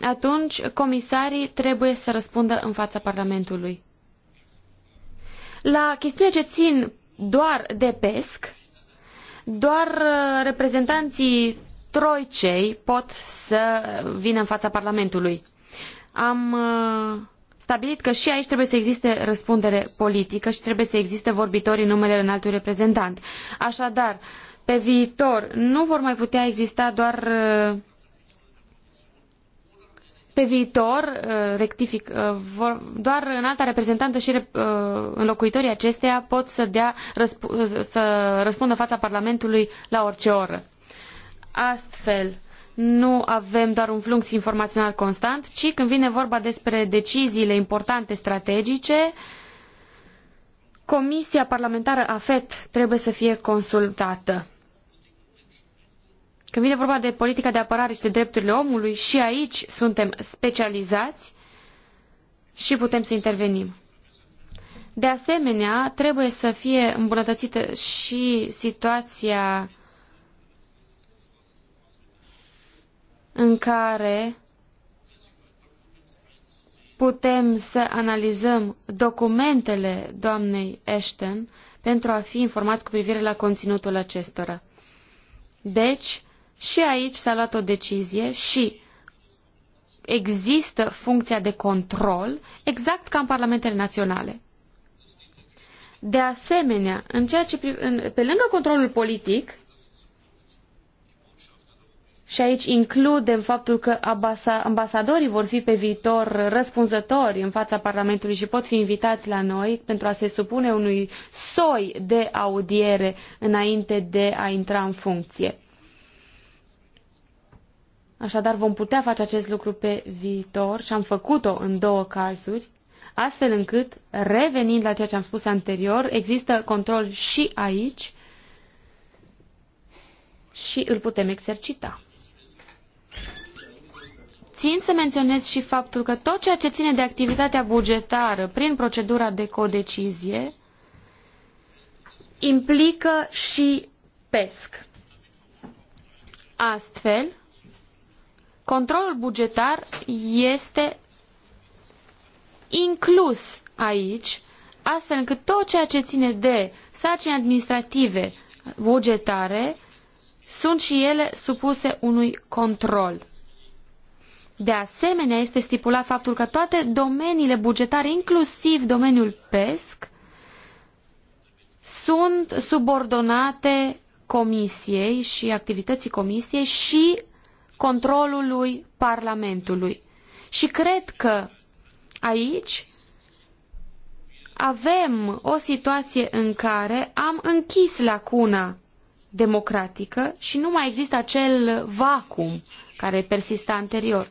Speaker 4: atunci comisarii trebuie să răspundă în fața Parlamentului. La chestiune ce țin doar de pesc, doar uh, reprezentanții troicei pot să vină în fața Parlamentului. Am uh, stabilit că și aici trebuie să existe răspundere politică și trebuie să existe vorbitori în numele înaltui reprezentant. Așadar, pe viitor nu vor mai putea exista doar uh, pe viitor, uh, rectific, uh, vor, doar înalta reprezentantă și uh, înlocuitorii acesteia pot să, dea, să răspundă fața Parlamentului la orice oră. Astfel, nu avem doar un flux informațional constant, ci când vine vorba despre deciziile importante strategice, Comisia Parlamentară AFET trebuie să fie consultată. Când vine vorba de politica de apărare și de drepturile omului, și aici suntem specializați și putem să intervenim. De asemenea, trebuie să fie îmbunătățită și situația în care putem să analizăm documentele doamnei Ashton pentru a fi informați cu privire la conținutul acestora. Deci, și aici s-a luat o decizie și există funcția de control, exact ca în parlamentele naționale. De asemenea, în ceea ce, în, pe lângă controlul politic, și aici includem faptul că ambasadorii vor fi pe viitor răspunzători în fața Parlamentului și pot fi invitați la noi pentru a se supune unui soi de audiere înainte de a intra în funcție. Așadar, vom putea face acest lucru pe viitor și am făcut-o în două cazuri, astfel încât, revenind la ceea ce am spus anterior, există control și aici și îl putem exercita. Țin să menționez și faptul că tot ceea ce ține de activitatea bugetară prin procedura de codecizie implică și PESC. Astfel, Controlul bugetar este inclus aici, astfel încât tot ceea ce ține de sarcini administrative bugetare sunt și ele supuse unui control. De asemenea, este stipulat faptul că toate domeniile bugetare, inclusiv domeniul PESC, sunt subordonate comisiei și activității comisiei și controlului Parlamentului. Și cred că aici avem o situație în care am închis lacuna democratică și nu mai există acel vacuum care persista anterior.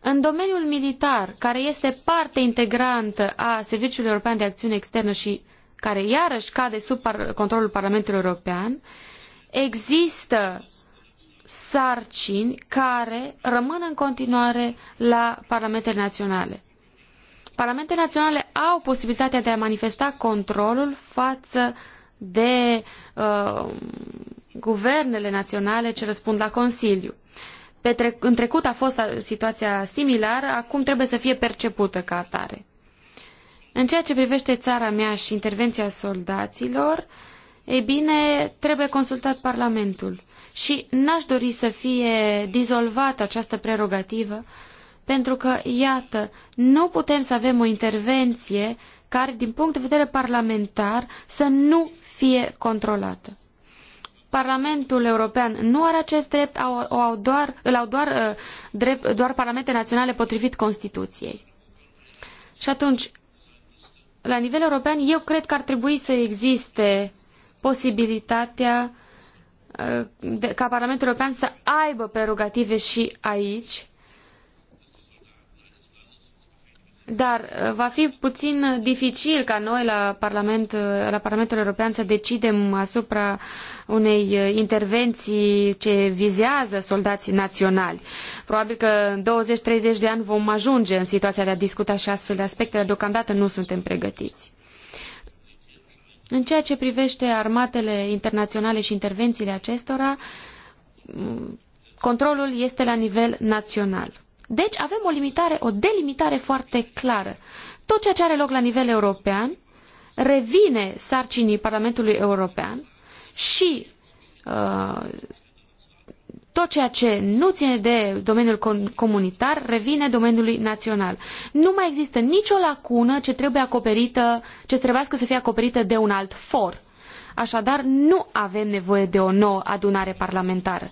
Speaker 4: În domeniul militar, care este parte integrantă a Serviciului European de Acțiune Externă și care iarăși cade sub controlul Parlamentului European, există uh, sarcini care rămân în continuare la parlamentele naționale. Parlamentele naționale au posibilitatea de a manifesta controlul față de uh, guvernele naționale ce răspund la Consiliu. Pe tre- în trecut a fost situația similară, acum trebuie să fie percepută ca atare. În ceea ce privește țara mea și intervenția soldaților, uh, ei bine, trebuie consultat Parlamentul. Și n-aș dori să fie dizolvată această prerogativă, pentru că, iată, nu putem să avem o intervenție care, din punct de vedere parlamentar, să nu fie controlată. Parlamentul European nu are acest drept, au, au doar, îl au doar, uh, drept, doar parlamente naționale potrivit Constituției. Și atunci, la nivel european, eu cred că ar trebui să existe posibilitatea uh, ca Parlamentul European să aibă prerogative și aici, dar uh, va fi puțin dificil ca noi la, Parlament, uh, la Parlamentul European să decidem asupra unei intervenții ce vizează soldații naționali. Probabil că în 20-30 de ani vom ajunge în situația de a discuta și astfel de aspecte, dar deocamdată nu suntem pregătiți. În ceea ce privește armatele internaționale și intervențiile acestora, controlul este la nivel național. Deci avem o limitare, o delimitare foarte clară. Tot ceea ce are loc la nivel european revine sarcinii Parlamentului European și uh, tot ceea ce nu ține de domeniul comunitar revine domeniului național. Nu mai există nicio lacună ce trebuie acoperită, ce trebuie să fie acoperită de un alt for. Așadar, nu avem nevoie de o nouă adunare parlamentară.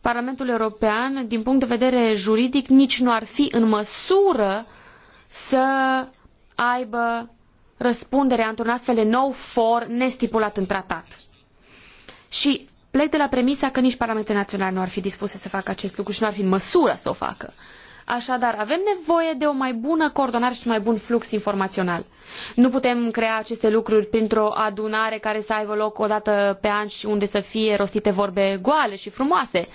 Speaker 4: Parlamentul European, din punct de vedere juridic, nici nu ar fi în măsură să aibă răspunderea într-un astfel de nou for nestipulat în tratat. Și plec de la premisa că nici parlamentele naționale nu ar fi dispuse să facă acest lucru și nu ar fi în măsură să o facă. Așadar, avem nevoie de o mai bună coordonare și un mai bun flux informațional. Nu putem crea aceste lucruri printr-o adunare care să aibă loc o dată pe an și unde să fie rostite vorbe goale și frumoase.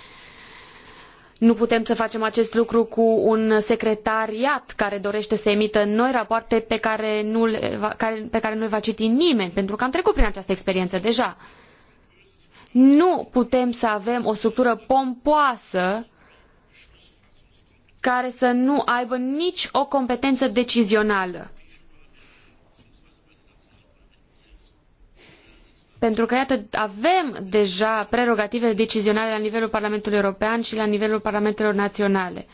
Speaker 4: Nu putem să facem acest lucru cu un secretariat care dorește să emită noi rapoarte pe care nu, le va, care, pe care nu le va citi nimeni, pentru că am trecut prin această experiență deja. Nu putem să avem o structură pompoasă care să nu aibă nici o competență decizională. Pentru că, iată, avem deja prerogative decizionale la nivelul Parlamentului European și la nivelul Parlamentelor Naționale.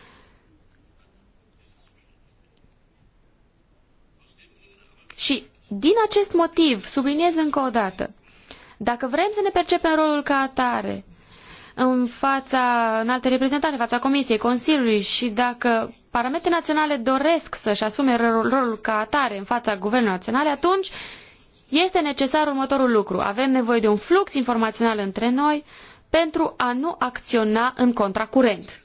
Speaker 4: Și din acest motiv, subliniez încă o dată, dacă vrem să ne percepem rolul ca atare în fața în alte reprezentante, în fața Comisiei, Consiliului și dacă parametrele naționale doresc să-și asume rolul ca atare în fața guvernului naționale, atunci este necesar următorul lucru. Avem nevoie de un flux informațional între noi pentru a nu acționa în contracurent.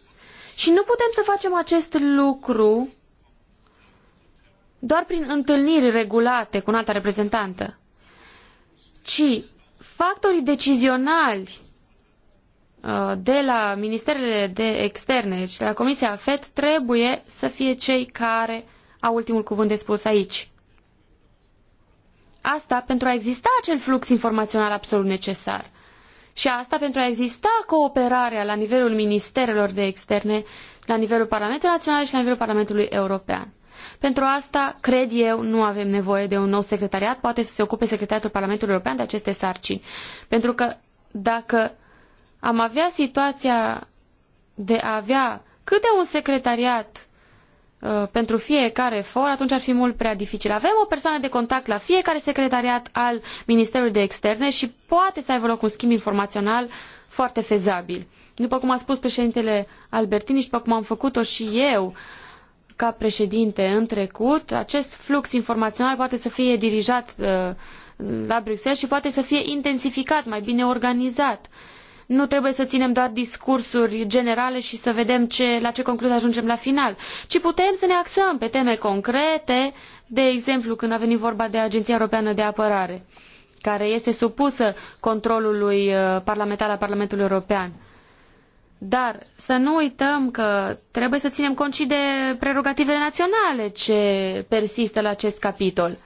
Speaker 4: Și nu putem să facem acest lucru doar prin întâlniri regulate cu un alta reprezentantă, ci factorii decizionali uh, de la ministerele de externe și deci de la Comisia FED trebuie să fie cei care au ultimul cuvânt de spus aici. Asta pentru a exista acel flux informațional absolut necesar. Și asta pentru a exista cooperarea la nivelul ministerelor de externe, la nivelul Parlamentului Național și la nivelul Parlamentului European. Pentru asta, cred eu, nu avem nevoie de un nou secretariat, poate să se ocupe Secretariatul Parlamentului European de aceste sarcini. Pentru că dacă am avea situația de a avea câte un secretariat uh, pentru fiecare for, atunci ar fi mult prea dificil. Avem o persoană de contact la fiecare secretariat al Ministerului de Externe și poate să aibă loc un schimb informațional foarte fezabil. După cum a spus președintele Albertini și după cum am făcut-o și eu ca președinte în trecut, acest flux informațional poate să fie dirijat uh, la Bruxelles și poate să fie intensificat, mai bine organizat. Nu trebuie să ținem doar discursuri generale și să vedem ce, la ce concluzie ajungem la final, ci putem să ne axăm pe teme concrete, de exemplu când a venit vorba de Agenția Europeană de Apărare, care este supusă controlului uh, parlamentar al Parlamentului European. Dar să nu uităm că trebuie să ținem cont și de prerogativele naționale ce persistă la acest capitol.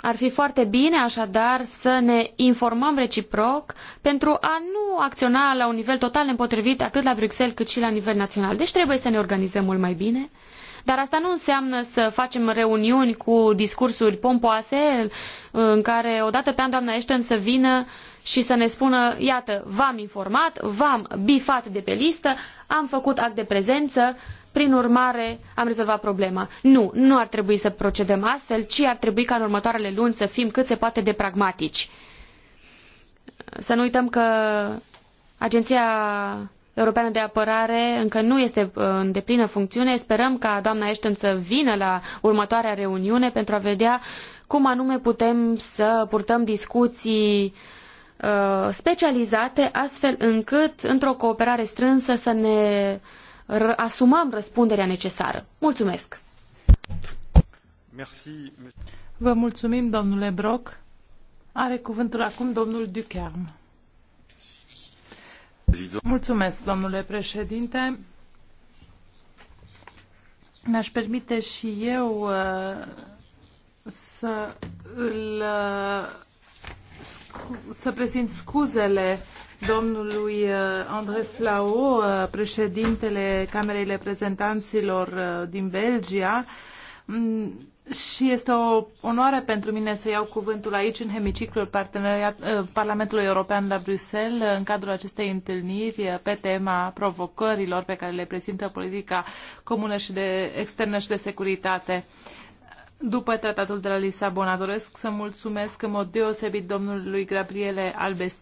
Speaker 4: Ar fi foarte bine, așadar, să ne informăm reciproc pentru a nu acționa la un nivel total nepotrivit atât la Bruxelles cât și la nivel național. Deci trebuie să ne organizăm mult mai bine. Dar asta nu înseamnă să facem reuniuni cu discursuri pompoase în care odată pe an doamna Ashton să vină și să ne spună, iată, v-am informat, v-am bifat de pe listă, am făcut act de prezență, prin urmare am rezolvat problema. Nu, nu ar trebui să procedăm astfel, ci ar trebui ca în următoarele luni să fim cât se poate de pragmatici. Să nu uităm că Agenția Europeană de Apărare încă nu este uh, în deplină funcțiune. Sperăm ca doamna Ashton să vină la următoarea reuniune pentru a vedea cum anume putem să purtăm discuții uh, Uh, specializate, astfel încât, într-o cooperare strânsă, să ne asumăm răspunderea necesară. Mulțumesc! Vă mulțumim, domnule Brock. Are cuvântul acum domnul
Speaker 2: Ducherm. Mulțumesc, domnule președinte. Mi-aș permite și eu uh, să îl uh, să prezint scuzele domnului uh, André Flau, uh, președintele Camerei Reprezentanților uh, din Belgia. Mm, și este o onoare pentru mine să iau cuvântul aici, în hemiciclul Parlamentului European la Bruxelles, în cadrul acestei întâlniri pe tema provocărilor pe care le prezintă politica comună și de externă și de securitate după tratatul de la Lisabona. Doresc să mulțumesc în mod deosebit domnului Gabriele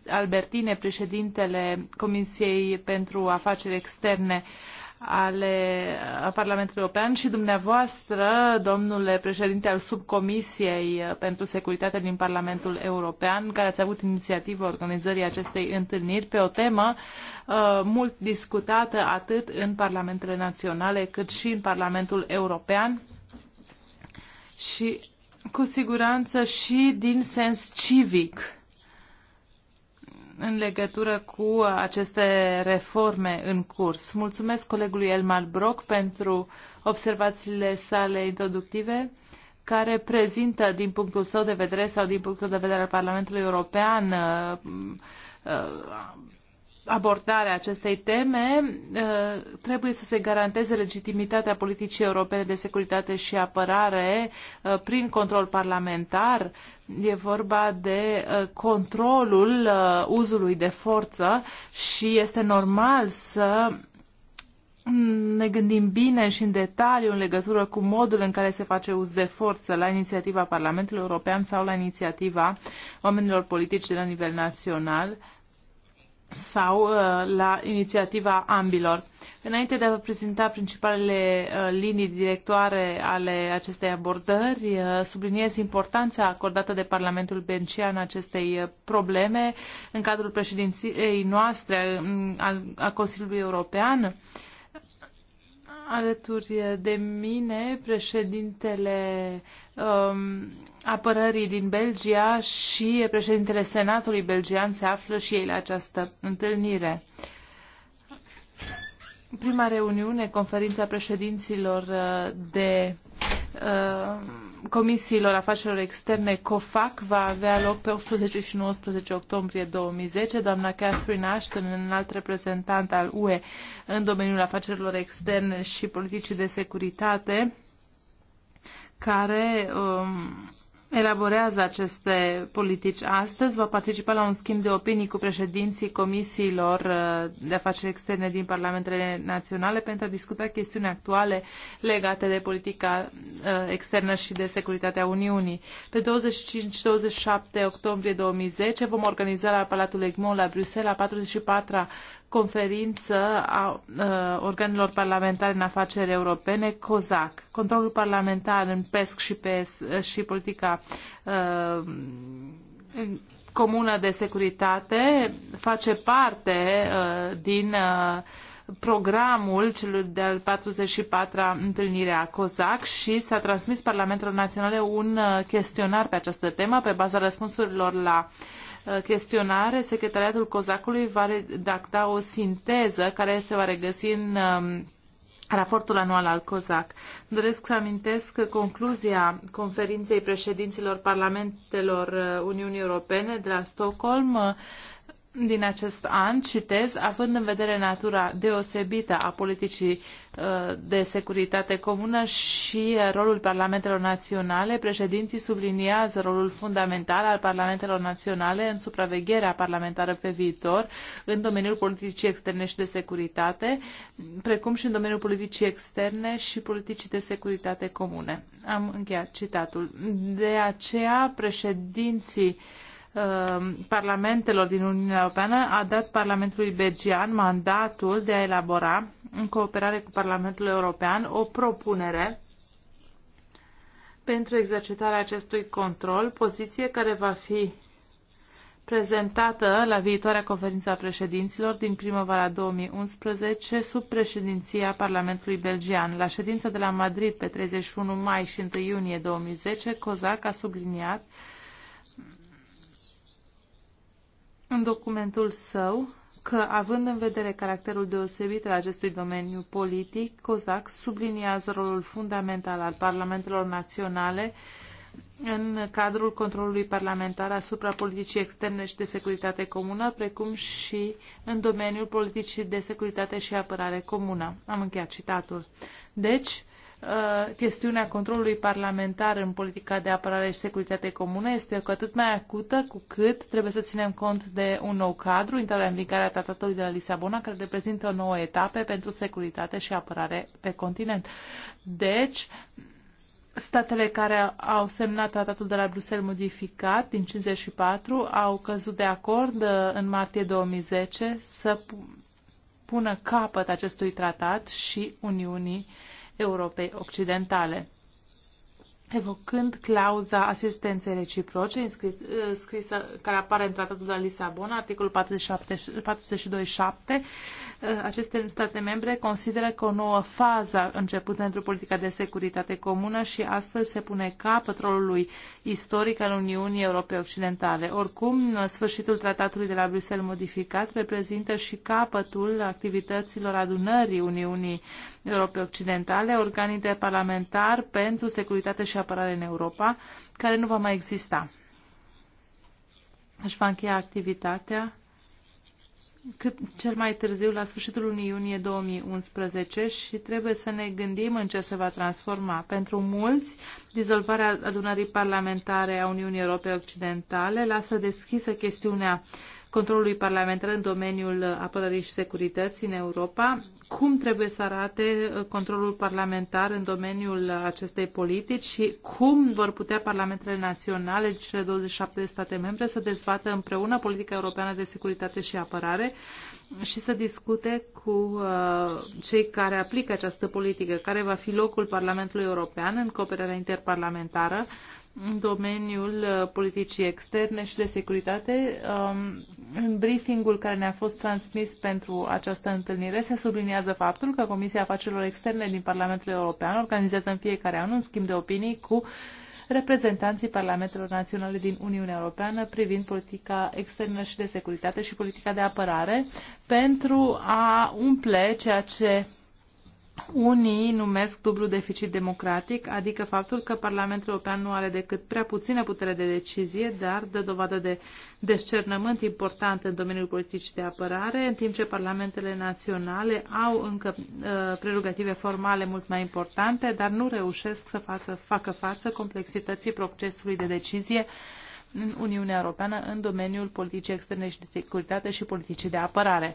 Speaker 2: Albertine, președintele Comisiei pentru Afaceri Externe ale Parlamentului European și dumneavoastră, domnule președinte al subcomisiei pentru securitate din Parlamentul European, care ați avut inițiativa organizării acestei întâlniri pe o temă uh, mult discutată atât în parlamentele naționale cât și în Parlamentul European și cu siguranță și din sens civic în legătură cu aceste reforme în curs. Mulțumesc colegului Elmar Brock pentru observațiile sale introductive care prezintă din punctul său de vedere sau din punctul de vedere al Parlamentului European uh, uh, abordarea acestei teme uh, trebuie să se garanteze legitimitatea politicii europene de securitate și apărare uh, prin control parlamentar. E vorba de uh, controlul uzului de forță și este normal să ne gândim bine și în detaliu în legătură cu modul în care se face uz de forță la inițiativa Parlamentului European sau la inițiativa oamenilor politici de la nivel național sau uh, la inițiativa ambilor. Înainte de a vă prezenta principalele uh, linii directoare ale acestei abordări, uh, subliniez importanța acordată de Parlamentul Bencian acestei probleme în cadrul președinției noastre a Consiliului European. Alături de mine, președintele um, apărării din Belgia și președintele Senatului belgian se află și ei la această întâlnire. Prima reuniune, conferința președinților uh, de uh, Comisiilor Afacerilor Externe COFAC va avea loc pe 18 și 19 octombrie 2010. Doamna Catherine Ashton, un alt reprezentant al UE în domeniul afacerilor externe și politicii de securitate, care um, elaborează aceste politici astăzi. Va participa la un schimb de opinii cu președinții comisiilor uh, de afaceri externe din parlamentele naționale pentru a discuta chestiuni actuale legate de politica uh, externă și de securitatea Uniunii. Pe 25-27 octombrie 2010 vom organiza la Palatul Egmont la Bruxelles a 44-a conferință a uh, organelor parlamentare în afaceri europene, COSAC, controlul parlamentar în PESC și, PES, ă, și politica uh, comună de securitate, face parte uh, din uh, programul celor de-al 44-a întâlnire a COSAC și s-a transmis Parlamentelor Naționale un chestionar pe această temă pe baza răspunsurilor la uh, Uh, chestionare, Secretariatul Cozacului va redacta o sinteză care se va regăsi în um, raportul anual al COSAC. Doresc să amintesc că concluzia conferinței președinților parlamentelor uh, Uniunii Europene de la Stockholm uh, din acest an, citez, având în vedere natura deosebită a politicii uh, de securitate comună și uh, rolul parlamentelor naționale, președinții subliniază rolul fundamental al parlamentelor naționale în supravegherea parlamentară pe viitor în domeniul politicii externe și de securitate, precum și în domeniul politicii externe și politicii de securitate comune. Am încheiat citatul. De aceea, președinții uh, Um, parlamentelor din Uniunea Europeană a dat Parlamentului belgian mandatul de a elabora, în cooperare cu Parlamentul European, o propunere pentru exercitarea acestui control, poziție care va fi prezentată la viitoarea conferință a președinților din primăvara 2011 sub președinția Parlamentului Belgian. La ședința de la Madrid pe 31 mai și 1 iunie 2010, COZAC a subliniat în documentul său că, având în vedere caracterul deosebit al acestui domeniu politic, COSAC subliniază rolul fundamental al parlamentelor naționale în cadrul controlului parlamentar asupra politicii externe și de securitate comună, precum și în domeniul politicii de securitate și apărare comună. Am încheiat citatul. Deci, Uh, chestiunea controlului parlamentar în politica de apărare și securitate comună este cu atât mai acută cu cât trebuie să ținem cont de un nou cadru, intrarea în vigoare a tratatului de la Lisabona, care reprezintă o nouă etapă pentru securitate și apărare pe continent. Deci, statele care au semnat tratatul de la Bruxelles modificat din 54 au căzut de acord uh, în martie 2010 să pună capăt acestui tratat și Uniunii uh, Europei Occidentale evocând clauza asistenței reciproce uh, scrisă, care apare în Tratatul de la Lisabona, articolul 42.7, uh, aceste state membre consideră că o nouă fază începută într-o politică de securitate comună și astfel se pune capăt rolului istoric al Uniunii Europei Occidentale. Oricum, sfârșitul Tratatului de la Bruxelles modificat reprezintă și capătul activităților adunării Uniunii Europei Occidentale, organii de parlamentar pentru securitate și apărare în Europa, care nu va mai exista. Își va încheia activitatea cât cel mai târziu la sfârșitul lunii iunie 2011 și trebuie să ne gândim în ce se va transforma. Pentru mulți, dizolvarea adunării parlamentare a Uniunii Europei Occidentale lasă deschisă chestiunea controlului parlamentar în domeniul apărării și securității în Europa, cum trebuie să arate uh, controlul parlamentar în domeniul acestei politici și cum vor putea parlamentele naționale și cele 27 de state membre să dezbată împreună politica europeană de securitate și apărare și să discute cu uh, cei care aplică această politică, care va fi locul Parlamentului European în cooperarea interparlamentară în domeniul uh, politicii externe și de securitate. Um, în briefingul care ne-a fost transmis pentru această întâlnire se subliniază faptul că Comisia Afacerilor Externe din Parlamentul European organizează în fiecare an un schimb de opinii cu reprezentanții Parlamentelor Naționale din Uniunea Europeană privind politica externă și de securitate și politica de apărare pentru a umple ceea ce unii numesc dublu deficit democratic, adică faptul că Parlamentul European nu are decât prea puțină putere de decizie, dar dă dovadă de descernământ important în domeniul politicii de apărare, în timp ce parlamentele naționale au încă uh, prerogative formale mult mai importante, dar nu reușesc să față, facă față complexității procesului de decizie în Uniunea Europeană în domeniul politicii externe și de securitate și politicii de apărare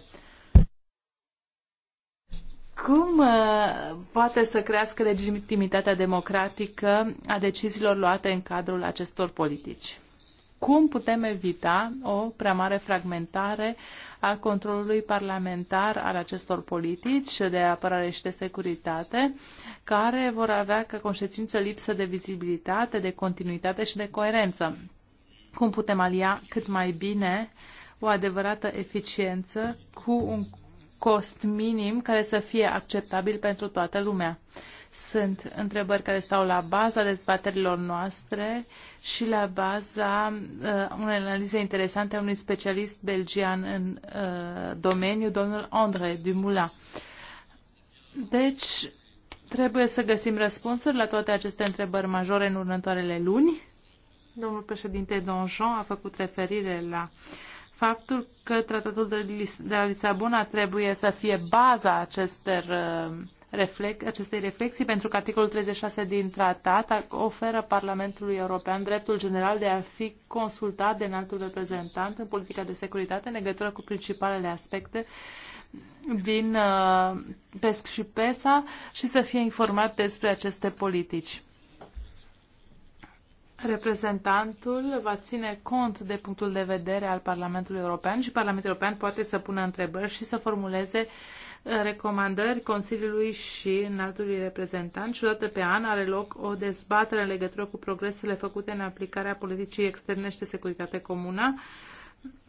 Speaker 2: cum uh, poate să crească legitimitatea democratică a deciziilor luate în cadrul acestor politici? Cum putem evita o prea mare fragmentare a controlului parlamentar al acestor politici de apărare și de securitate, care vor avea ca consecință lipsă de vizibilitate, de continuitate și de coerență? Cum putem alia cât mai bine o adevărată eficiență cu un cost minim care să fie acceptabil pentru toată lumea. Sunt întrebări care stau la baza dezbaterilor noastre și la baza uh, unei analize interesante a unui specialist belgian în uh, domeniu, domnul André Dumoulin. Deci, trebuie să găsim răspunsuri la toate aceste întrebări majore în următoarele luni. Domnul președinte Donjon a făcut referire la uh, faptul că tratatul de la Lisabona trebuie să fie baza acestor uh, reflex- acestei reflexii, pentru că articolul 36 din tratat oferă Parlamentului European dreptul general de a fi consultat de înaltul reprezentant în politica de securitate în legătură cu principalele aspecte din uh, PESC și PESA și să fie informat despre aceste politici reprezentantul va ține cont de punctul de vedere al Parlamentului European și Parlamentul European poate să pună întrebări și să formuleze uh, recomandări Consiliului și înaltului reprezentant și odată pe an are loc o dezbatere în legătură cu progresele făcute în aplicarea politicii externe și de securitate comună,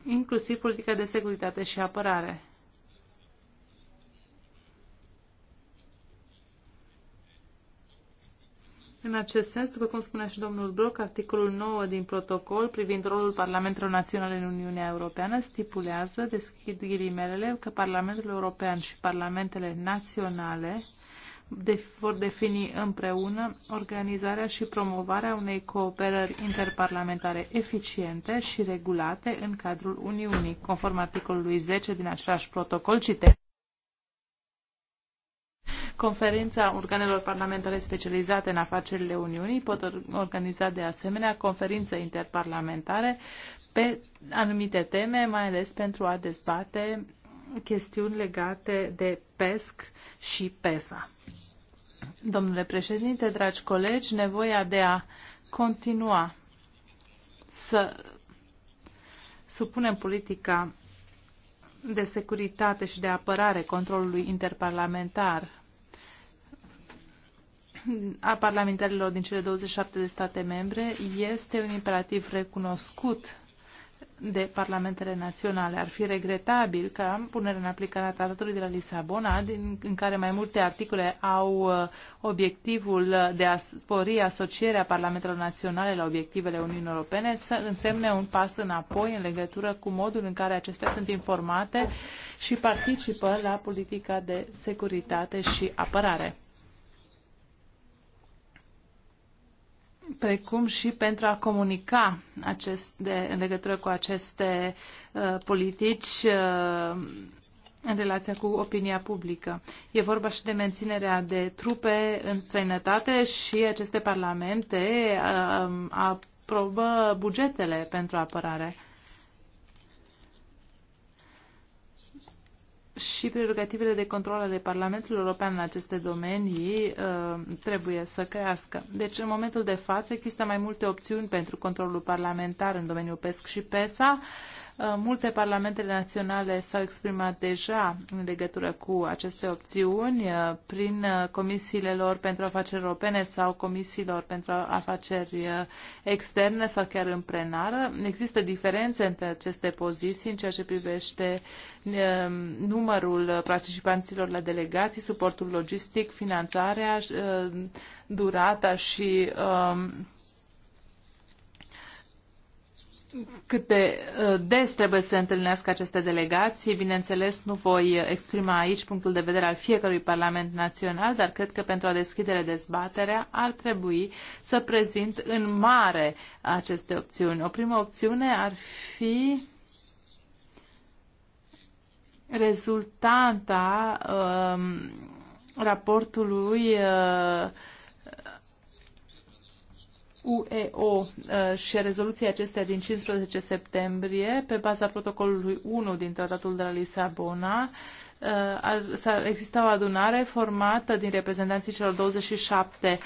Speaker 2: inclusiv politica de securitate și apărare. În acest sens, după cum spunea și domnul Broc, articolul 9 din protocol privind rolul Parlamentelor Naționale în Uniunea Europeană stipulează, deschid ghilimelele, că Parlamentul European și Parlamentele Naționale de, vor defini împreună organizarea și promovarea unei cooperări interparlamentare eficiente și regulate în cadrul Uniunii, conform articolului 10 din același protocol, citesc. Conferința organelor parlamentare specializate în afacerile Uniunii pot organiza de asemenea conferințe interparlamentare pe anumite teme, mai ales pentru a dezbate chestiuni legate de PESC și PESA. Domnule președinte, dragi colegi, nevoia de a continua să supunem politica de securitate și de apărare controlului interparlamentar a parlamentarilor din cele 27 de state membre este un imperativ recunoscut de parlamentele naționale. Ar fi regretabil că punerea în aplicare a tratatului de la Lisabona, din, în care mai multe articole au uh, obiectivul de a spori asocierea parlamentelor naționale la obiectivele Uniunii Europene, să însemne un pas înapoi în legătură cu modul în care acestea sunt informate și participă la politica de securitate și apărare. precum și pentru a comunica în legătură cu aceste uh, politici uh, în relația cu opinia publică. E vorba și de menținerea de trupe în străinătate și aceste parlamente uh, aprobă bugetele pentru apărare. și prerogativele de control ale Parlamentului European în aceste domenii uh, trebuie să crească. Deci, în momentul de față, există mai multe opțiuni pentru controlul parlamentar în domeniul PESC și PESA. Uh, Uh, multe parlamente naționale s-au exprimat deja în legătură cu aceste opțiuni uh, prin uh, comisiile lor pentru afaceri europene sau comisiilor pentru afaceri externe sau chiar în plenară. Există diferențe între aceste poziții în ceea ce privește numărul participanților la delegații, suportul logistic, finanțarea, durata și um, cât de uh, des trebuie să se întâlnească aceste delegații. Bineînțeles, nu voi exprima aici punctul de vedere al fiecărui Parlament Național, dar cred că pentru a deschide dezbaterea ar trebui să prezint în mare aceste opțiuni. O primă opțiune ar fi rezultanta um, raportului uh, UEO uh, și rezoluția acestea din 15 septembrie, pe baza protocolului 1 din Tratatul de la Lisabona, uh, exista o adunare formată din reprezentanții celor 27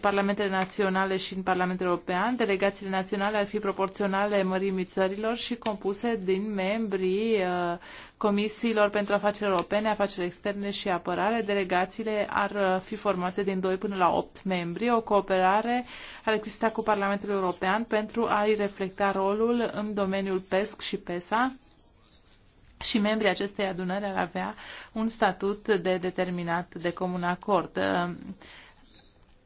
Speaker 2: parlamentele naționale și în Parlamentul European. Delegațiile naționale ar fi proporționale mărimii țărilor și compuse din membrii uh, comisiilor pentru afaceri europene, afaceri externe și apărare. Delegațiile ar uh, fi formate din 2 până la 8 membri. O cooperare ar exista cu Parlamentul European pentru a-i reflecta rolul în domeniul PESC și PESA și membrii acestei adunări ar avea un statut de determinat de comun acord.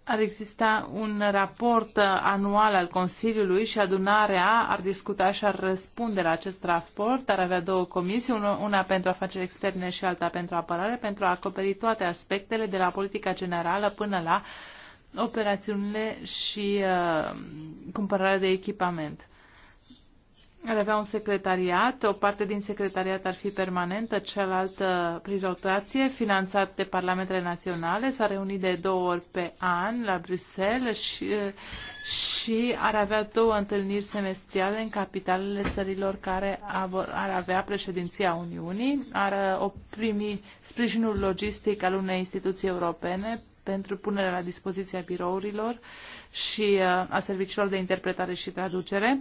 Speaker 2: Ar exista un raport anual al Consiliului și adunarea ar discuta și ar răspunde la acest raport. Ar avea două comisii, una pentru afaceri externe și alta pentru apărare, pentru a acoperi toate aspectele de la politica generală până la operațiunile și uh, cumpărarea de echipament ar avea un secretariat, o parte din secretariat ar fi permanentă, cealaltă prin rotație, finanțat de parlamentele naționale, s-ar reuni de două ori pe an la Bruxelles și, și ar avea două întâlniri semestriale în capitalele țărilor care ar avea președinția Uniunii, ar uh, primi sprijinul logistic al unei instituții europene pentru punerea la dispoziție a birourilor și uh, a serviciilor de interpretare și traducere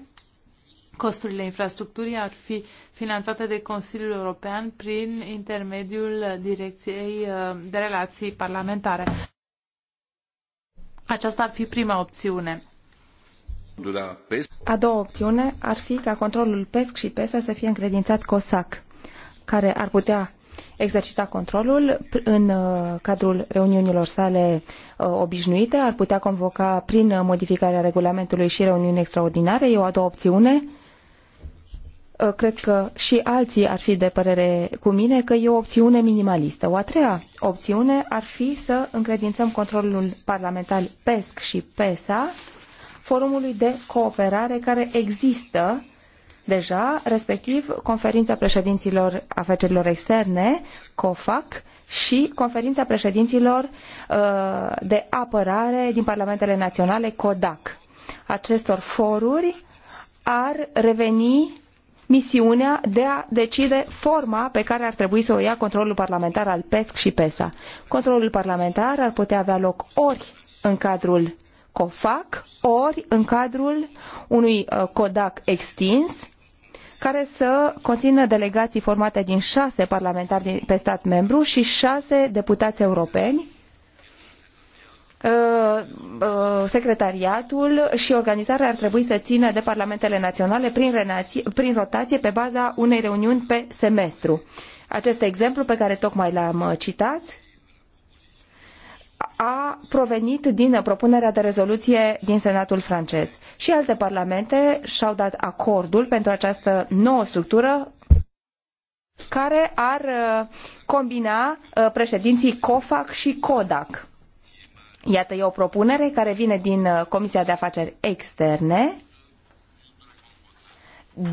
Speaker 2: costurile infrastructurii ar fi finanțate de Consiliul European prin intermediul Direcției uh, de Relații
Speaker 3: Parlamentare.
Speaker 2: Aceasta ar fi prima opțiune.
Speaker 3: A doua opțiune ar fi ca controlul PESC și PESA să fie încredințat COSAC, care ar putea exercita controlul în uh, cadrul reuniunilor sale uh, obișnuite, ar putea convoca prin modificarea regulamentului și reuniuni extraordinare, e o a doua opțiune. Uh, cred că și alții ar fi de părere cu mine că e o opțiune minimalistă. O a treia opțiune ar fi să încredințăm controlul parlamentar PESC și PESA forumului de cooperare care există deja, respectiv conferința președinților afacerilor externe, COFAC, și conferința președinților uh, de apărare din parlamentele naționale, CODAC. Acestor foruri ar reveni misiunea de a decide forma pe care ar trebui să o ia controlul parlamentar al PESC și PESA. Controlul parlamentar ar putea avea loc ori în cadrul COFAC, ori în cadrul unui uh, CODAC extins, care să conțină delegații formate din șase parlamentari pe stat membru și șase deputați europeni, Uh, uh, secretariatul și organizarea ar trebui să țină de parlamentele naționale prin, renație, prin rotație pe baza unei reuniuni pe semestru. Acest exemplu pe care tocmai l-am uh, citat a provenit din propunerea de rezoluție din Senatul francez. Și alte parlamente și-au dat acordul pentru această nouă structură care ar combina președinții COFAC și CODAC Iată, e o propunere care vine din uh, Comisia de Afaceri Externe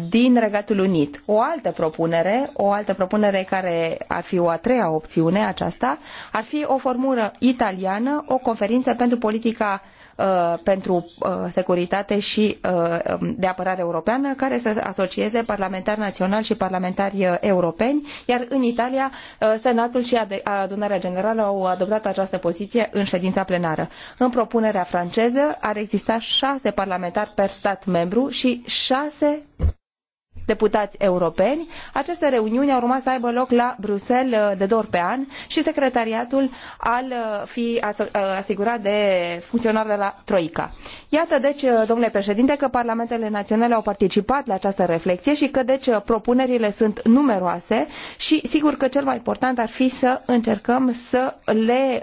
Speaker 3: din Regatul Unit. O altă propunere, o altă propunere care ar fi o a treia opțiune aceasta, ar fi o formură italiană, o conferință pentru politica uh, Uh, pentru uh, securitate și uh, um, de apărare europeană care să asocieze parlamentari naționali și parlamentari europeni, iar în Italia Senatul și adunarea generală au adoptat această poziție în ședința plenară. În propunerea franceză ar exista șase parlamentari per stat membru și șase deputați europeni. Aceste reuniuni au urmat să aibă loc la Bruxelles uh, de două ori pe an și secretariatul al uh, fi uh, asigurat de funcționari de la Troica. Iată deci, domnule președinte, că parlamentele naționale au participat la această reflexie și că deci propunerile sunt numeroase și sigur că cel mai important ar fi să încercăm să le,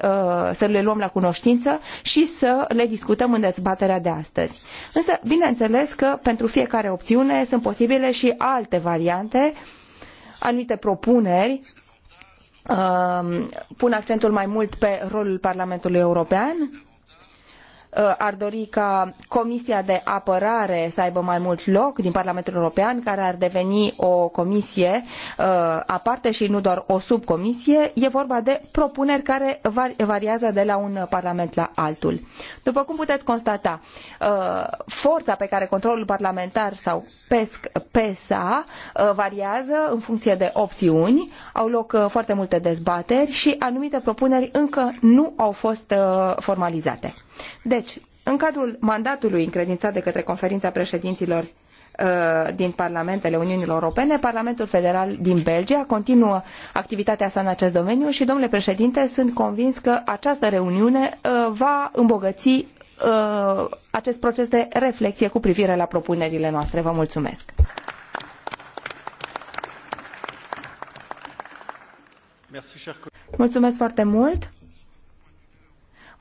Speaker 3: să le luăm la cunoștință și să le discutăm în dezbaterea de astăzi. Însă, bineînțeles că pentru fiecare opțiune sunt posibile și alte variante, anumite propuneri um, pun accentul mai mult pe rolul Parlamentului European Uh, ar dori ca Comisia de Apărare să aibă mai mult loc din Parlamentul European, care ar deveni o comisie uh, aparte și nu doar o subcomisie. E vorba de propuneri care variază de la un Parlament la altul. După cum puteți constata, uh, forța pe care controlul parlamentar sau PESC, PESA variază în funcție de opțiuni, au loc foarte multe dezbateri și anumite propuneri încă nu au fost formalizate. Deci, în cadrul mandatului încredințat de către conferința președinților uh, din parlamentele Uniunii Europene. Parlamentul Federal din Belgia continuă activitatea sa în acest domeniu și, domnule președinte, sunt convins că această reuniune uh, va îmbogăți uh, acest proces de reflexie cu privire la propunerile noastre. Vă mulțumesc! Mulțumesc foarte mult!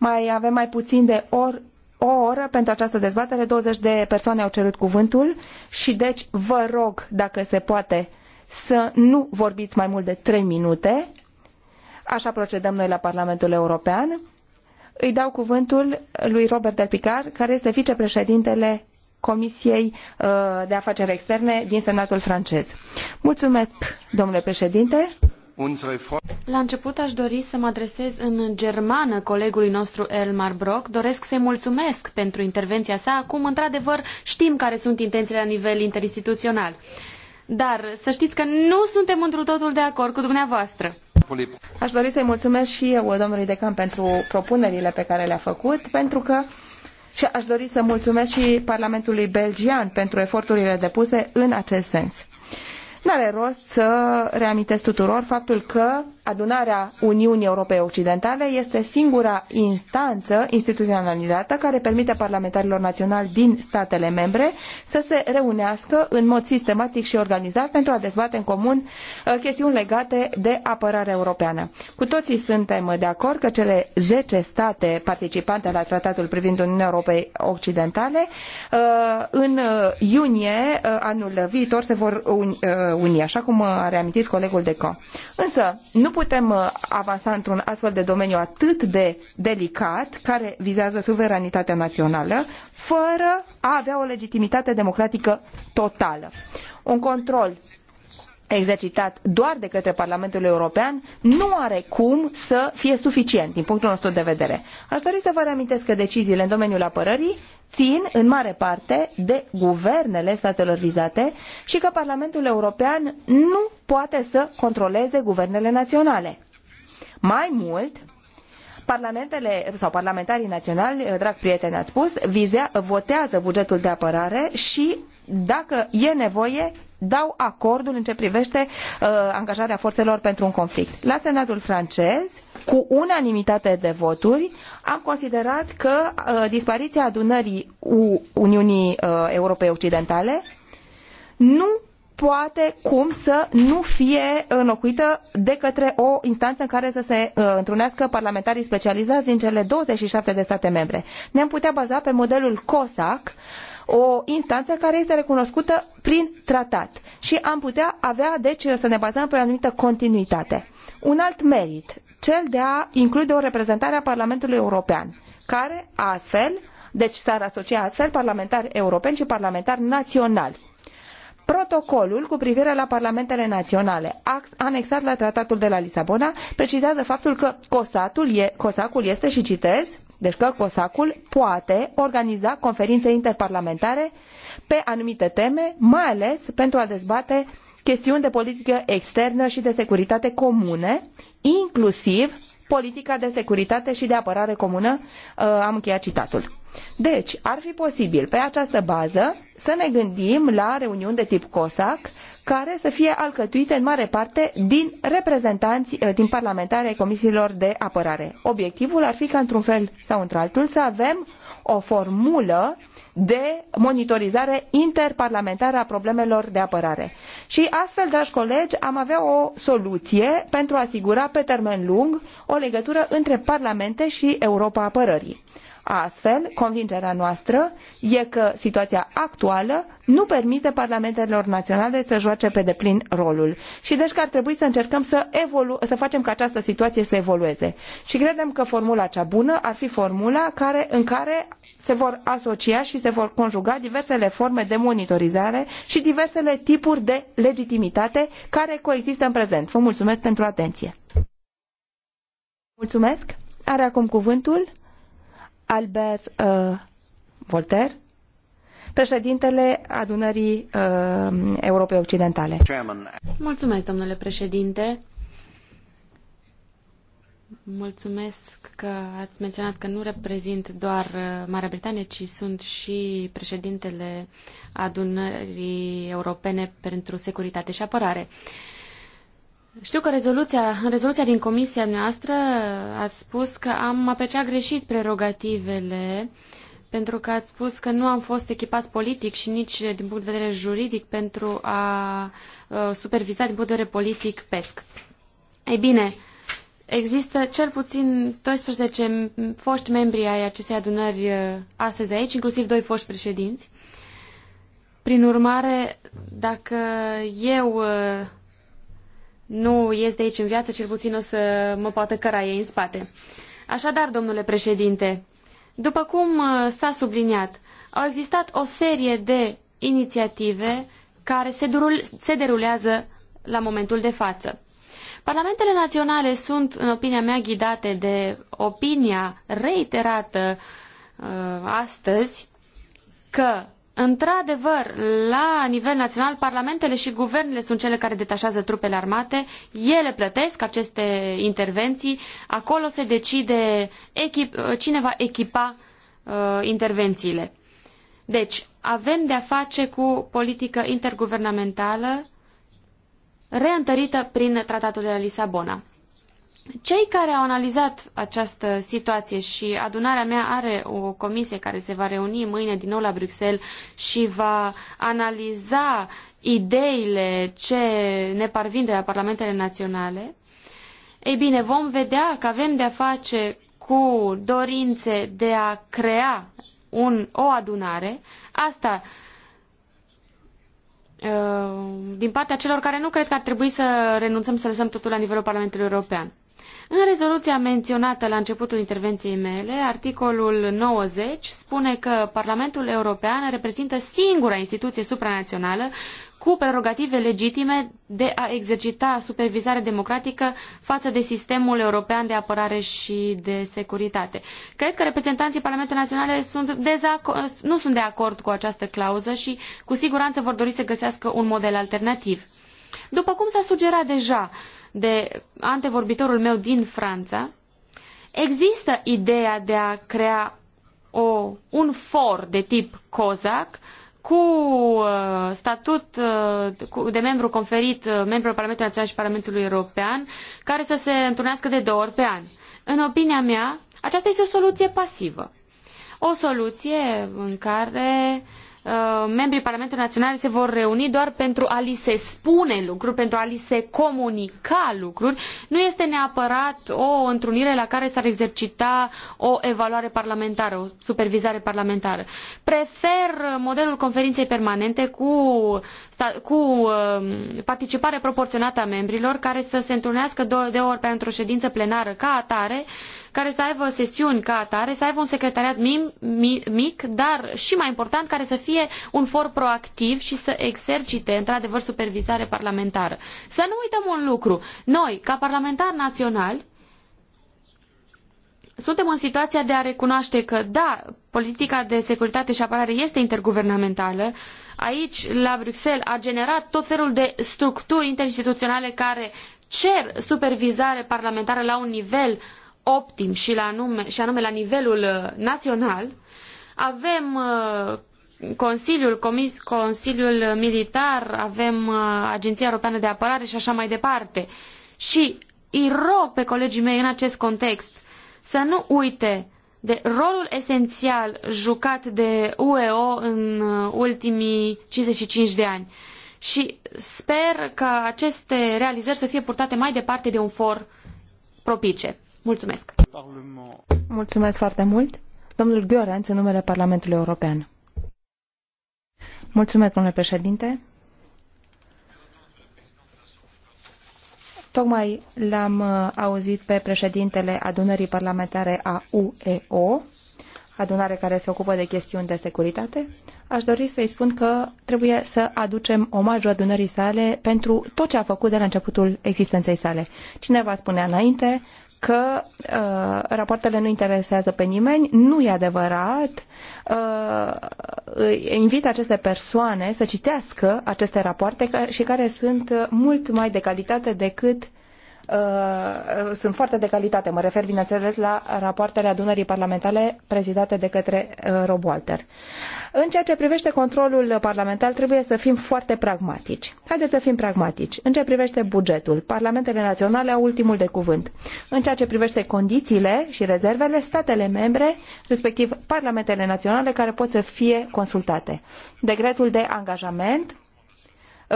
Speaker 3: Mai avem mai puțin de or, o oră pentru această dezbatere. 20 de persoane au cerut cuvântul și deci vă rog, dacă se poate, să nu vorbiți mai mult de 3 minute. Așa procedăm noi la Parlamentul European. Îi dau cuvântul lui Robert Del Picar, care este vicepreședintele Comisiei uh, de Afaceri Externe din Senatul francez. Mulțumesc, domnule președinte.
Speaker 4: La început aș dori să mă adresez în germană colegului nostru Elmar Brok. Doresc să-i mulțumesc pentru intervenția sa. Acum, într-adevăr, știm care sunt intențiile la nivel interinstituțional. Dar să știți că nu
Speaker 3: suntem într totul de acord cu dumneavoastră. Aș dori să-i mulțumesc și eu, domnului Decan, pentru propunerile pe care le-a făcut, pentru că și aș dori să mulțumesc și Parlamentului Belgian pentru eforturile depuse în acest sens. N-are rost să reamintesc tuturor faptul că adunarea Uniunii Europei Occidentale este singura instanță instituționalizată care permite parlamentarilor naționali din statele membre să se reunească în mod sistematic și organizat pentru a dezbate în comun uh, chestiuni legate de apărare europeană. Cu toții suntem de acord că cele zece state participante la tratatul privind Uniunea Europei Occidentale uh, în uh, iunie anul viitor se vor uni, așa cum a reamintit colegul Deco. Însă, nu putem uh, avansa într-un astfel de domeniu atât de delicat, care vizează suveranitatea națională, fără a avea o legitimitate democratică totală. Un control exercitat doar de către Parlamentul European nu are cum să fie suficient din punctul nostru de vedere. Aș dori să vă reamintesc că deciziile în domeniul apărării țin în mare parte de guvernele statelor vizate și că Parlamentul European nu poate să controleze guvernele naționale. Mai mult, parlamentele sau parlamentarii naționali, drag prieteni, ați spus, vizea, votează bugetul de apărare și, dacă e nevoie, dau acordul în ce privește uh, angajarea forțelor pentru un conflict. La Senatul francez, cu unanimitate de voturi, am considerat că uh, dispariția adunării Uniunii uh, Europei Occidentale nu poate cum să nu fie înlocuită de către o instanță în care să se uh, întrunească parlamentarii specializați din cele 27 de state membre. Ne-am putea baza pe modelul COSAC, uh, o instanță care este recunoscută prin tratat și am putea avea, deci, să ne bazăm pe o anumită continuitate. Un alt merit, cel de a include o reprezentare a Parlamentului European, care astfel, deci s-ar asocia astfel parlamentari europeni și parlamentari naționali. Protocolul cu privire la parlamentele naționale, anexat la tratatul de la Lisabona, precizează faptul că COSAC-ul este, și citez, deci că COSAC-ul poate organiza conferințe interparlamentare pe anumite teme, mai ales pentru a dezbate chestiuni de politică externă și de securitate comune, inclusiv politica de securitate și de apărare comună. Uh, am încheiat citatul. Deci, ar fi posibil pe această bază să ne gândim la reuniuni de tip COSAC, care să fie alcătuite în mare parte din reprezentanți, eh, din parlamentari ai comisiilor de apărare. Obiectivul ar fi ca într-un fel sau într-altul să avem o formulă de monitorizare interparlamentară a problemelor de apărare. Și astfel, dragi colegi, am avea o soluție pentru a asigura pe termen lung o legătură între parlamente și Europa apărării. Astfel, convingerea noastră e că situația actuală nu permite parlamentelor naționale să joace pe deplin rolul. Și deci că ar trebui să încercăm să, evolu- să facem ca această situație să evolueze. Și credem că formula cea bună ar fi formula care, în care se vor asocia și se vor conjuga diversele forme de monitorizare și diversele tipuri de legitimitate care coexistă în prezent. Vă mulțumesc pentru atenție. Mulțumesc. Are acum cuvântul Albert uh, Voltaire, președintele adunării uh, Europei Occidentale. Mulțumesc, domnule președinte.
Speaker 4: Mulțumesc că ați menționat că nu reprezint doar uh, Marea Britanie, ci sunt și președintele adunării europene pentru securitate și apărare. Uh, știu că rezoluția, în rezoluția din comisia noastră ați spus că am apreciat greșit prerogativele pentru că ați spus că nu am fost echipați politic și nici din punct de vedere juridic pentru a uh, superviza din punct de vedere politic PESC. Ei bine, Există cel puțin 12 foști membri ai acestei adunări uh, astăzi aici, inclusiv doi foști președinți. Prin urmare, dacă eu uh, nu ies de aici în viață, cel puțin o să mă poată căra ei în spate. Așadar, domnule președinte, după cum uh, s-a subliniat, au existat o serie de inițiative care se, durul, se derulează la momentul de față. Parlamentele naționale sunt, în opinia mea, ghidate de opinia reiterată uh, astăzi că Într-adevăr, la nivel național, parlamentele și guvernele sunt cele care detașează trupele armate, ele plătesc aceste intervenții, acolo se decide echip, cine va echipa uh, intervențiile. Deci, avem de-a face cu politică interguvernamentală reîntărită prin Tratatul de la Lisabona. Cei care au analizat această situație și adunarea mea are o comisie care se va reuni mâine din nou la Bruxelles și va analiza ideile ce ne parvin de la parlamentele naționale, ei bine, vom vedea că avem de-a face cu dorințe de a crea un, o adunare. Asta uh, din partea celor care nu cred că ar trebui să renunțăm să lăsăm totul la nivelul Parlamentului European. În rezoluția menționată la începutul intervenției mele, articolul 90 spune că Parlamentul European reprezintă singura instituție supranațională cu prerogative legitime de a exercita supervizare democratică față de sistemul european de apărare și de securitate. Cred că reprezentanții Parlamentului Naționale sunt nu sunt de acord cu această clauză și cu siguranță vor dori să găsească un model alternativ. După cum s-a sugerat deja, de antevorbitorul meu din Franța, există ideea de a crea o, un for de tip COSAC cu uh, statut uh, cu, de membru conferit uh, membrilor Parlamentului Național și Parlamentului European, care să se întrunească de două ori pe an. În opinia mea, aceasta este o soluție pasivă. O soluție în care Uh, membrii Parlamentului Național se vor reuni doar pentru a li se spune lucruri, pentru a li se comunica lucruri, nu este neapărat o întrunire la care s-ar exercita o evaluare parlamentară, o supervizare parlamentară. Prefer modelul conferinței permanente cu, cu um, participare proporționată a membrilor, care să se întrunească de ori pe într-o ședință plenară ca atare, care să aibă sesiuni ca atare, să aibă un secretariat mic, dar și mai important, care să fie un for proactiv și să exercite, într-adevăr, supervizare parlamentară. Să nu uităm un lucru. Noi, ca parlamentari naționali, suntem în situația de a recunoaște că, da, politica de securitate și apărare este interguvernamentală, aici, la Bruxelles, a generat tot felul de structuri interinstituționale care cer supervizare parlamentară la un nivel uh, optim și, la anume, și anume la nivelul uh, național, avem uh, Consiliul, Comis, Consiliul Militar, avem uh, Agenția Europeană de Apărare și așa mai departe. Și îi rog pe colegii mei în acest context să nu uite de rolul esențial jucat de UEO în ultimii 55 de ani. Și sper ca aceste realizări să fie purtate mai departe de un for propice. Mulțumesc!
Speaker 3: Mulțumesc foarte mult! Domnul Gheorenț, în numele Parlamentului European. Mulțumesc, domnule președinte! Tocmai l-am uh, auzit pe președintele adunării parlamentare a UEO, adunare care se ocupă de chestiuni de securitate aș dori să-i spun că trebuie să aducem omajul adunării sale pentru tot ce a făcut de la începutul existenței sale. Cineva spunea înainte că uh, rapoartele nu interesează pe nimeni, nu e adevărat. Uh, invit aceste persoane să citească aceste rapoarte și care sunt mult mai de calitate decât uh, Uh, sunt foarte de calitate. Mă refer, bineînțeles, la rapoartele adunării parlamentare prezidate de către uh, Rob Walter. În ceea ce privește controlul parlamentar, trebuie să fim foarte pragmatici. Haideți să fim pragmatici. În ceea ce privește bugetul, parlamentele naționale au ultimul de cuvânt. În ceea ce privește condițiile și rezervele, statele membre, respectiv parlamentele naționale, care pot să fie consultate. Decretul de angajament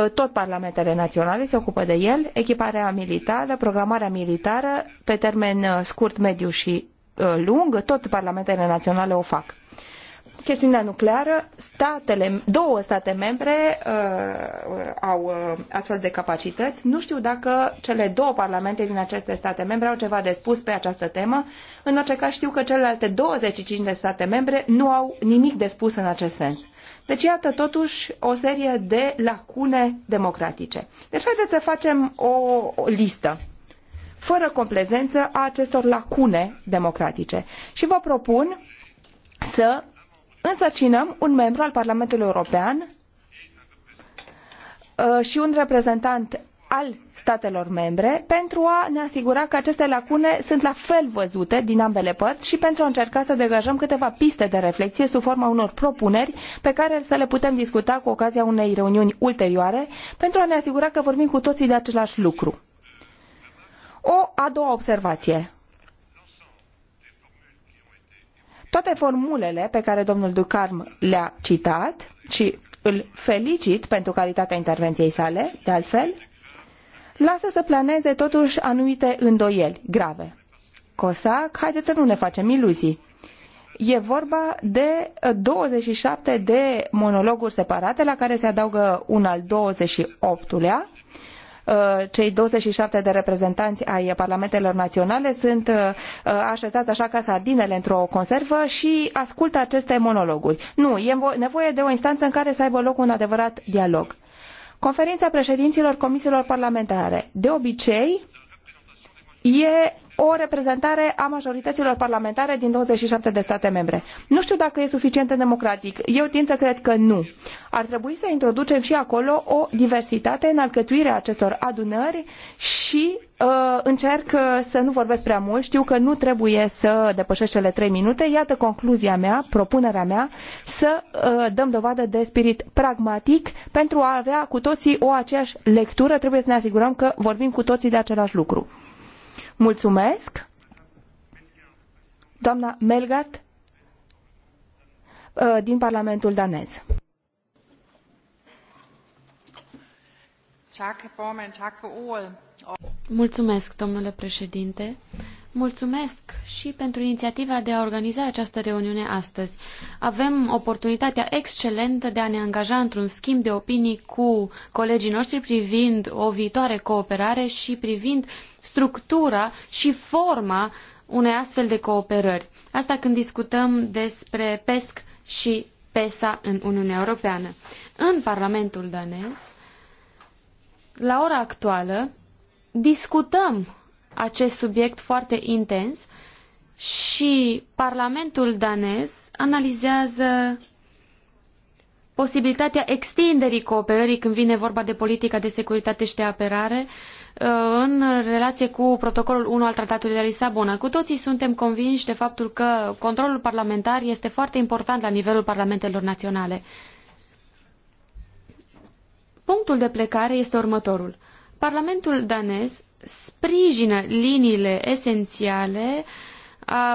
Speaker 3: Uh, tot parlamentele naționale se ocupă de el, echiparea militară, programarea militară pe termen uh, scurt, mediu și uh, lung, tot parlamentele naționale o fac. Chestiunea nucleară, statele, două state membre uh, au uh, astfel de capacități. Nu știu dacă cele două parlamente din aceste state membre au ceva de spus pe această temă. În orice caz știu că celelalte 25 de state membre nu au nimic de spus în acest sens. Deci, iată, totuși, o serie de lacune democratice. Deci, haideți să facem o, listă fără complezență a acestor lacune democratice. Și vă propun să însărcinăm un membru al Parlamentului European uh, și un reprezentant al statelor membre pentru a ne asigura că aceste lacune sunt la fel văzute din ambele părți și pentru a încerca să degajăm câteva piste de reflexie sub forma unor propuneri pe care să le putem discuta cu ocazia unei reuniuni ulterioare pentru a ne asigura că vorbim cu toții de același lucru. O a doua observație. Toate formulele pe care domnul Ducarm le-a citat și îl felicit pentru calitatea intervenției sale, de altfel, lasă să planeze totuși anumite îndoieli grave. COSAC, haideți să nu ne facem iluzii. E vorba de 27 de monologuri separate la care se adaugă un al 28-lea. Uh, cei 27 de reprezentanți ai parlamentelor naționale sunt uh, uh, așezați așa ca sardinele într-o conservă și ascultă aceste monologuri. Nu, e nevoie de o instanță în care să aibă loc un adevărat dialog Conferința președinților comisiilor parlamentare. De obicei, e o reprezentare a majorităților parlamentare din 27 de state membre. Nu știu dacă e suficient de democratic. Eu tind să cred că nu. Ar trebui să introducem și acolo o diversitate în alcătuirea acestor adunări și Uh, încerc uh, să nu vorbesc prea mult, știu că nu trebuie să depășesc cele trei minute. Iată concluzia mea, propunerea mea, să uh, dăm dovadă de spirit pragmatic pentru a avea cu toții o aceeași lectură. Trebuie să ne asigurăm că vorbim cu toții de același lucru. Mulțumesc! Doamna Melgart din Parlamentul danez.
Speaker 2: Tak, formand, tak for ordet.
Speaker 4: Mulțumesc, domnule președinte. Mulțumesc și pentru inițiativa de a organiza această reuniune astăzi. Avem oportunitatea excelentă de a ne angaja într-un schimb de opinii cu colegii noștri privind o viitoare cooperare și privind structura și forma unei astfel de cooperări. Asta când discutăm despre PESC și PESA în Uniunea Europeană. În Parlamentul danez, la ora actuală, discutăm acest subiect foarte intens și Parlamentul danez analizează posibilitatea extinderii cooperării când vine vorba de politica de securitate și de apărare uh, în relație cu protocolul 1 al Tratatului de Lisabona. Cu toții suntem convinși de faptul că controlul parlamentar este foarte important la nivelul parlamentelor naționale. Punctul de plecare este următorul. Parlamentul danez sprijină liniile esențiale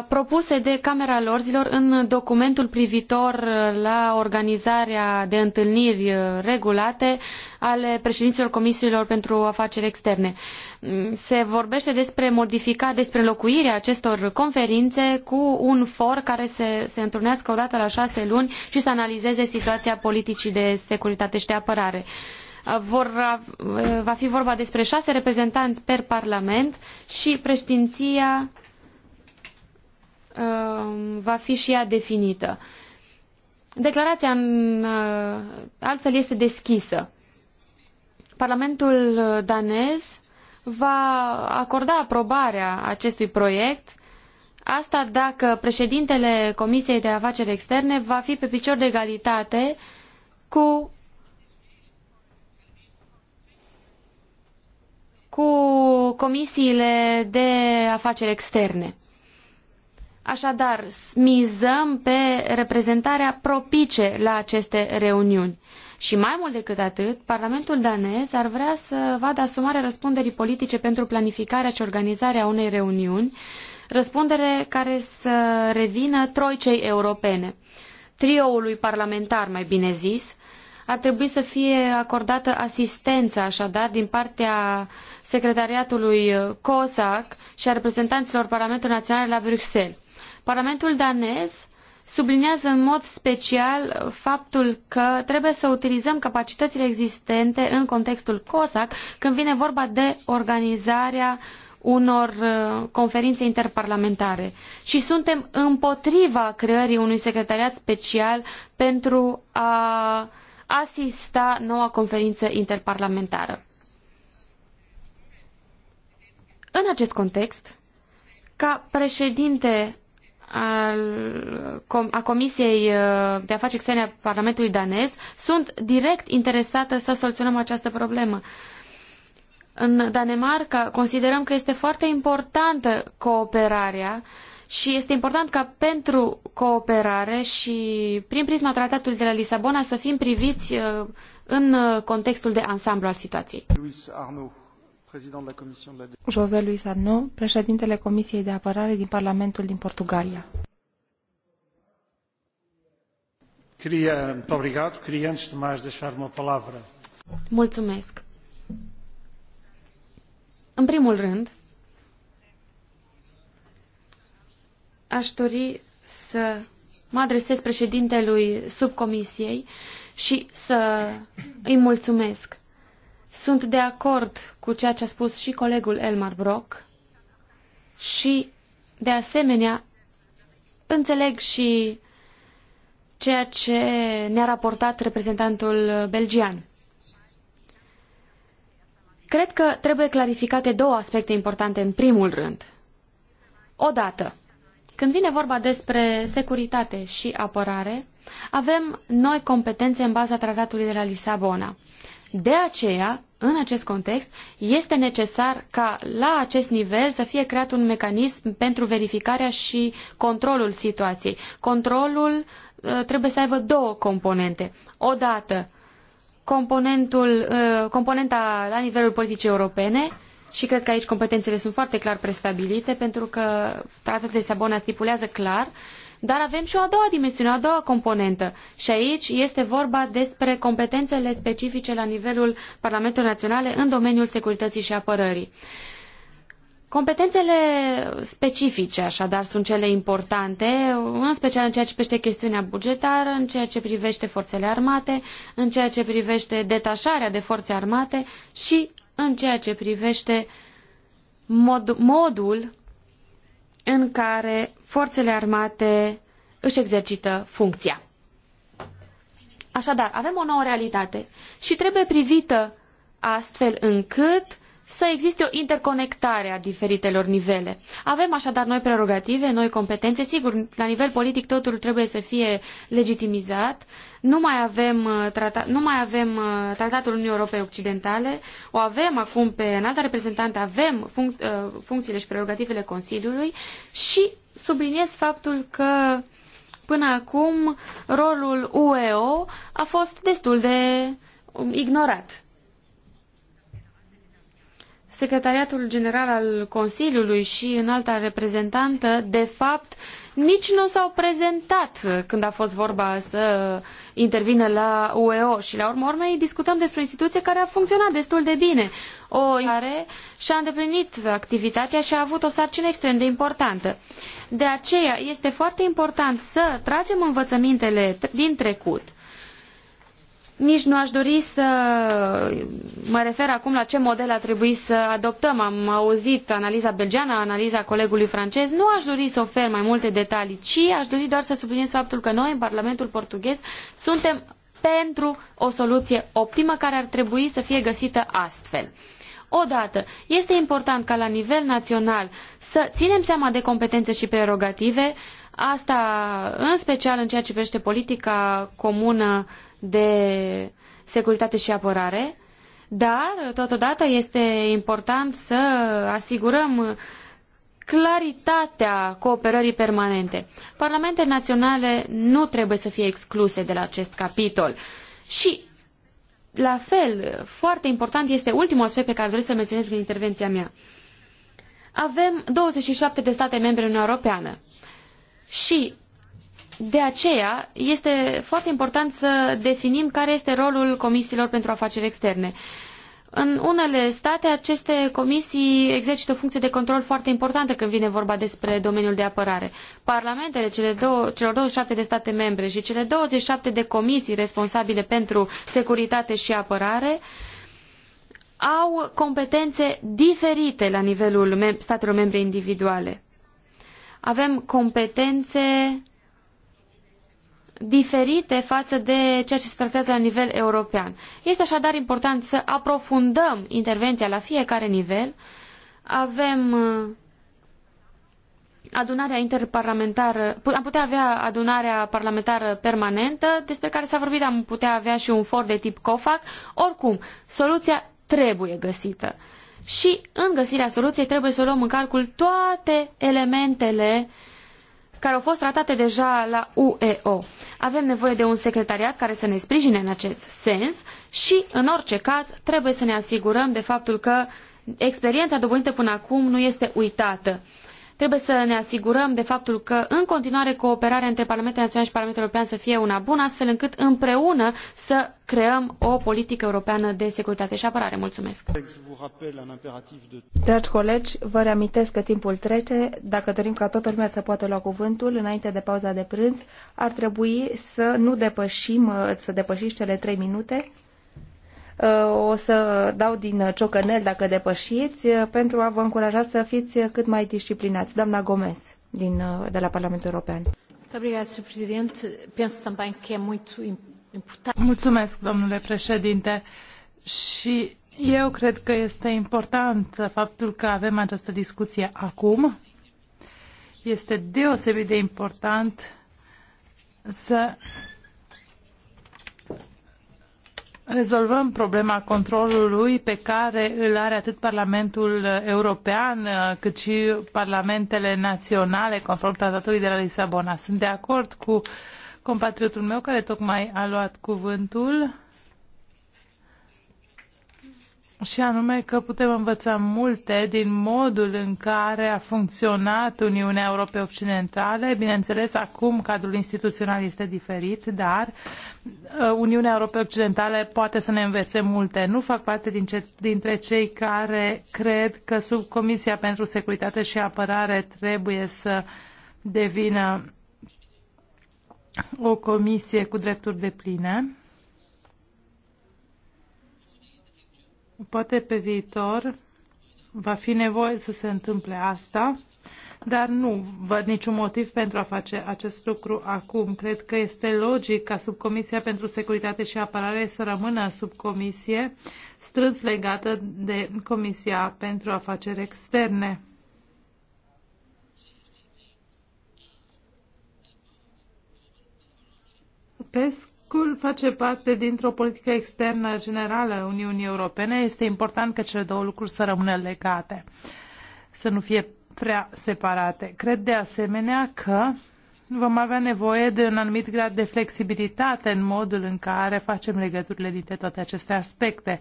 Speaker 4: propuse de Camera Lorzilor în documentul privitor uh, la organizarea de întâlniri uh, regulate ale președinților Comisiilor pentru Afaceri Externe. Mm, se vorbește despre modificarea, despre locuirea acestor conferințe cu un for care se, se întrunească dată la șase luni și să analizeze situația politicii de securitate și de apărare. Uh, vor, va fi vorba despre șase reprezentanți per Parlament și preștinția um, va fi și ea definită. Declarația în, uh, altfel este deschisă. Parlamentul danez va acorda aprobarea acestui proiect Asta dacă președintele Comisiei de Afaceri Externe va fi pe picior de egalitate cu cu comisiile de afaceri externe. Așadar, mizăm pe reprezentarea propice la aceste reuniuni. Și mai mult decât atât, Parlamentul danez ar vrea să vadă asumarea răspunderii politice pentru planificarea și organizarea unei reuniuni, răspundere care să revină troicei europene, trioului parlamentar, mai bine zis, ar trebui să fie acordată asistență, așadar, din partea secretariatului COSAC și a reprezentanților Parlamentului Național la Bruxelles. Parlamentul danez subliniază în mod special faptul că trebuie să utilizăm capacitățile existente în contextul COSAC când vine vorba de organizarea unor uh, conferințe interparlamentare și suntem împotriva creării unui secretariat special pentru a asista noua conferință interparlamentară. În acest context, ca președinte al, a Comisiei uh, de Afaceri Externe a Parlamentului danez, sunt direct interesată să soluționăm această problemă. În Danemarca considerăm că este foarte importantă cooperarea uh, și este important ca pentru cooperare și prin prisma tratatului de la Lisabona să fim
Speaker 3: priviți uh, în uh, contextul de ansamblu al situației. José Luis Arnaud, președintele Comisiei de Apărare din Parlamentul din Portugalia.
Speaker 4: Mulțumesc. În primul rând, aș dori să mă adresez președintelui subcomisiei și să îi mulțumesc. Sunt de acord cu ceea ce a spus și colegul Elmar Brock și, de asemenea, înțeleg și ceea ce ne-a raportat reprezentantul belgian. Cred că trebuie clarificate două aspecte importante în primul rând. Odată, când vine vorba despre securitate și apărare, avem noi competențe în baza tratatului de la Lisabona. De aceea, în acest context, este necesar ca la acest nivel să fie creat un mecanism pentru verificarea și controlul situației. Controlul uh, trebuie să aibă două componente. Odată, uh, componenta la nivelul politicii europene și cred că aici competențele sunt foarte clar prestabilite, pentru că tratatul de Lisabona stipulează clar, dar avem și o a doua dimensiune, o a doua componentă. Și aici este vorba despre competențele specifice la nivelul Parlamentului Naționale în domeniul securității și apărării. Competențele specifice, așadar, sunt cele importante, în special în ceea ce privește chestiunea bugetară, în ceea ce privește forțele armate, în ceea ce privește detașarea de forțe armate și în ceea ce privește mod, modul în care forțele armate își exercită funcția. Așadar, avem o nouă realitate și trebuie privită astfel încât să existe o interconectare a diferitelor nivele. Avem așadar noi prerogative, noi competențe. Sigur, la nivel politic totul trebuie să fie legitimizat. Nu mai avem, uh, trata, nu mai avem uh, tratatul Uniunii Europei Occidentale. O avem acum pe înalta reprezentantă, avem func, uh, funcțiile și prerogativele Consiliului și subliniez faptul că până acum rolul UEO a fost destul de um, ignorat Secretariatul General al Consiliului și înalta reprezentantă, de fapt, nici nu s-au prezentat când a fost vorba să intervină la UEO și la urma urmei discutăm despre o instituție care a funcționat destul de bine, o care și-a îndeplinit activitatea și a avut o sarcină extrem de importantă. De aceea este foarte important să tragem învățămintele din trecut nici nu aș dori să mă refer acum la ce model ar trebui să adoptăm. Am auzit analiza belgeană, analiza colegului francez. Nu aș dori să ofer mai multe detalii, ci aș dori doar să subliniez faptul că noi, în Parlamentul portughez, suntem pentru o soluție optimă care ar trebui să fie găsită astfel. Odată, este important ca la nivel național să ținem seama de competențe și prerogative Asta în special în ceea ce privește politica comună de securitate și apărare, dar totodată este important să asigurăm claritatea cooperării permanente. Parlamentele naționale nu trebuie să fie excluse de la acest capitol. Și la fel, foarte important este ultimul aspect pe care vreau să-l menționez în intervenția mea. Avem 27 de state membre în Uniunea Europeană. Și de aceea este foarte important să definim care este rolul comisiilor pentru afaceri externe. În unele state, aceste comisii exercită o funcție de control foarte importantă când vine vorba despre domeniul de apărare. Parlamentele cele două, celor 27 de state membre și cele 27 de comisii responsabile pentru securitate și apărare au competențe diferite la nivelul statelor membre individuale avem competențe diferite față de ceea ce se tratează la nivel european. Este așadar important să aprofundăm intervenția la fiecare nivel. Avem uh, adunarea interparlamentară, am putea avea adunarea parlamentară permanentă despre care s-a vorbit, am putea avea și un for de tip COFAC. Oricum, soluția trebuie găsită și în găsirea soluției trebuie să luăm în calcul toate elementele care au fost tratate deja la UEO. Avem nevoie de un secretariat care să ne sprijine în acest sens și, în orice caz, trebuie să ne asigurăm de faptul că experiența dobândită până acum nu este uitată. Trebuie să ne asigurăm de faptul că în continuare cooperarea între Parlamentul Național și Parlamentul European să fie una bună, astfel încât împreună să
Speaker 3: creăm o politică europeană de securitate și apărare. Mulțumesc! Dragi colegi, vă reamintesc că timpul trece. Dacă dorim ca toată lumea să poată lua cuvântul înainte de pauza de prânz, ar trebui să nu depășim, să depășiți cele trei minute o să dau din ciocănel dacă depășiți, pentru a vă încuraja să fiți cât mai disciplinați. Doamna Gomez, din, de la Parlamentul European.
Speaker 4: Mulțumesc,
Speaker 2: domnule președinte. Și eu cred că este important faptul că avem această discuție acum. Este deosebit de important să rezolvăm problema controlului pe care îl are atât Parlamentul European uh, cât și Parlamentele naționale conform tratatului de la Lisabona. Sunt de acord cu compatriotul meu care tocmai a luat cuvântul și anume că putem învăța multe din modul în care a funcționat Uniunea Europei Occidentale. Bineînțeles, acum cadrul instituțional este diferit, dar uh, Uniunea Europei Occidentale poate să ne învețe multe. Nu fac parte din ce, dintre cei care cred că sub Comisia pentru Securitate și Apărare trebuie să devină o comisie cu drepturi de pline. Poate pe viitor va fi nevoie să se întâmple asta, dar nu văd niciun motiv pentru a face acest lucru acum. Cred că este logic ca subcomisia pentru securitate și apărare să rămână subcomisie strâns legată de Comisia pentru Afaceri Externe. PESC riscul face parte dintr-o politică externă generală a Uniunii Europene. Este important că cele două lucruri să rămână legate, să nu fie prea separate. Cred de asemenea că vom avea nevoie de un anumit grad de flexibilitate în modul în care facem legăturile dintre toate aceste aspecte.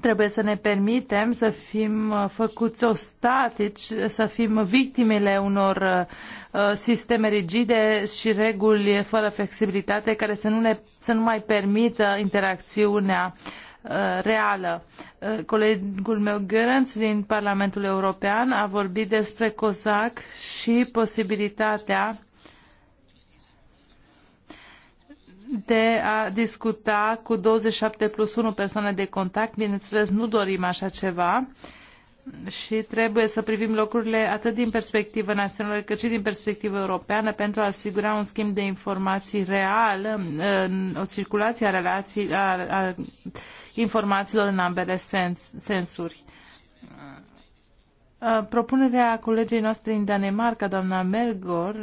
Speaker 2: Trebuie să ne permitem să fim uh, făcuți ostatici, să fim victimele unor uh, uh, sisteme rigide și reguli fără flexibilitate care să nu, ne, să nu mai permită interacțiunea reală. Colegul meu Görens din Parlamentul European a vorbit despre COSAC și posibilitatea de a discuta cu 27 plus 1 persoane de contact. Bineînțeles, nu dorim așa ceva și trebuie să privim lucrurile atât din perspectivă națională cât și din perspectivă europeană pentru a asigura un schimb de informații real, o circulație a, relații, a, a informațiilor în ambele sens, sensuri. Propunerea colegei noastre din Danemarca, doamna Melgor,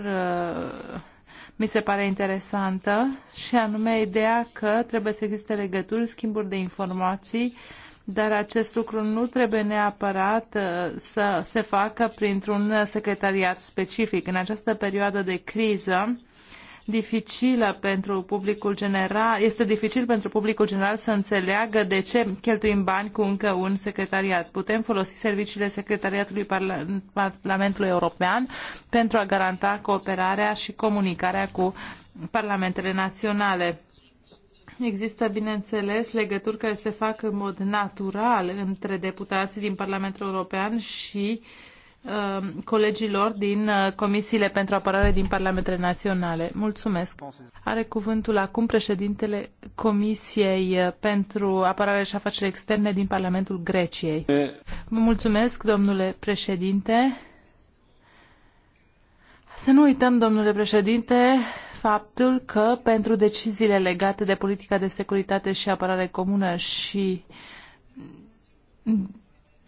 Speaker 2: mi se pare interesantă și anume ideea că trebuie să existe legături, schimburi de informații, dar acest lucru nu trebuie neapărat uh, să se facă printr-un uh, secretariat specific. În această perioadă de criză, dificilă pentru publicul general, este dificil pentru publicul general să înțeleagă de ce cheltuim bani cu încă un secretariat. Putem folosi serviciile secretariatului Parlamentului European pentru a garanta cooperarea și comunicarea cu parlamentele naționale. Există, bineînțeles, legături care se fac în mod natural între deputații din Parlamentul European și uh, Um, colegilor din uh, comisiile pentru apărare din parlamentele naționale. Mulțumesc. Are cuvântul acum președintele Comisiei uh, pentru apărare și afaceri externe din Parlamentul Greciei. mulțumesc, domnule președinte. Să nu uităm, domnule președinte, faptul că pentru deciziile legate de politica de securitate și apărare comună și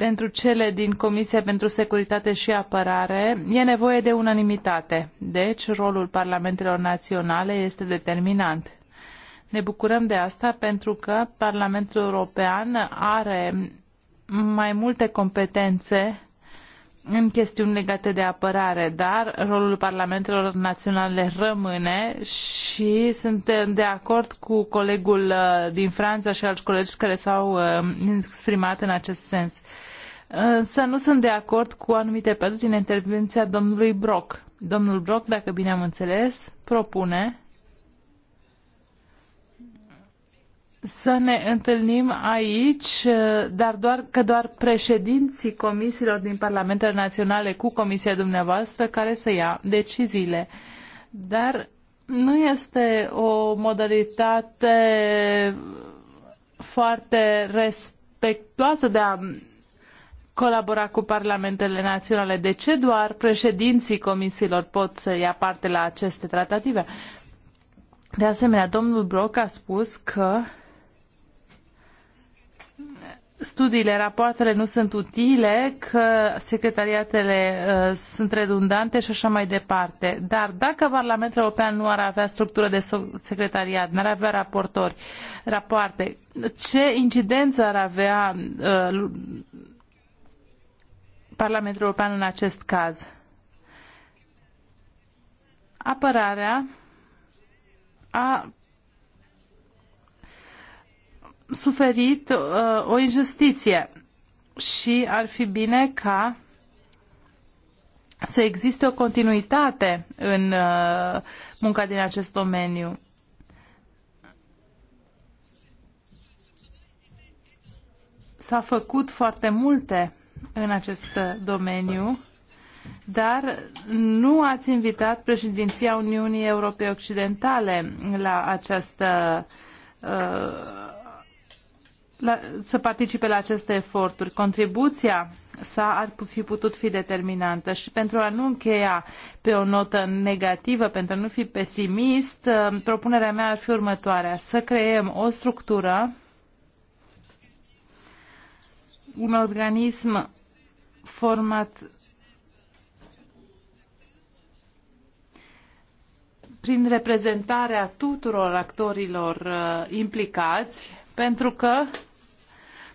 Speaker 2: pentru cele din Comisia pentru Securitate și Apărare e nevoie de unanimitate. Deci, rolul parlamentelor naționale este determinant. Ne bucurăm de asta pentru că Parlamentul European are mai multe competențe în chestiuni legate de apărare, dar rolul parlamentelor naționale rămâne și suntem de acord cu colegul uh, din Franța și alți colegi care s-au uh, exprimat în acest sens însă nu sunt de acord cu anumite părți din intervenția domnului Brock. Domnul Brock, dacă bine am înțeles, propune să ne întâlnim aici, dar doar că doar președinții comisiilor din Parlamentele Naționale cu comisia dumneavoastră care să ia deciziile. Dar nu este o modalitate foarte respectuoasă de a colabora cu parlamentele naționale. De ce doar președinții comisiilor pot să ia parte la aceste tratative? De asemenea, domnul Brock a spus că studiile, rapoartele nu sunt utile, că secretariatele uh, sunt redundante și așa mai departe. Dar dacă Parlamentul European nu ar avea structură de secretariat, n-ar avea raportori, rapoarte, ce incidență ar avea uh, Parlamentul European în acest caz. Apărarea a suferit uh, o injustiție și ar fi bine ca să existe o continuitate în uh, munca din acest domeniu. S-a făcut foarte multe în acest uh, domeniu, dar nu ați invitat președinția Uniunii Europei Occidentale la această uh, la, să participe la aceste eforturi. Contribuția sa ar fi putut fi determinantă și pentru a nu încheia pe o notă negativă, pentru a nu fi pesimist, uh, propunerea mea ar fi următoarea. Să creăm o structură un organism format prin reprezentarea tuturor actorilor uh, implicați, pentru că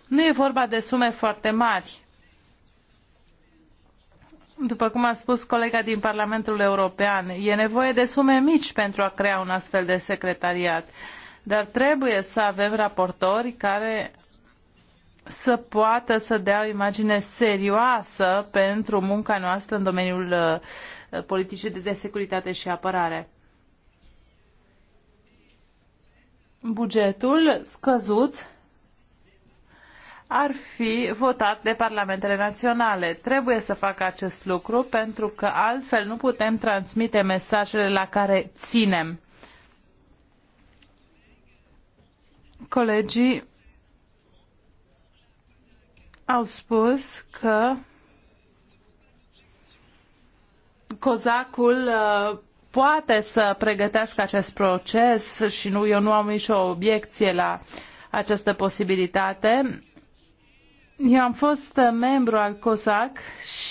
Speaker 2: nu e vorba de sume foarte mari. După cum a spus colega din Parlamentul European, e nevoie de sume mici pentru a crea un astfel de secretariat, dar trebuie să avem raportori care să poată să dea o imagine serioasă pentru munca noastră în domeniul uh, politicii de securitate și apărare. Bugetul scăzut ar fi votat de parlamentele naționale. Trebuie să facă acest lucru pentru că altfel nu putem transmite mesajele la care ținem. Colegii au spus că Cozacul uh, poate să pregătească acest proces și nu, eu nu am nicio obiecție la această posibilitate. Eu am fost uh, membru al COSAC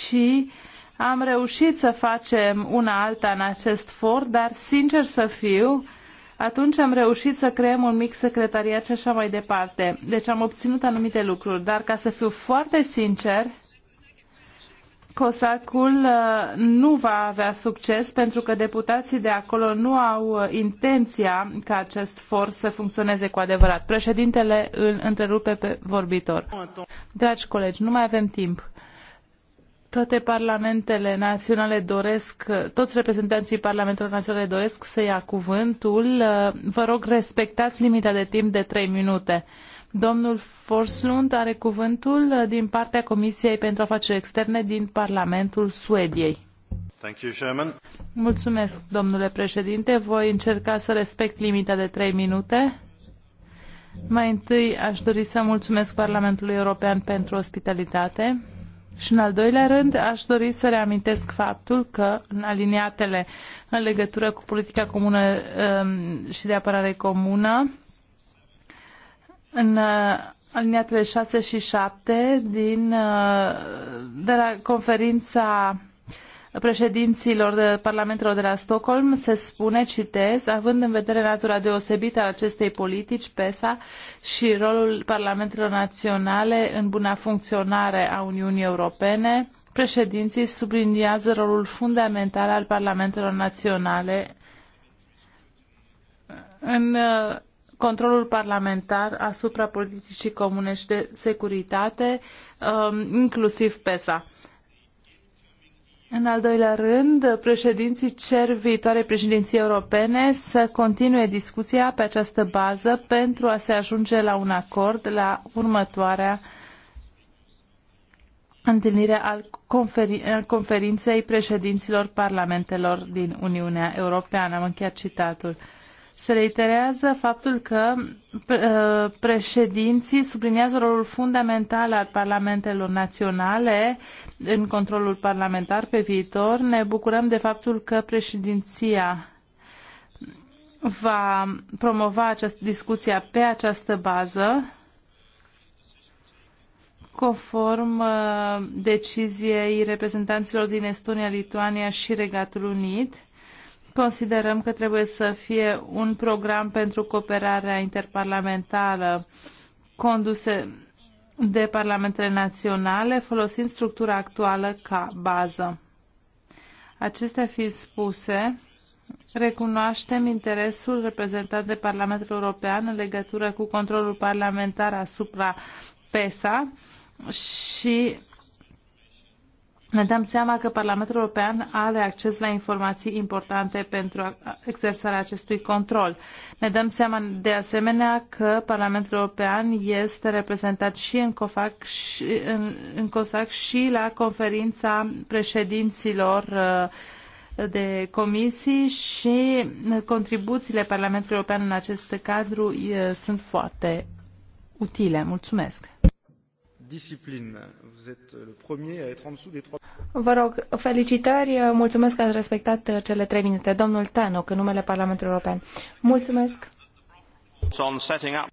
Speaker 2: și am reușit să facem una alta în acest for, dar sincer să fiu, atunci am reușit să creăm un mic secretariat și așa mai departe. Deci am obținut anumite lucruri, dar ca să fiu foarte sincer, COSAC-ul uh, nu va avea succes pentru că deputații de acolo nu au uh, intenția ca acest for să funcționeze cu adevărat. Președintele îl întrerupe pe vorbitor. Dragi colegi, nu mai avem timp toate parlamentele naționale doresc, toți reprezentanții parlamentelor naționale doresc să ia cuvântul. Vă rog, respectați limita de timp de 3 minute. Domnul Forslund are cuvântul din partea Comisiei pentru Afaceri Externe din Parlamentul Suediei. Mulțumesc, domnule președinte. Voi încerca să respect limita de 3 minute. Mai întâi aș dori să mulțumesc Parlamentului European pentru ospitalitate. Și în al doilea rând, aș dori să reamintesc faptul că în aliniatele în legătură cu politica comună um, și de apărare comună, în uh, aliniatele 6 și 7 din, uh, de la conferința președinților parlamentelor de la Stockholm se spune, citez, având în vedere natura deosebită a acestei politici, PESA, și rolul parlamentelor naționale în buna funcționare a Uniunii Europene, președinții subliniază rolul fundamental al parlamentelor naționale în uh, controlul parlamentar asupra politicii comune și de securitate, um, inclusiv PESA. În al doilea rând, președinții cer viitoare președinții europene să continue discuția pe această bază pentru a se ajunge la un acord la următoarea întâlnire al, conferi- al conferinței președinților parlamentelor din Uniunea Europeană. Am încheiat citatul se reiterează faptul că uh, președinții subliniază rolul fundamental al parlamentelor naționale în controlul parlamentar pe viitor. Ne bucurăm de faptul că președinția va promova această discuție pe această bază conform uh, deciziei reprezentanților din Estonia, Lituania și Regatul Unit considerăm că trebuie să fie un program pentru cooperarea interparlamentară conduse de parlamentele naționale, folosind structura actuală ca bază. Acestea fiind spuse, recunoaștem interesul reprezentat de Parlamentul European în legătură cu controlul parlamentar asupra PESA și ne dăm seama că Parlamentul European are acces la informații importante pentru exersarea acestui control. Ne dăm seama de asemenea că Parlamentul European este reprezentat și în COFAC și, în, în COSAC și la conferința președinților uh, de comisii și contribuțiile Parlamentului European în acest cadru uh, sunt foarte utile. Mulțumesc!
Speaker 3: Vă rog, felicitări, mulțumesc că ați respectat uh, cele trei minute. Domnul Tanoc, în numele Parlamentului European. Mulțumesc.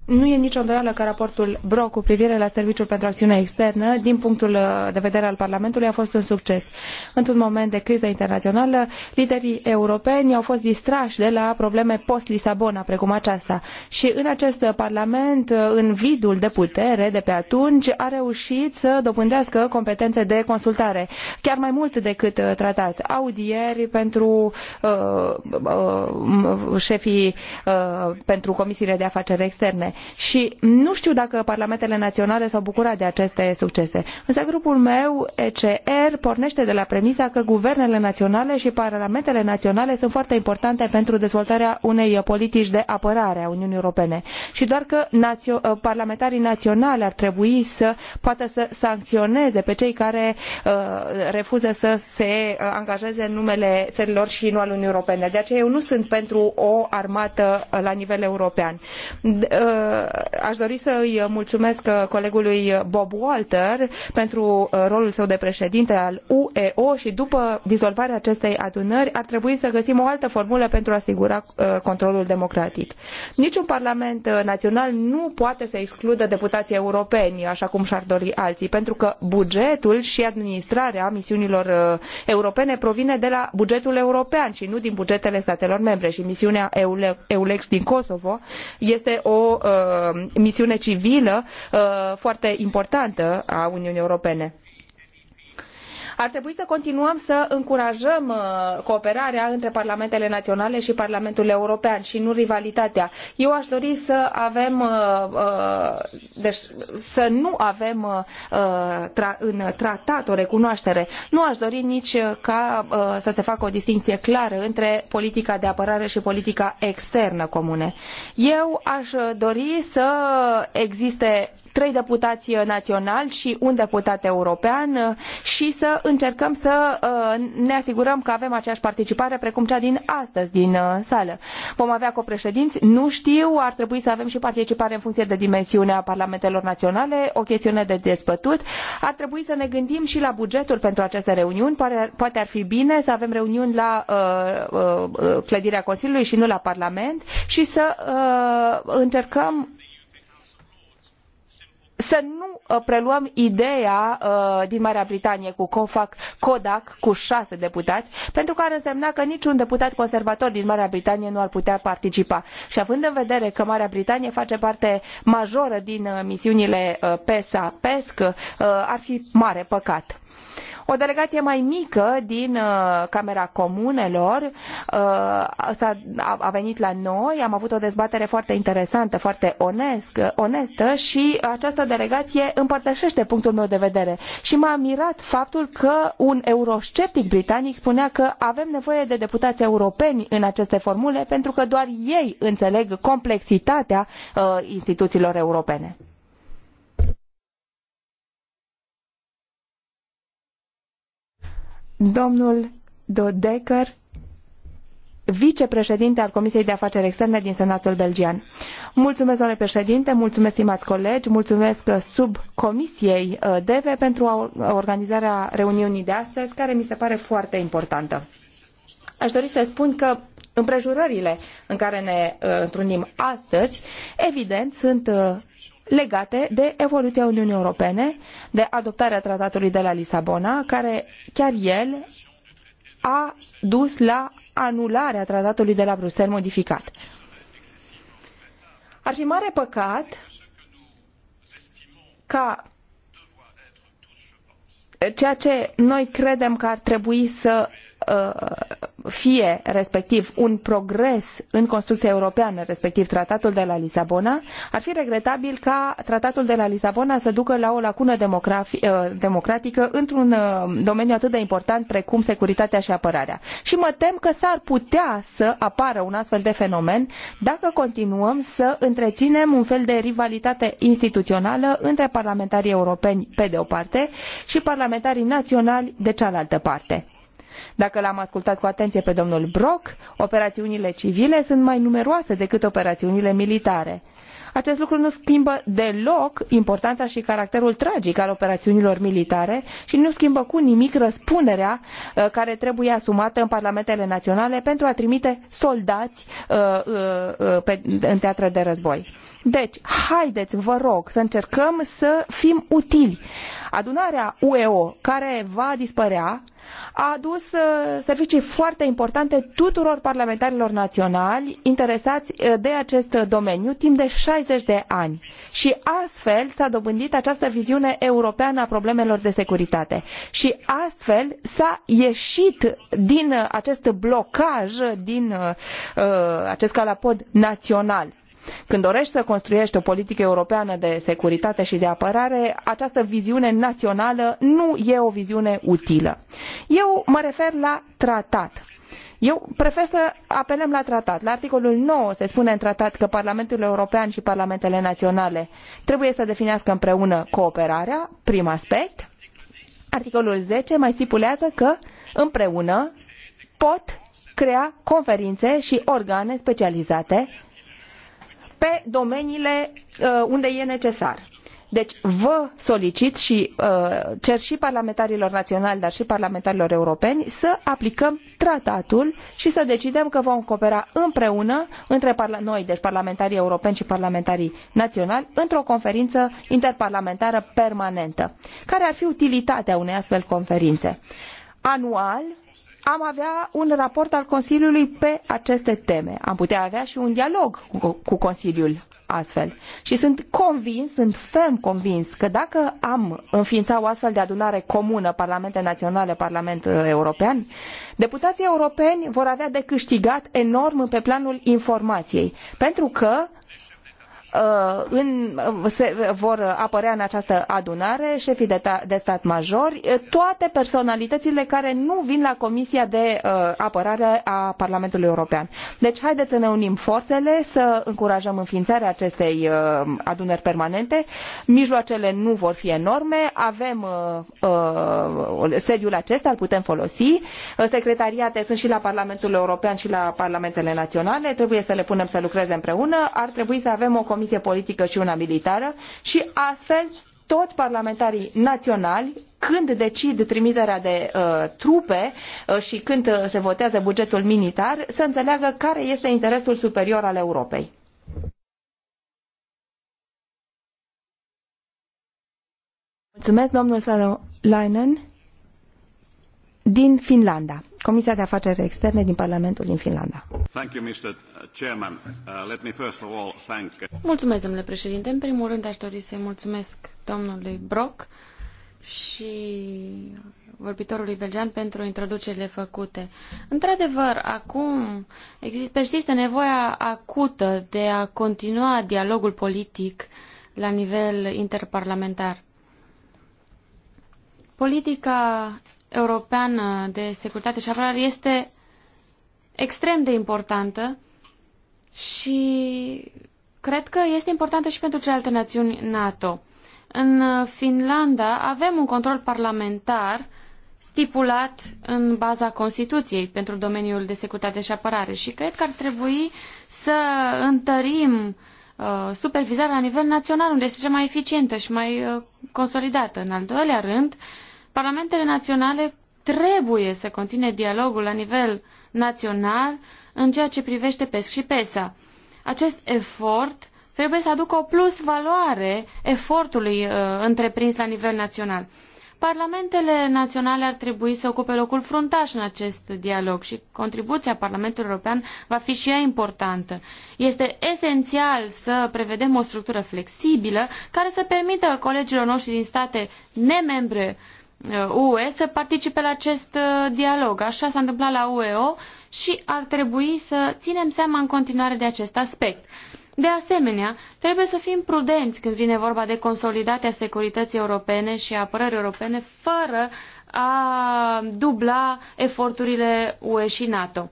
Speaker 3: Nu e nicio îndoială că raportul BRO cu privire la Serviciul pentru Acțiune Externă, din punctul uh, de vedere al Parlamentului, a fost un succes. Într-un moment de criză internațională, liderii europeni au fost distrași de la probleme post-Lisabona, precum aceasta. Și în acest Parlament, uh, în vidul de putere de pe atunci, a reușit să dobândească competențe de consultare, chiar mai mult decât uh, tratat. Audieri pentru uh, uh șefii uh, pentru comisiile de de afaceri externe și nu știu dacă parlamentele naționale s-au bucurat de aceste succese. Însă grupul meu, ECR, pornește de la premisa că guvernele naționale și parlamentele naționale sunt foarte importante pentru dezvoltarea unei politici de apărare a Uniunii Europene și doar că națio- uh, parlamentarii naționali ar trebui să poată să sancționeze pe cei care uh, refuză să se uh, angajeze în numele țărilor și nu al Uniunii Europene. De aceea eu nu sunt pentru o armată uh, la nivel european. Ă, aș dori să îi mulțumesc colegului Bob Walter pentru ă, rolul său de președinte al UEO și după dizolvarea acestei adunări ar trebui să găsim o altă formulă pentru a asigura ă, controlul democratic. Niciun parlament național nu poate să excludă deputații europeni, așa cum și-ar dori alții, pentru că bugetul și administrarea misiunilor europene provine de la bugetul european și nu din bugetele statelor membre și misiunea EULEX din Kosovo este o uh, misiune civilă uh, foarte importantă a Uniunii Europene. Ar trebui să continuăm să încurajăm uh, cooperarea între parlamentele naționale și Parlamentul European și nu rivalitatea. Eu aș dori să avem, uh, uh, deci să nu avem în tratat o recunoaștere. Nu aș dori nici ca să se facă o distinție clară între politica de apărare și politica externă comune. Eu aș dori să existe trei deputați naționali și un deputat european și să încercăm să uh, ne asigurăm că avem aceeași participare precum cea din astăzi din uh, sală. Vom avea copreședinți? Nu știu, ar trebui să avem și participare în funcție de dimensiunea parlamentelor naționale, o chestiune de dezbătut. Ar trebui să ne gândim și la bugetul pentru aceste reuniuni. Poate ar fi bine să avem reuniuni la uh, clădirea Consiliului și nu la Parlament și să încercăm să nu uh, preluăm ideea uh, din Marea Britanie cu COFAC, Kodak, cu șase deputați, pentru că ar însemna că niciun deputat conservator din Marea Britanie nu ar putea participa. Și având în vedere că Marea Britanie face parte majoră din uh, misiunile PESA-PESC, ar fi mare păcat. O delegație mai mică din uh, Camera Comunelor uh, a venit la noi, am avut o dezbatere foarte interesantă, foarte uh, onestă și această delegație împărtășește punctul meu de vedere. Și m-a mirat faptul că un eurosceptic britanic spunea că avem nevoie de deputați europeni în aceste formule pentru că doar ei înțeleg complexitatea instituțiilor europene. domnul Dodecker, vicepreședinte al Comisiei de Afaceri Externe din Senatul Belgian. Mulțumesc, domnule președinte, mulțumesc, stimați colegi, mulțumesc subcomisiei uh, DEVE pentru organizarea reuniunii de astăzi, care mi se pare foarte importantă. Aș dori să spun că împrejurările în care ne uh, întrunim astăzi, evident, sunt uh, legate de evoluția Uniunii Europene, de adoptarea tratatului de la Lisabona, care chiar el a dus la anularea tratatului de la Bruxelles modificat. Ar fi mare păcat ca ceea ce noi credem că ar trebui să Uh, fie respectiv un progres în construcția europeană, respectiv tratatul de la Lisabona, ar fi regretabil ca tratatul de la Lisabona să ducă la o lacună uh, democratică într-un uh, domeniu atât de important precum securitatea și apărarea. Și mă tem că s-ar putea să apară un astfel de fenomen dacă continuăm să întreținem un fel de rivalitate instituțională între parlamentarii europeni pe de o parte și parlamentarii naționali de cealaltă parte. Dacă l-am ascultat cu atenție pe domnul Brock, operațiunile civile sunt mai numeroase decât operațiunile militare. Acest lucru nu schimbă deloc importanța și caracterul tragic al operațiunilor militare și nu schimbă cu nimic răspunderea uh, care trebuie asumată în parlamentele naționale pentru a trimite soldați uh, uh, în teatrele de război. Deci, haideți, vă rog, să încercăm să fim utili. Adunarea UEO, care va dispărea, a adus uh, servicii foarte importante tuturor parlamentarilor naționali interesați uh, de acest domeniu timp de 60 de ani și astfel s-a dobândit această viziune europeană a problemelor de securitate și astfel s-a ieșit din acest blocaj, din uh, acest calapod național când dorești să construiești o politică europeană de securitate și de apărare, această viziune națională nu e o viziune utilă. Eu mă refer la tratat. Eu prefer să apelăm la tratat. La articolul 9 se spune în tratat că Parlamentul European și Parlamentele Naționale trebuie să definească împreună cooperarea, prim aspect. Articolul 10 mai stipulează că împreună pot crea conferințe și organe specializate pe domeniile uh, unde e necesar. Deci vă solicit și uh, cer și parlamentarilor naționali, dar și parlamentarilor europeni să aplicăm tratatul și să decidem că vom coopera împreună între noi, deci parlamentarii europeni și parlamentarii naționali, într-o conferință interparlamentară permanentă. Care ar fi utilitatea unei astfel conferințe? Anual, am avea un raport al Consiliului pe aceste teme. Am putea avea și un dialog cu Consiliul astfel. Și sunt convins, sunt ferm convins că dacă am înființat o astfel de adunare comună, Parlamente Naționale, Parlament uh, European, deputații europeni vor avea de câștigat enorm pe planul informației. Pentru că Uh, în, uh, se vor apărea în această adunare șefii de, ta, de stat majori, uh, toate personalitățile care nu vin la Comisia de Apărare a Parlamentului European. Deci haideți să ne unim forțele, să încurajăm înființarea acestei adunări permanente. Mijloacele nu vor fi enorme, avem sediul acesta, îl putem folosi. Secretariate sunt și la Parlamentul European și la Parlamentele Naționale, trebuie să le punem să lucreze împreună. Ar trebui să avem o comisie comisie politică și una militară și astfel toți parlamentarii naționali, când decid trimiterea de uh, trupe uh, și când uh, se votează bugetul militar, să înțeleagă care este interesul superior al Europei. Mulțumesc, domnul Salo Leinen din Finlanda, Comisia de Afaceri Externe din Parlamentul din Finlanda.
Speaker 4: Mulțumesc, domnule președinte. În primul rând, aș dori să-i mulțumesc domnului Brock și vorbitorului belgean pentru introducerile făcute. Într-adevăr, acum există, persistă nevoia acută de a continua dialogul politic la nivel interparlamentar. Politica Europeană de Securitate și Apărare este extrem de importantă și cred că este importantă și pentru celelalte națiuni NATO. În Finlanda avem un control parlamentar stipulat în baza Constituției pentru domeniul de securitate și apărare și cred că ar trebui să întărim uh, supervizarea la nivel național, unde este cea mai eficientă și mai uh, consolidată. În al doilea rând, uh, Parlamentele naționale trebuie să continue dialogul la nivel național în ceea ce privește PESC și PESA. Acest efort trebuie să aducă o plus valoare efortului uh, întreprins la nivel național. Parlamentele naționale ar trebui să ocupe locul fruntaș în acest dialog și contribuția Parlamentului European va fi și ea importantă. Este esențial să prevedem o structură flexibilă care să permită colegilor noștri din state nemembre uh, UE uh, să participe la acest uh, dialog. Așa s-a întâmplat la UEO și ar trebui să ținem seama în continuare de acest aspect. De asemenea, trebuie să fim prudenți când vine vorba de consolidarea securității europene și apărării europene fără a dubla eforturile UE și NATO.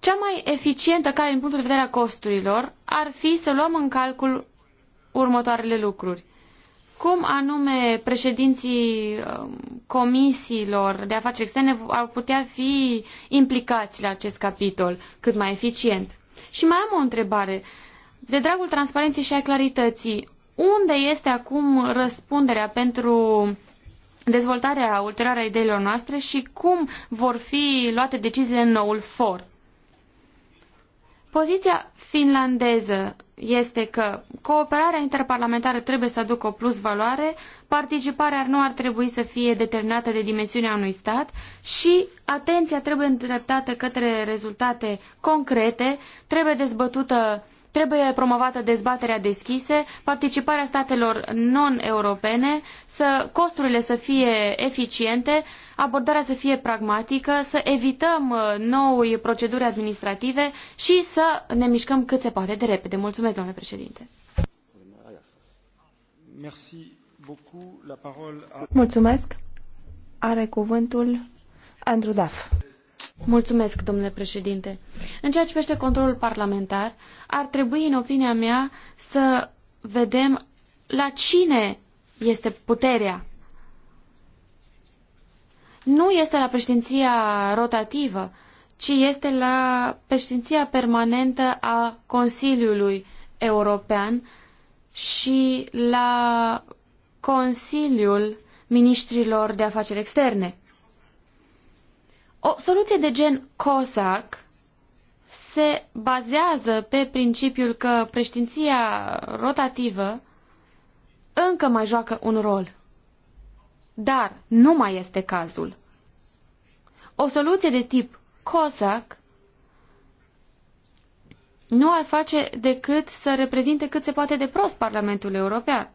Speaker 4: Cea mai eficientă care, din punctul de vedere a costurilor, ar fi să luăm în calcul următoarele lucruri cum anume președinții um, comisiilor de afaceri externe ar putea fi implicați la acest capitol cât mai eficient. Și mai am o întrebare. De dragul transparenței și a clarității, unde este acum răspunderea pentru dezvoltarea ulterioară a ideilor noastre și cum vor fi luate deciziile în noul for? Poziția finlandeză este că cooperarea interparlamentară trebuie să aducă o plus valoare, participarea nu ar trebui să fie determinată de dimensiunea unui stat și atenția trebuie îndreptată către rezultate concrete, trebuie dezbătută Trebuie promovată dezbaterea deschise, participarea statelor non-europene, să costurile să fie eficiente, abordarea să fie pragmatică, să evităm uh, noi proceduri administrative și să ne mișcăm cât se poate de repede. Mulțumesc,
Speaker 3: domnule președinte.
Speaker 1: Mulțumesc.
Speaker 3: Are cuvântul Andrew Duff.
Speaker 4: Mulțumesc, domnule președinte. În ceea ce privește controlul parlamentar, ar trebui, în opinia mea, să vedem la cine este puterea nu este la președinția rotativă, ci este la președinția permanentă a Consiliului European și la Consiliul Ministrilor de Afaceri Externe. O soluție de gen COSAC se bazează pe principiul că președinția rotativă încă mai joacă un rol. Dar nu mai este cazul. O soluție de tip COSAC nu ar face decât să reprezinte cât se poate de prost Parlamentul European.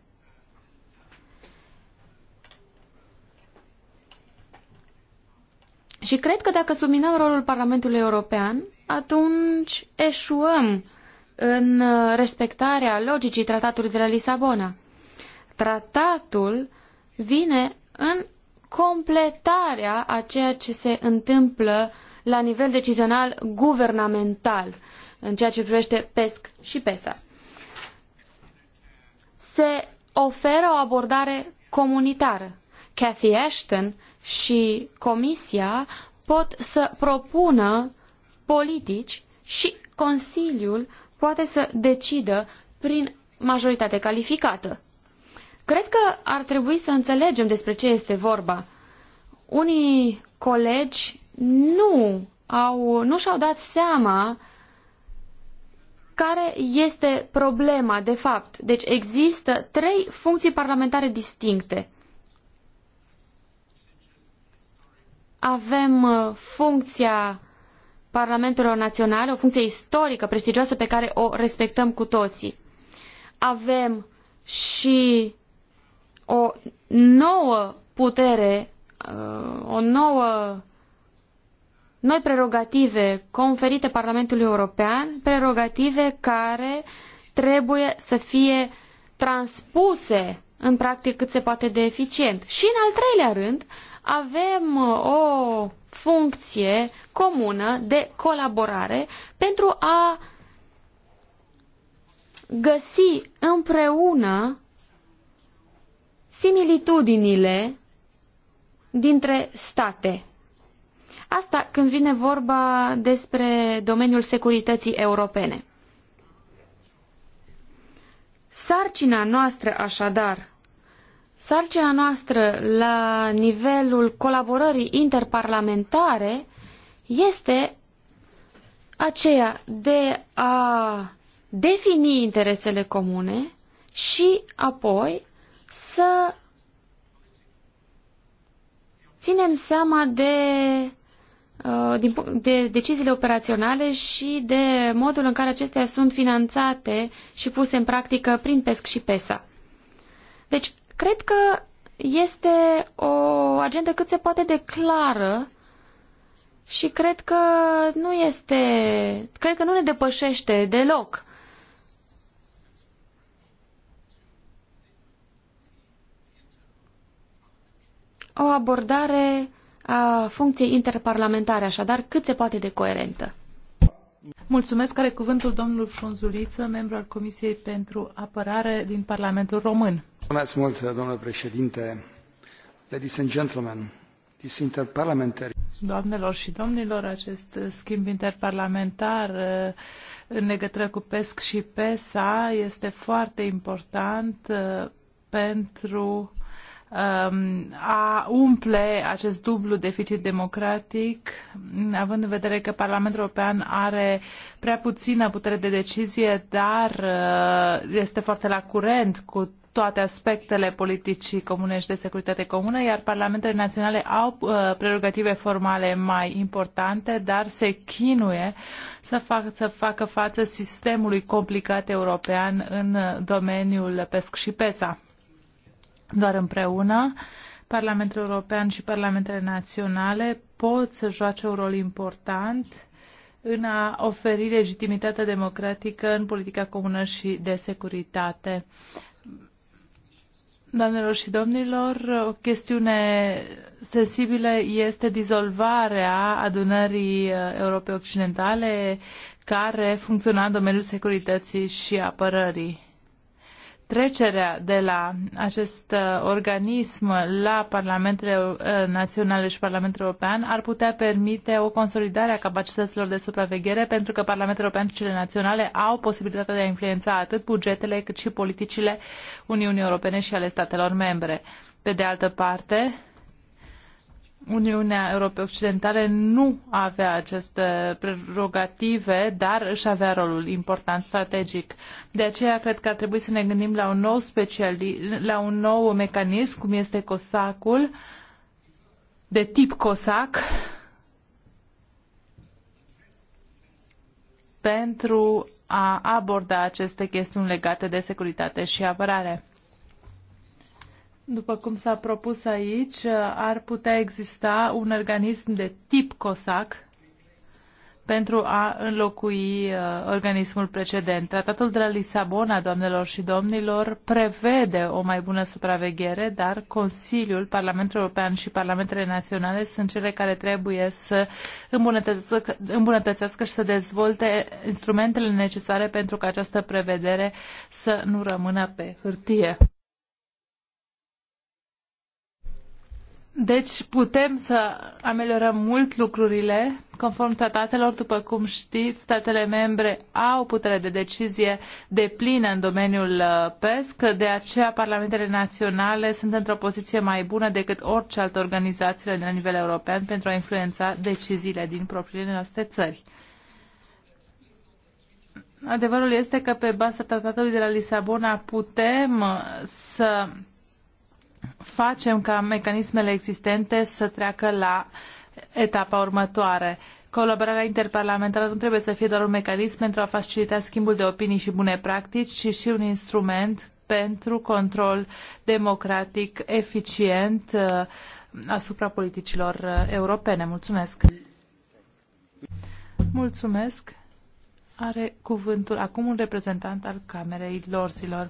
Speaker 4: Și cred că dacă subminăm rolul Parlamentului European, atunci eșuăm în uh, respectarea logicii tratatului de la Lisabona. Tratatul vine în completarea a ceea ce se întâmplă la nivel decizional guvernamental în ceea ce privește PESC și PESA. Se oferă o abordare comunitară. Cathy Ashton și Comisia pot să propună politici și Consiliul poate să decidă prin majoritate calificată. Cred că ar trebui să înțelegem despre ce este vorba. Unii colegi nu au, nu și-au dat seama care este problema, de fapt. Deci există trei funcții parlamentare distincte. Avem uh, funcția parlamentelor naționale, o funcție istorică, prestigioasă, pe care o respectăm cu toții. Avem și o nouă putere, uh, o nouă noi prerogative conferite Parlamentului European, prerogative care trebuie să fie transpuse în practic cât se poate de eficient. Și în al treilea rând, avem uh, o funcție comună de colaborare pentru a găsi împreună similitudinile dintre state. Asta când vine vorba despre domeniul securității europene. Sarcina noastră, așadar, sarcina noastră la nivelul colaborării interparlamentare este aceea de a defini interesele comune și apoi să ținem seama de, uh, de deciziile operaționale și de modul în care acestea sunt finanțate și puse în practică prin PESC și PESA. Deci, cred că este o agendă cât se poate de clară și cred că nu este, cred că nu ne depășește deloc. o abordare a funcției interparlamentare, așadar cât se poate de coerentă.
Speaker 2: Mulțumesc. Are cuvântul domnul Frunzuliță, membru al Comisiei pentru Apărare din Parlamentul Român.
Speaker 1: Mulțumesc mult, domnule președinte. Ladies and gentlemen, this interparliamentary...
Speaker 2: Doamnelor și domnilor, acest schimb interparlamentar uh, în legătură cu PESC și PESA este foarte important uh, pentru Um, a umple acest dublu deficit democratic, având în vedere că Parlamentul European are prea puțină putere de decizie, dar uh, este foarte la curent cu toate aspectele politicii comune și de securitate comună, iar parlamentele naționale au uh, prerogative formale mai importante, dar se chinuie să, fac, să facă față sistemului complicat european în domeniul PESC și PESA. Doar împreună, Parlamentul European și Parlamentele Naționale pot să joace un rol important în a oferi legitimitate democratică în politica comună și de securitate. Doamnelor și domnilor, o chestiune sensibilă este dizolvarea adunării uh, Europei Occidentale care funcționa în domeniul securității și apărării trecerea de la acest uh, organism la Parlamentele uh, Naționale și Parlamentul European ar putea permite o consolidare a capacităților de supraveghere pentru că Parlamentul European și cele naționale au posibilitatea de a influența atât bugetele cât și politicile Uniunii Europene și ale statelor membre. Pe de altă parte, Uniunea Europei Occidentale nu avea aceste prerogative, dar își avea rolul important strategic. De aceea cred că ar trebui să ne gândim la un nou, speciali- la un nou mecanism, cum este COSAC-ul, de tip COSAC, pentru a aborda aceste chestiuni legate de securitate și apărare. După cum s-a propus aici, ar putea exista un organism de tip COSAC pentru a înlocui uh, organismul precedent. Tratatul de la Lisabona, doamnelor și domnilor, prevede o mai bună supraveghere, dar Consiliul, Parlamentul European și Parlamentele Naționale sunt cele care trebuie să îmbunătățească, îmbunătățească și să dezvolte instrumentele necesare pentru ca această prevedere să nu rămână pe hârtie. Deci putem să ameliorăm mult lucrurile. Conform tratatelor, după cum știți, statele membre au putere de decizie de plină în domeniul uh, PESC, de aceea parlamentele naționale sunt într-o poziție mai bună decât orice altă organizație de la nivel european pentru a influența deciziile din propriile noastre țări. Adevărul este că pe baza tratatului de la Lisabona putem uh, să facem ca mecanismele existente să treacă la etapa următoare. Colaborarea interparlamentară nu trebuie să fie doar un mecanism pentru a facilita schimbul de opinii și bune practici, ci și un instrument pentru control democratic eficient uh, asupra politicilor uh, europene. Mulțumesc! Mulțumesc! Are cuvântul acum un reprezentant al Camerei Lorzilor.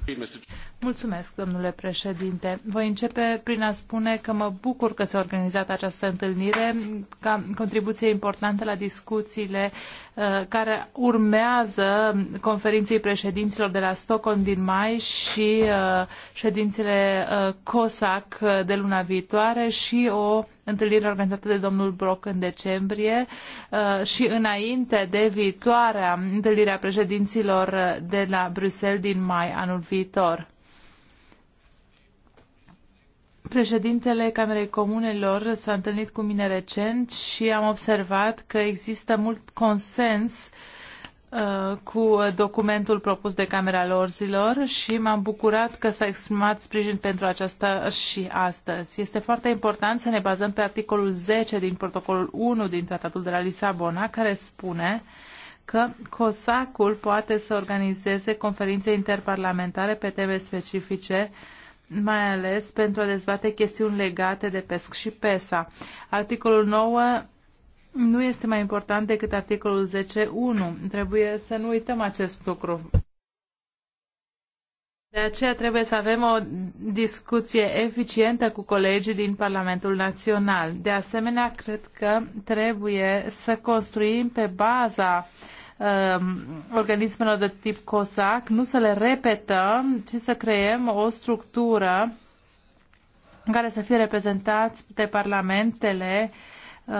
Speaker 2: Mulțumesc, domnule președinte. Voi începe prin a spune că mă bucur că s-a organizat această întâlnire ca contribuție importantă la discuțiile uh, care urmează conferinței președinților de la Stockholm din mai și uh, ședințele uh, COSAC de luna viitoare și o întâlnire organizată de domnul Brock în decembrie și înainte de viitoarea întâlnirea președinților de la Bruxelles din mai anul viitor. Președintele Camerei Comunelor s-a întâlnit cu mine recent și am observat că există mult consens uh, cu documentul propus de Camera Lorzilor și m-am bucurat că s-a exprimat sprijin pentru aceasta și astăzi. Este foarte important să ne bazăm pe articolul 10 din protocolul 1 din Tratatul de la Lisabona, care spune că COSAC-ul poate să organizeze conferințe interparlamentare pe teme specifice uh, mai ales pentru a dezbate chestiuni legate de PESC și PESA. Articolul 9 nu este mai important decât articolul 10.1. Trebuie să nu uităm acest lucru. De aceea trebuie să avem o discuție eficientă cu colegii din Parlamentul Național. De asemenea, cred că trebuie să construim pe baza uh, Um, organismelor de tip COSAC, nu să le repetăm, ci să creăm o structură în care să fie reprezentați de parlamentele uh,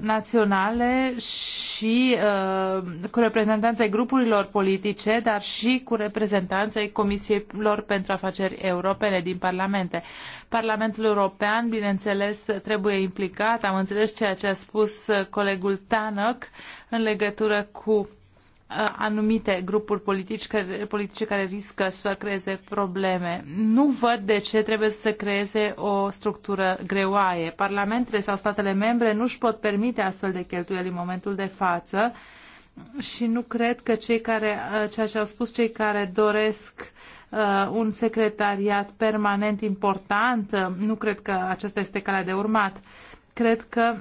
Speaker 2: naționale și uh, cu reprezentanții grupurilor politice, dar și cu reprezentanții comisiilor pentru afaceri europene din parlamente. Parlamentul European, bineînțeles, trebuie implicat. Am înțeles ceea ce a spus colegul Tanăc în legătură cu Uh, anumite grupuri care, politice care riscă să creeze probleme. Nu văd de ce trebuie să creeze o structură greoaie. Parlamentele sau statele membre nu își pot permite astfel de cheltuieli în momentul de față și nu cred că cei care, uh, ceea ce au spus cei care doresc uh, un secretariat permanent important, nu cred că aceasta este calea de urmat. Cred că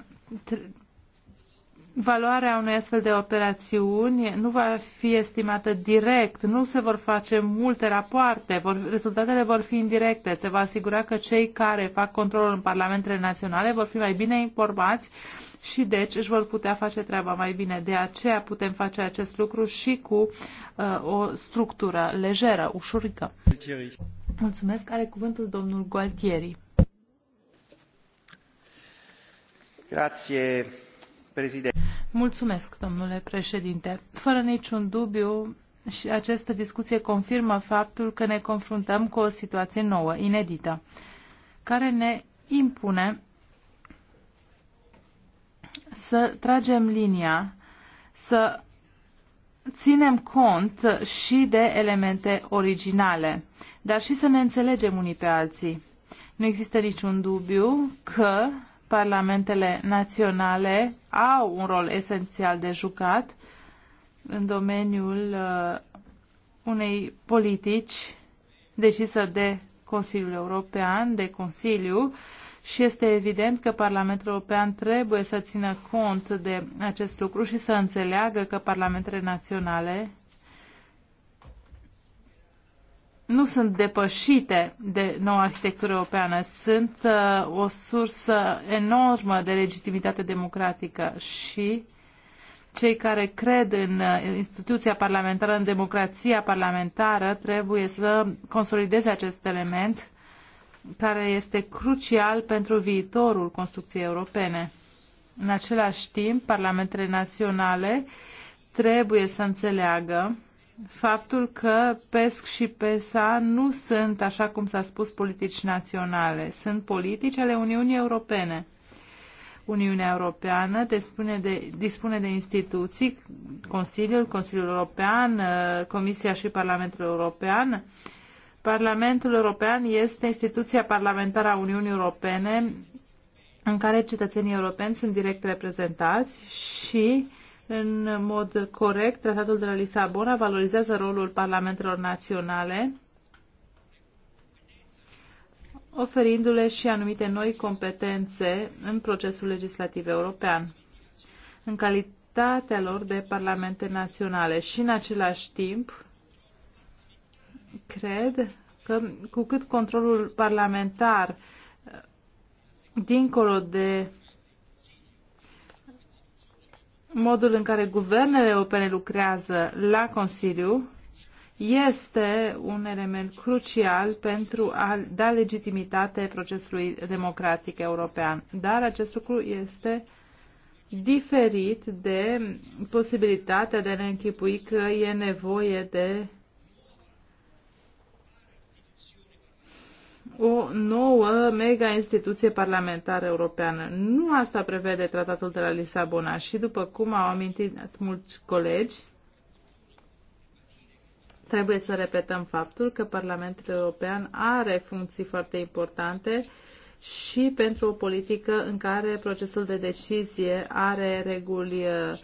Speaker 2: valoarea unei astfel de operațiuni nu va fi estimată direct, nu se vor face multe rapoarte, vor, rezultatele vor fi indirecte. Se va asigura că cei care fac controlul în parlamentele naționale vor fi mai bine informați și deci își vor putea face treaba mai bine. De aceea putem face acest lucru și cu uh, o structură lejeră, ușurică. Mulțumesc. Are cuvântul domnul Gualtieri.
Speaker 1: Grazie.
Speaker 2: Mulțumesc, domnule președinte. Fără niciun dubiu, și această discuție confirmă faptul că ne confruntăm cu o situație nouă, inedită, care ne impune să tragem linia, să ținem cont și de elemente originale, dar și să ne înțelegem unii pe alții. Nu există niciun dubiu că parlamentele naționale au un rol esențial de jucat în domeniul uh, unei politici decisă de Consiliul European, de Consiliu, și este evident că Parlamentul European trebuie să țină cont de acest lucru și să înțeleagă că parlamentele naționale nu sunt depășite de noua arhitectură europeană, sunt uh, o sursă enormă de legitimitate democratică și cei care cred în uh, instituția parlamentară, în democrația parlamentară, trebuie să consolideze acest element care este crucial pentru viitorul construcției europene. În același timp, parlamentele naționale trebuie să înțeleagă faptul că PESC și PESA nu sunt, așa cum s-a spus, politici naționale, sunt politici ale Uniunii Europene. Uniunea Europeană dispune de, dispune de instituții, Consiliul, Consiliul European, uh, Comisia și Parlamentul European. Parlamentul European este instituția parlamentară a Uniunii Europene în care cetățenii europeni sunt direct reprezentați și în mod corect, Tratatul de la Lisabona valorizează rolul parlamentelor naționale, oferindu-le și anumite noi competențe în procesul legislativ european. În calitatea lor de parlamente naționale și în același timp, cred că cu cât controlul parlamentar dincolo de modul în care guvernele europene lucrează la Consiliu este un element crucial pentru a da legitimitate procesului democratic european. Dar acest lucru este diferit de posibilitatea de a ne închipui că e nevoie de o nouă mega-instituție parlamentară europeană. Nu asta prevede tratatul de la Lisabona și, după cum au amintit mulți colegi, trebuie să repetăm faptul că Parlamentul European are funcții foarte importante și pentru o politică în care procesul de decizie are reguli uh,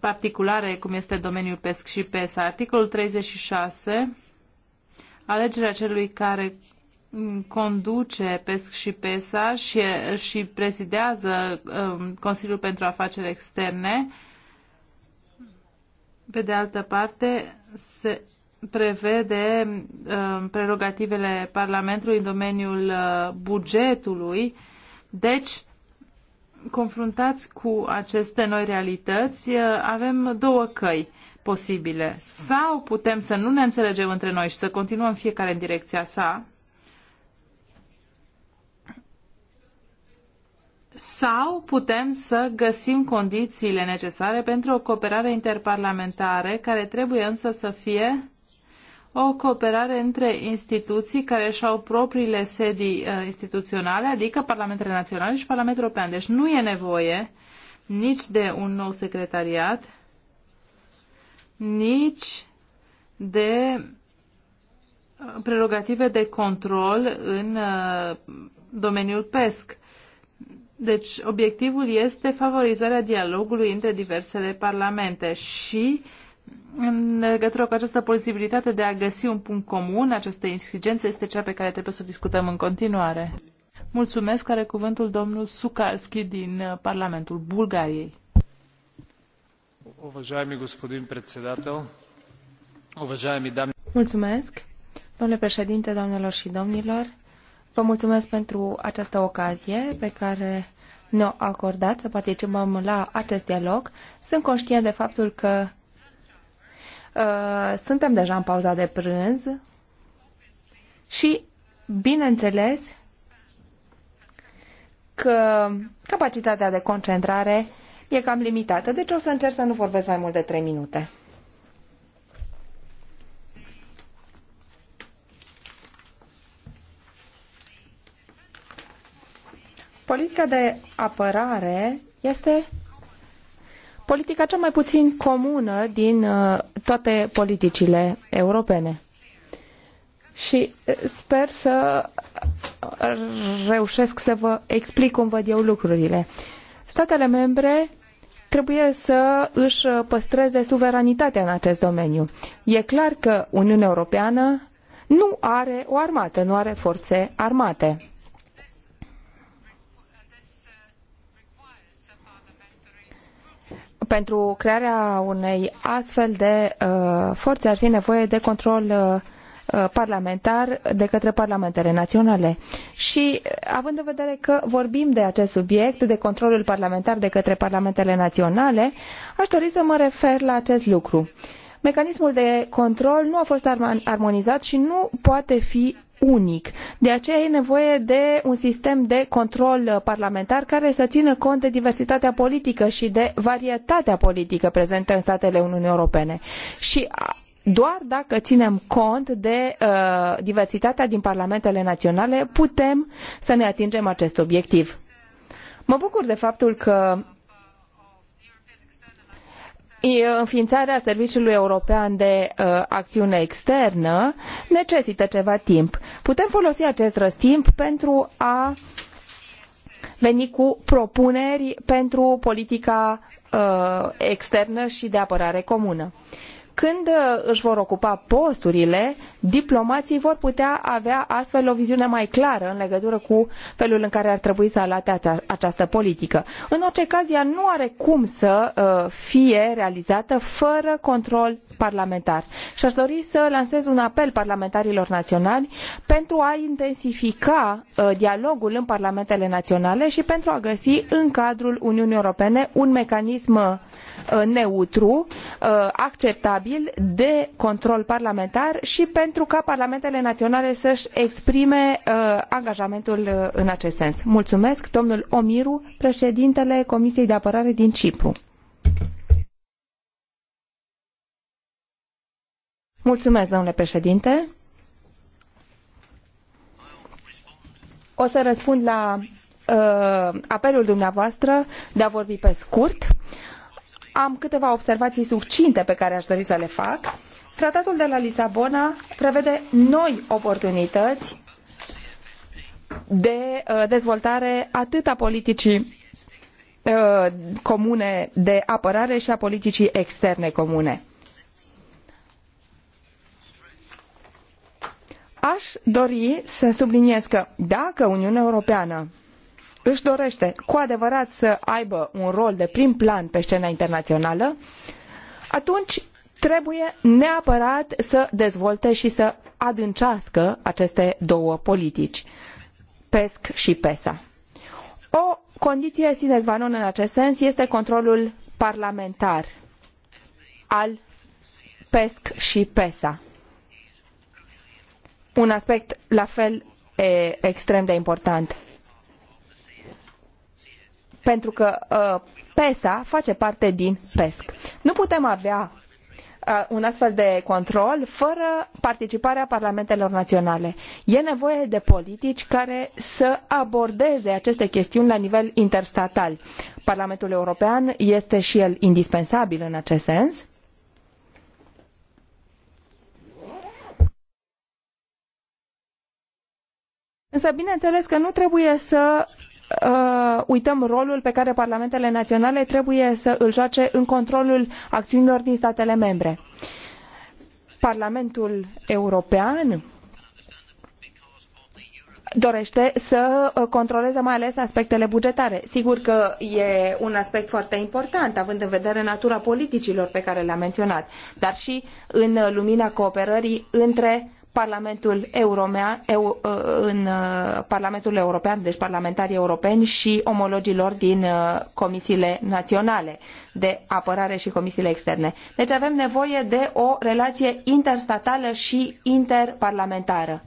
Speaker 2: particulare, cum este domeniul PESC și PESA. Articolul 36, alegerea celui care Mm, conduce PESC și PESA și, și prezidează um, Consiliul pentru Afaceri Externe. Pe de altă parte, se prevede um, prerogativele Parlamentului în domeniul uh, bugetului. Deci, confruntați cu aceste noi realități, uh, avem două căi posibile. Sau putem să nu ne înțelegem între noi și să continuăm fiecare în direcția sa, sau putem să găsim condițiile necesare pentru o cooperare interparlamentară, care trebuie însă să fie o cooperare între instituții care își au propriile sedii uh, instituționale, adică Parlamentele Naționale și Parlamentul European. Deci nu e nevoie nici de un nou secretariat, nici de uh, prerogative de control în uh, domeniul PESC. Deci, obiectivul este favorizarea dialogului între diversele parlamente și în legătură cu această posibilitate de a găsi un punct comun, această exigență este cea pe care trebuie să o discutăm în continuare. Mulțumesc, are cuvântul domnul Sukarski din uh, Parlamentul Bulgariei.
Speaker 3: Mulțumesc, domnule președinte, doamnelor și domnilor. Vă mulțumesc pentru această ocazie pe care ne-o acordat să participăm la acest dialog. Sunt conștient de faptul că uh, suntem deja în pauza de prânz și, bineînțeles, că capacitatea de concentrare e cam limitată, deci o să încerc să nu vorbesc mai mult de 3 minute. Politica de apărare este politica cea mai puțin comună din uh, toate politicile europene. Și uh, sper să reușesc să vă explic cum văd eu lucrurile. Statele membre trebuie să își păstreze suveranitatea în acest domeniu. E clar că Uniunea Europeană nu are o armată, nu are forțe armate. pentru crearea unei astfel de uh, forțe ar fi nevoie de control uh, uh parlamentar de către parlamentele naționale. Și uh, având în vedere că vorbim de acest subiect, de controlul parlamentar de către parlamentele naționale, aș dori să mă refer la acest lucru. Mecanismul de control nu a fost armonizat și nu poate fi unic. De aceea e nevoie de un sistem de control uh, parlamentar care să țină cont de diversitatea politică și de varietatea politică prezentă în statele Uniunii Europene. Și uh, doar dacă ținem cont de uh, diversitatea din parlamentele naționale, putem să ne atingem acest obiectiv. Mă bucur de faptul că înfiinarea Serviciului European de uh, Acțiune Externă necesită ceva timp. Putem folosi acest răstimp pentru a veni cu propuneri pentru politica uh, externă și de apărare comună. Când uh, își vor ocupa posturile, diplomații vor putea avea astfel o viziune mai clară în legătură cu felul în care ar trebui să alate această politică. În orice caz, ea nu are cum să uh, fie realizată fără control parlamentar. Și aș dori să lansez un apel parlamentarilor naționali pentru a intensifica uh, dialogul în parlamentele naționale și pentru a găsi în cadrul Uniunii Europene un mecanism Uh, neutru, uh, acceptabil de control parlamentar și pentru ca parlamentele naționale să-și exprime uh, angajamentul în acest sens. Mulțumesc, domnul Omiru, președintele Comisiei de Apărare din Cipru. Mulțumesc, domnule președinte. O să răspund la uh, apelul dumneavoastră de a vorbi pe scurt. Uh, am câteva observații succinte pe care aș dori să le fac. Tratatul de la Lisabona prevede noi oportunități de uh, dezvoltare atât a politicii uh, comune de apărare și a politicii externe comune. Aș dori să subliniez că dacă Uniunea Europeană îi dorește cu adevărat să aibă un rol de prim plan pe scena internațională, atunci trebuie neapărat să dezvolte și să adâncească aceste două politici, PESC și PESA. O condiție sine qua non în acest sens este controlul parlamentar al PESC și PESA. Un aspect la fel e extrem de important pentru că uh, PESA face parte din PESC. Nu putem avea uh, un astfel de control fără participarea parlamentelor naționale. E nevoie de politici care să abordeze aceste chestiuni la nivel interstatal. Parlamentul European este și el indispensabil în acest sens. Însă, bineînțeles că nu trebuie să uh, uităm rolul pe care parlamentele naționale trebuie să îl joace în controlul acțiunilor din statele membre. Parlamentul European dorește să uh, controleze mai ales aspectele bugetare. Sigur că e un aspect foarte important, având în vedere natura politicilor pe care le-am menționat, dar și în lumina cooperării între Parlamentul Euromea, eu, uh, în uh, Parlamentul European, deci parlamentarii europeni și omologilor din uh, comisiile naționale de apărare și comisiile externe. Deci avem nevoie de o relație interstatală și interparlamentară.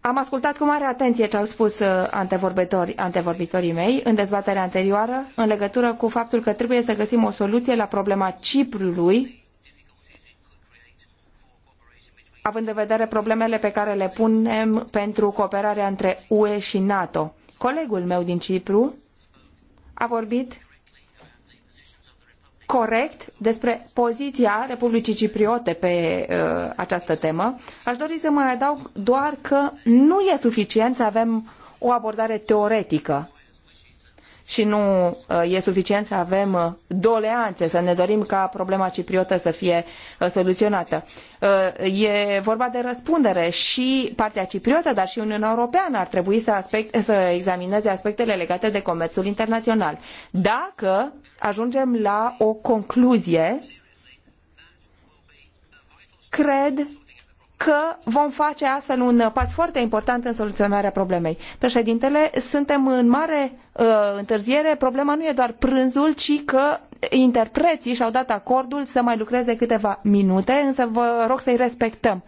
Speaker 3: Am ascultat cu mare atenție ce au spus antevorbitorii mei în dezbaterea anterioară în legătură cu faptul că trebuie să găsim o soluție la problema Ciprului având în vedere problemele pe care le punem pentru cooperarea între UE și NATO. Colegul meu din Cipru a vorbit corect despre poziția Republicii Cipriote pe uh, această temă. Aș dori să mai adaug doar că nu e suficient să avem o abordare teoretică și nu uh, e suficient să avem uh, doleanțe, să ne dorim ca problema cipriotă să fie uh, soluționată. E vorba de răspundere și partea cipriotă, dar și Uniunea Europeană ar trebui să, aspect, să examineze aspectele legate de comerțul internațional. Dacă ajungem la o concluzie, cred că vom face astfel un pas foarte important în soluționarea problemei. Președintele, suntem în mare uh, întârziere. Problema nu e doar prânzul, ci că interpreții și-au dat acordul să mai lucreze câteva minute, însă vă rog să-i respectăm.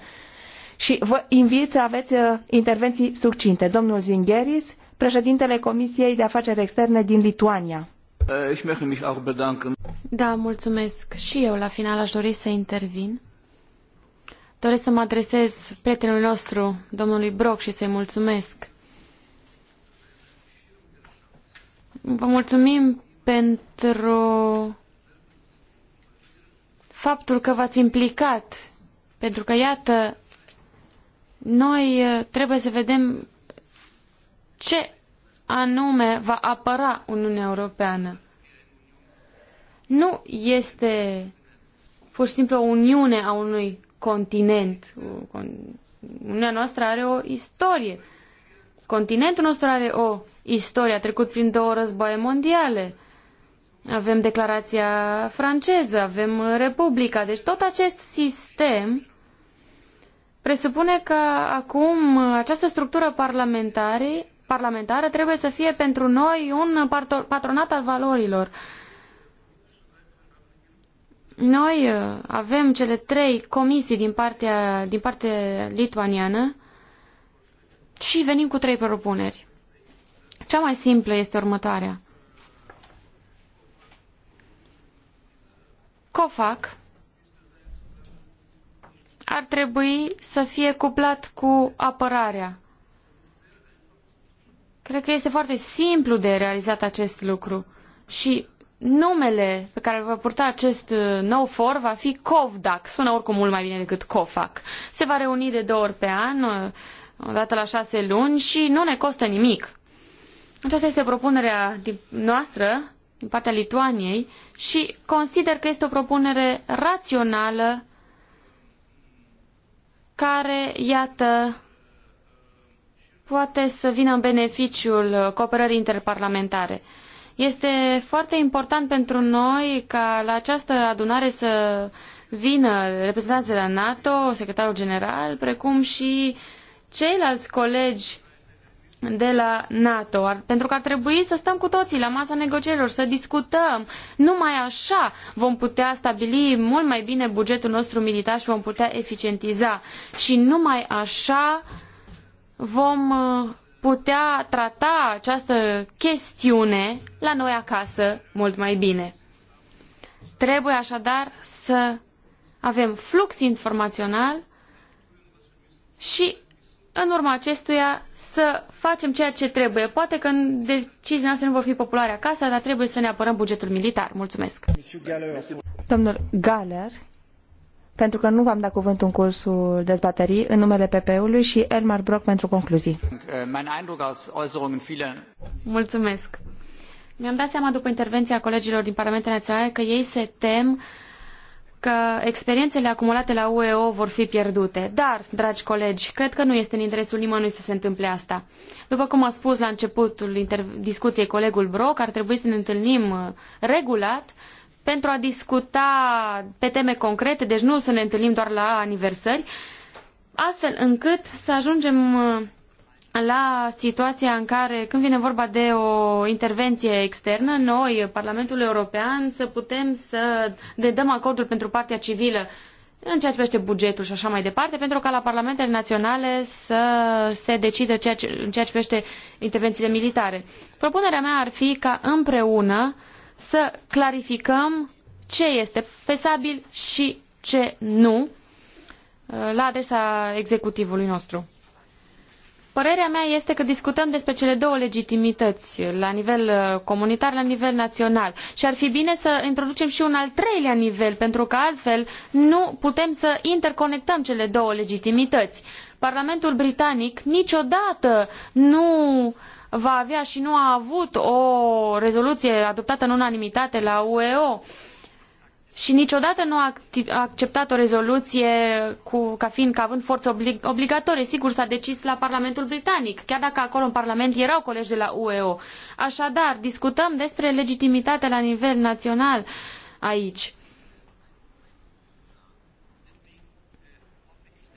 Speaker 3: Și vă invit să aveți uh, intervenții succinte. Domnul Zingheris, președintele Comisiei de Afaceri Externe din Lituania.
Speaker 1: Uh,
Speaker 4: da, mulțumesc. Și eu la final aș dori să intervin. Doresc să mă adresez prietenului nostru, domnului Brock, și să-i mulțumesc. Vă mulțumim pentru faptul că v-ați implicat, pentru că, iată, noi eh, trebuie să vedem ce anume va apăra Uniunea Europeană. Nu este pur și simplu o uniune a unui continent. Uniunea noastră are o istorie. Continentul nostru are o istorie. A trecut prin două războaie mondiale. Avem declarația franceză, avem Republica. Deci tot acest sistem presupune că acum această structură parlamentară trebuie să fie pentru noi un patronat al valorilor. Uh, noi uh, avem cele trei comisii din partea, din partea lituaniană și venim cu trei propuneri. Cea mai simplă este următoarea. COFAC ar trebui să fie cuplat cu apărarea. Cred că este foarte simplu de realizat acest lucru și numele pe care îl va purta acest uh, nou for va fi COVDAC. Sună oricum mult mai bine decât COFAC. Se va reuni de două ori pe an, uh, o dată la șase luni și nu ne costă nimic. Aceasta este propunerea noastră din partea Lituaniei și consider că este o propunere rațională care, iată, poate să vină în beneficiul cooperării interparlamentare. Este foarte important pentru noi ca la această adunare să vină reprezentanții de la NATO, secretarul general, precum și ceilalți colegi de la NATO, pentru că ar trebui să stăm cu toții la masa negocierilor, să discutăm. Numai așa vom putea stabili mult mai bine bugetul nostru militar și vom putea eficientiza. Și numai așa vom uh, putea trata această chestiune la noi acasă mult mai bine. Trebuie așadar să avem flux informațional și în urma acestuia să facem ceea ce trebuie. Poate că deciziile noastre nu vor fi populare acasă, dar trebuie să ne apărăm bugetul militar.
Speaker 3: Mulțumesc. Domnul Galer pentru că nu v-am dat cuvântul în cursul dezbaterii în numele PP-ului și Elmar Brock pentru concluzii. Mulțumesc.
Speaker 4: Mi-am dat seama după intervenția colegilor din Parlamentele Naționale că ei se tem că experiențele acumulate la UEO vor fi pierdute. Dar, dragi colegi, cred că nu este în interesul nimănui să se întâmple asta. După cum a spus la începutul discuției colegul Brock, ar trebui să ne întâlnim uh, regulat uh, pentru a discuta pe teme concrete, deci nu să ne întâlnim doar la aniversări, astfel încât să ajungem uh, la situația în care, când vine vorba de o intervenție externă, noi, Parlamentul European, să putem să ne dăm acordul pentru partea civilă în ceea ce privește bugetul și așa mai departe, pentru ca la parlamentele naționale să se decide ceea ce, în ceea ce privește intervențiile militare. Propunerea mea ar fi ca împreună uh, să clarificăm ce este fesabil și ce nu uh, la adresa executivului nostru. Părerea mea este că discutăm despre cele două legitimități, la nivel uh, comunitar, la nivel național. Și ar fi bine să introducem și un al treilea nivel, pentru că altfel nu putem să interconectăm cele două legitimități. Parlamentul britanic niciodată nu va avea și nu a avut o rezoluție adoptată în unanimitate la UEO și niciodată nu a acceptat o rezoluție cu, ca fiind ca având forță oblig, obligatorie. Sigur, s-a decis la Parlamentul Britanic, chiar dacă acolo în Parlament erau colegi de la UEO. Așadar, discutăm despre legitimitatea la nivel național aici.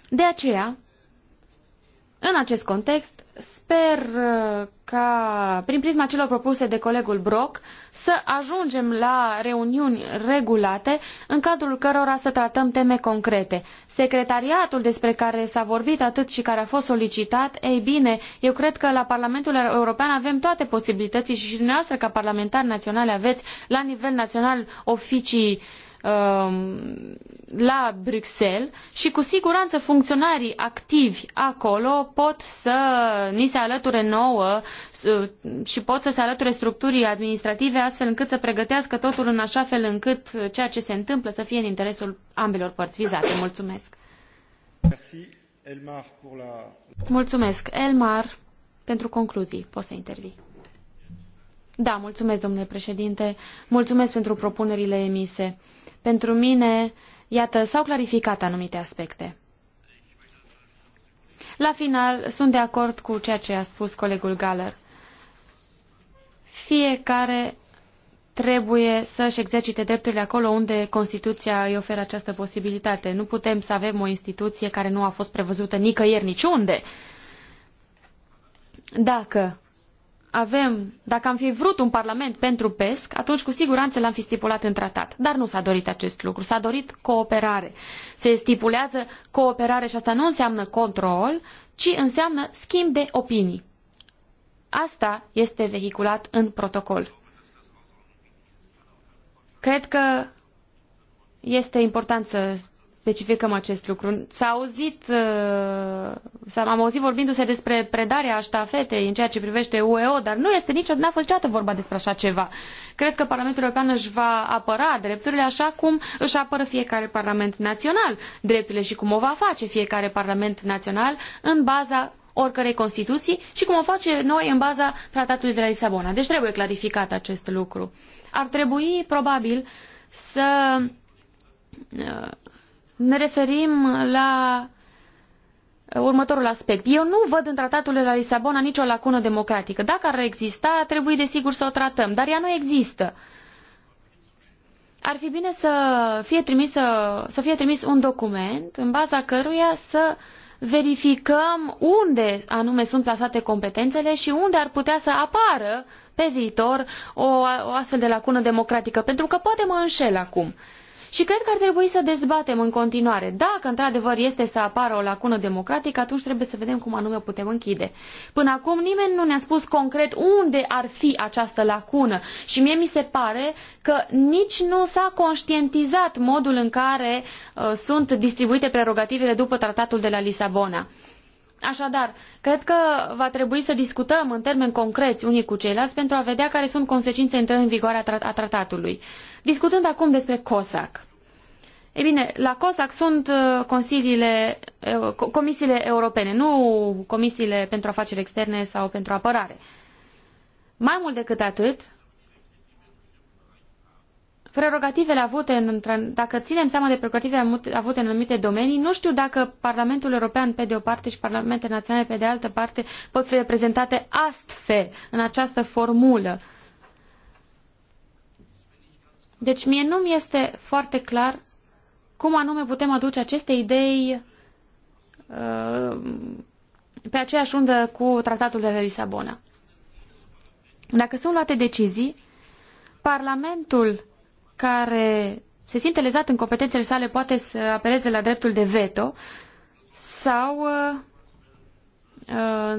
Speaker 4: De aceea, în acest context, Sper uh, ca, prin prisma celor propuse de colegul Brok, să ajungem la reuniuni regulate în cadrul cărora să tratăm teme concrete. Secretariatul despre care s-a vorbit atât și care a fost solicitat, ei bine, eu cred că la Parlamentul European avem toate posibilității și, și dumneavoastră ca parlamentari naționale aveți la nivel național oficii uh, Um, la Bruxelles și cu siguranță funcționarii activi acolo pot să ni se alăture nouă uh, și pot să se alăture structurii administrative astfel încât să pregătească totul în așa fel încât ceea ce se întâmplă să fie în interesul ambelor părți vizate. Mulțumesc!
Speaker 1: Mulțumesc,
Speaker 4: Elmar, pentru concluzii. Poți să intervii. Da, mulțumesc, domnule președinte. Mulțumesc pentru propunerile emise. Pentru mine, iată, s-au clarificat anumite aspecte. La final, sunt de acord cu ceea ce a spus colegul Galler. Fiecare trebuie să-și exercite drepturile acolo unde Constituția îi oferă această posibilitate. Nu putem să avem o instituție care nu a fost prevăzută nicăieri, niciunde. Dacă avem, dacă am fi vrut un parlament pentru pesc, atunci cu siguranță l-am fi stipulat în tratat. Dar nu s-a dorit acest lucru, s-a dorit cooperare. Se stipulează cooperare și asta nu înseamnă control, ci înseamnă schimb de opinii. Asta este vehiculat în protocol. Cred că este important să specificăm acest lucru. S-a auzit, uh, am auzit vorbindu-se despre predarea ștafetei în ceea ce privește UEO, dar nu este nicio, n-a fost niciodată vorba despre așa ceva. Cred că Parlamentul European își va apăra drepturile așa cum își apără fiecare Parlament național drepturile și cum o va face fiecare Parlament național în baza oricărei Constituții și cum o face noi în baza Tratatului de la Lisabona. Deci trebuie clarificat acest lucru. Ar trebui, probabil, să uh, ne referim la următorul aspect. Eu nu văd în tratatul de la Lisabona nicio lacună democratică. Dacă ar exista, trebuie desigur să o tratăm, dar ea nu există. Ar fi bine să fie, trimis să fie trimis un document în baza căruia să verificăm unde anume sunt plasate competențele și unde ar putea să apară pe viitor o, o astfel de lacună democratică, pentru că poate mă înșel acum. Uh, și cred că ar trebui să dezbatem în continuare. Dacă într-adevăr este să apară o lacună democratică, atunci trebuie să vedem cum anume o putem închide. Până acum nimeni nu ne-a spus concret unde ar fi această lacună și mie mi se pare că nici nu s-a conștientizat modul în care uh, sunt distribuite prerogativele după tratatul de la Lisabona. Așadar, cred că va trebui să discutăm în termeni concreți unii cu ceilalți pentru a vedea care sunt consecințe intrării în vigoare a, tra a tratatului. Uh, Discutând acum despre COSAC. E bine, la COSAC sunt uh, consiliile, uh, comisiile europene, nu comisiile pentru afaceri externe sau pentru apărare. Mai mult decât atât, prerogativele avute, în, dacă ținem seama de prerogativele avute în anumite domenii, nu știu dacă Parlamentul European pe de o parte și Parlamentele Naționale pe de altă parte pot fi reprezentate astfel, în această formulă. Deci mie nu-mi este foarte clar cum anume putem aduce aceste idei uh, pe aceeași undă cu tratatul de la Lisabona. Dacă sunt luate decizii, Parlamentul care se simte lezat în competențele sale poate să apeleze la dreptul de veto sau uh, uh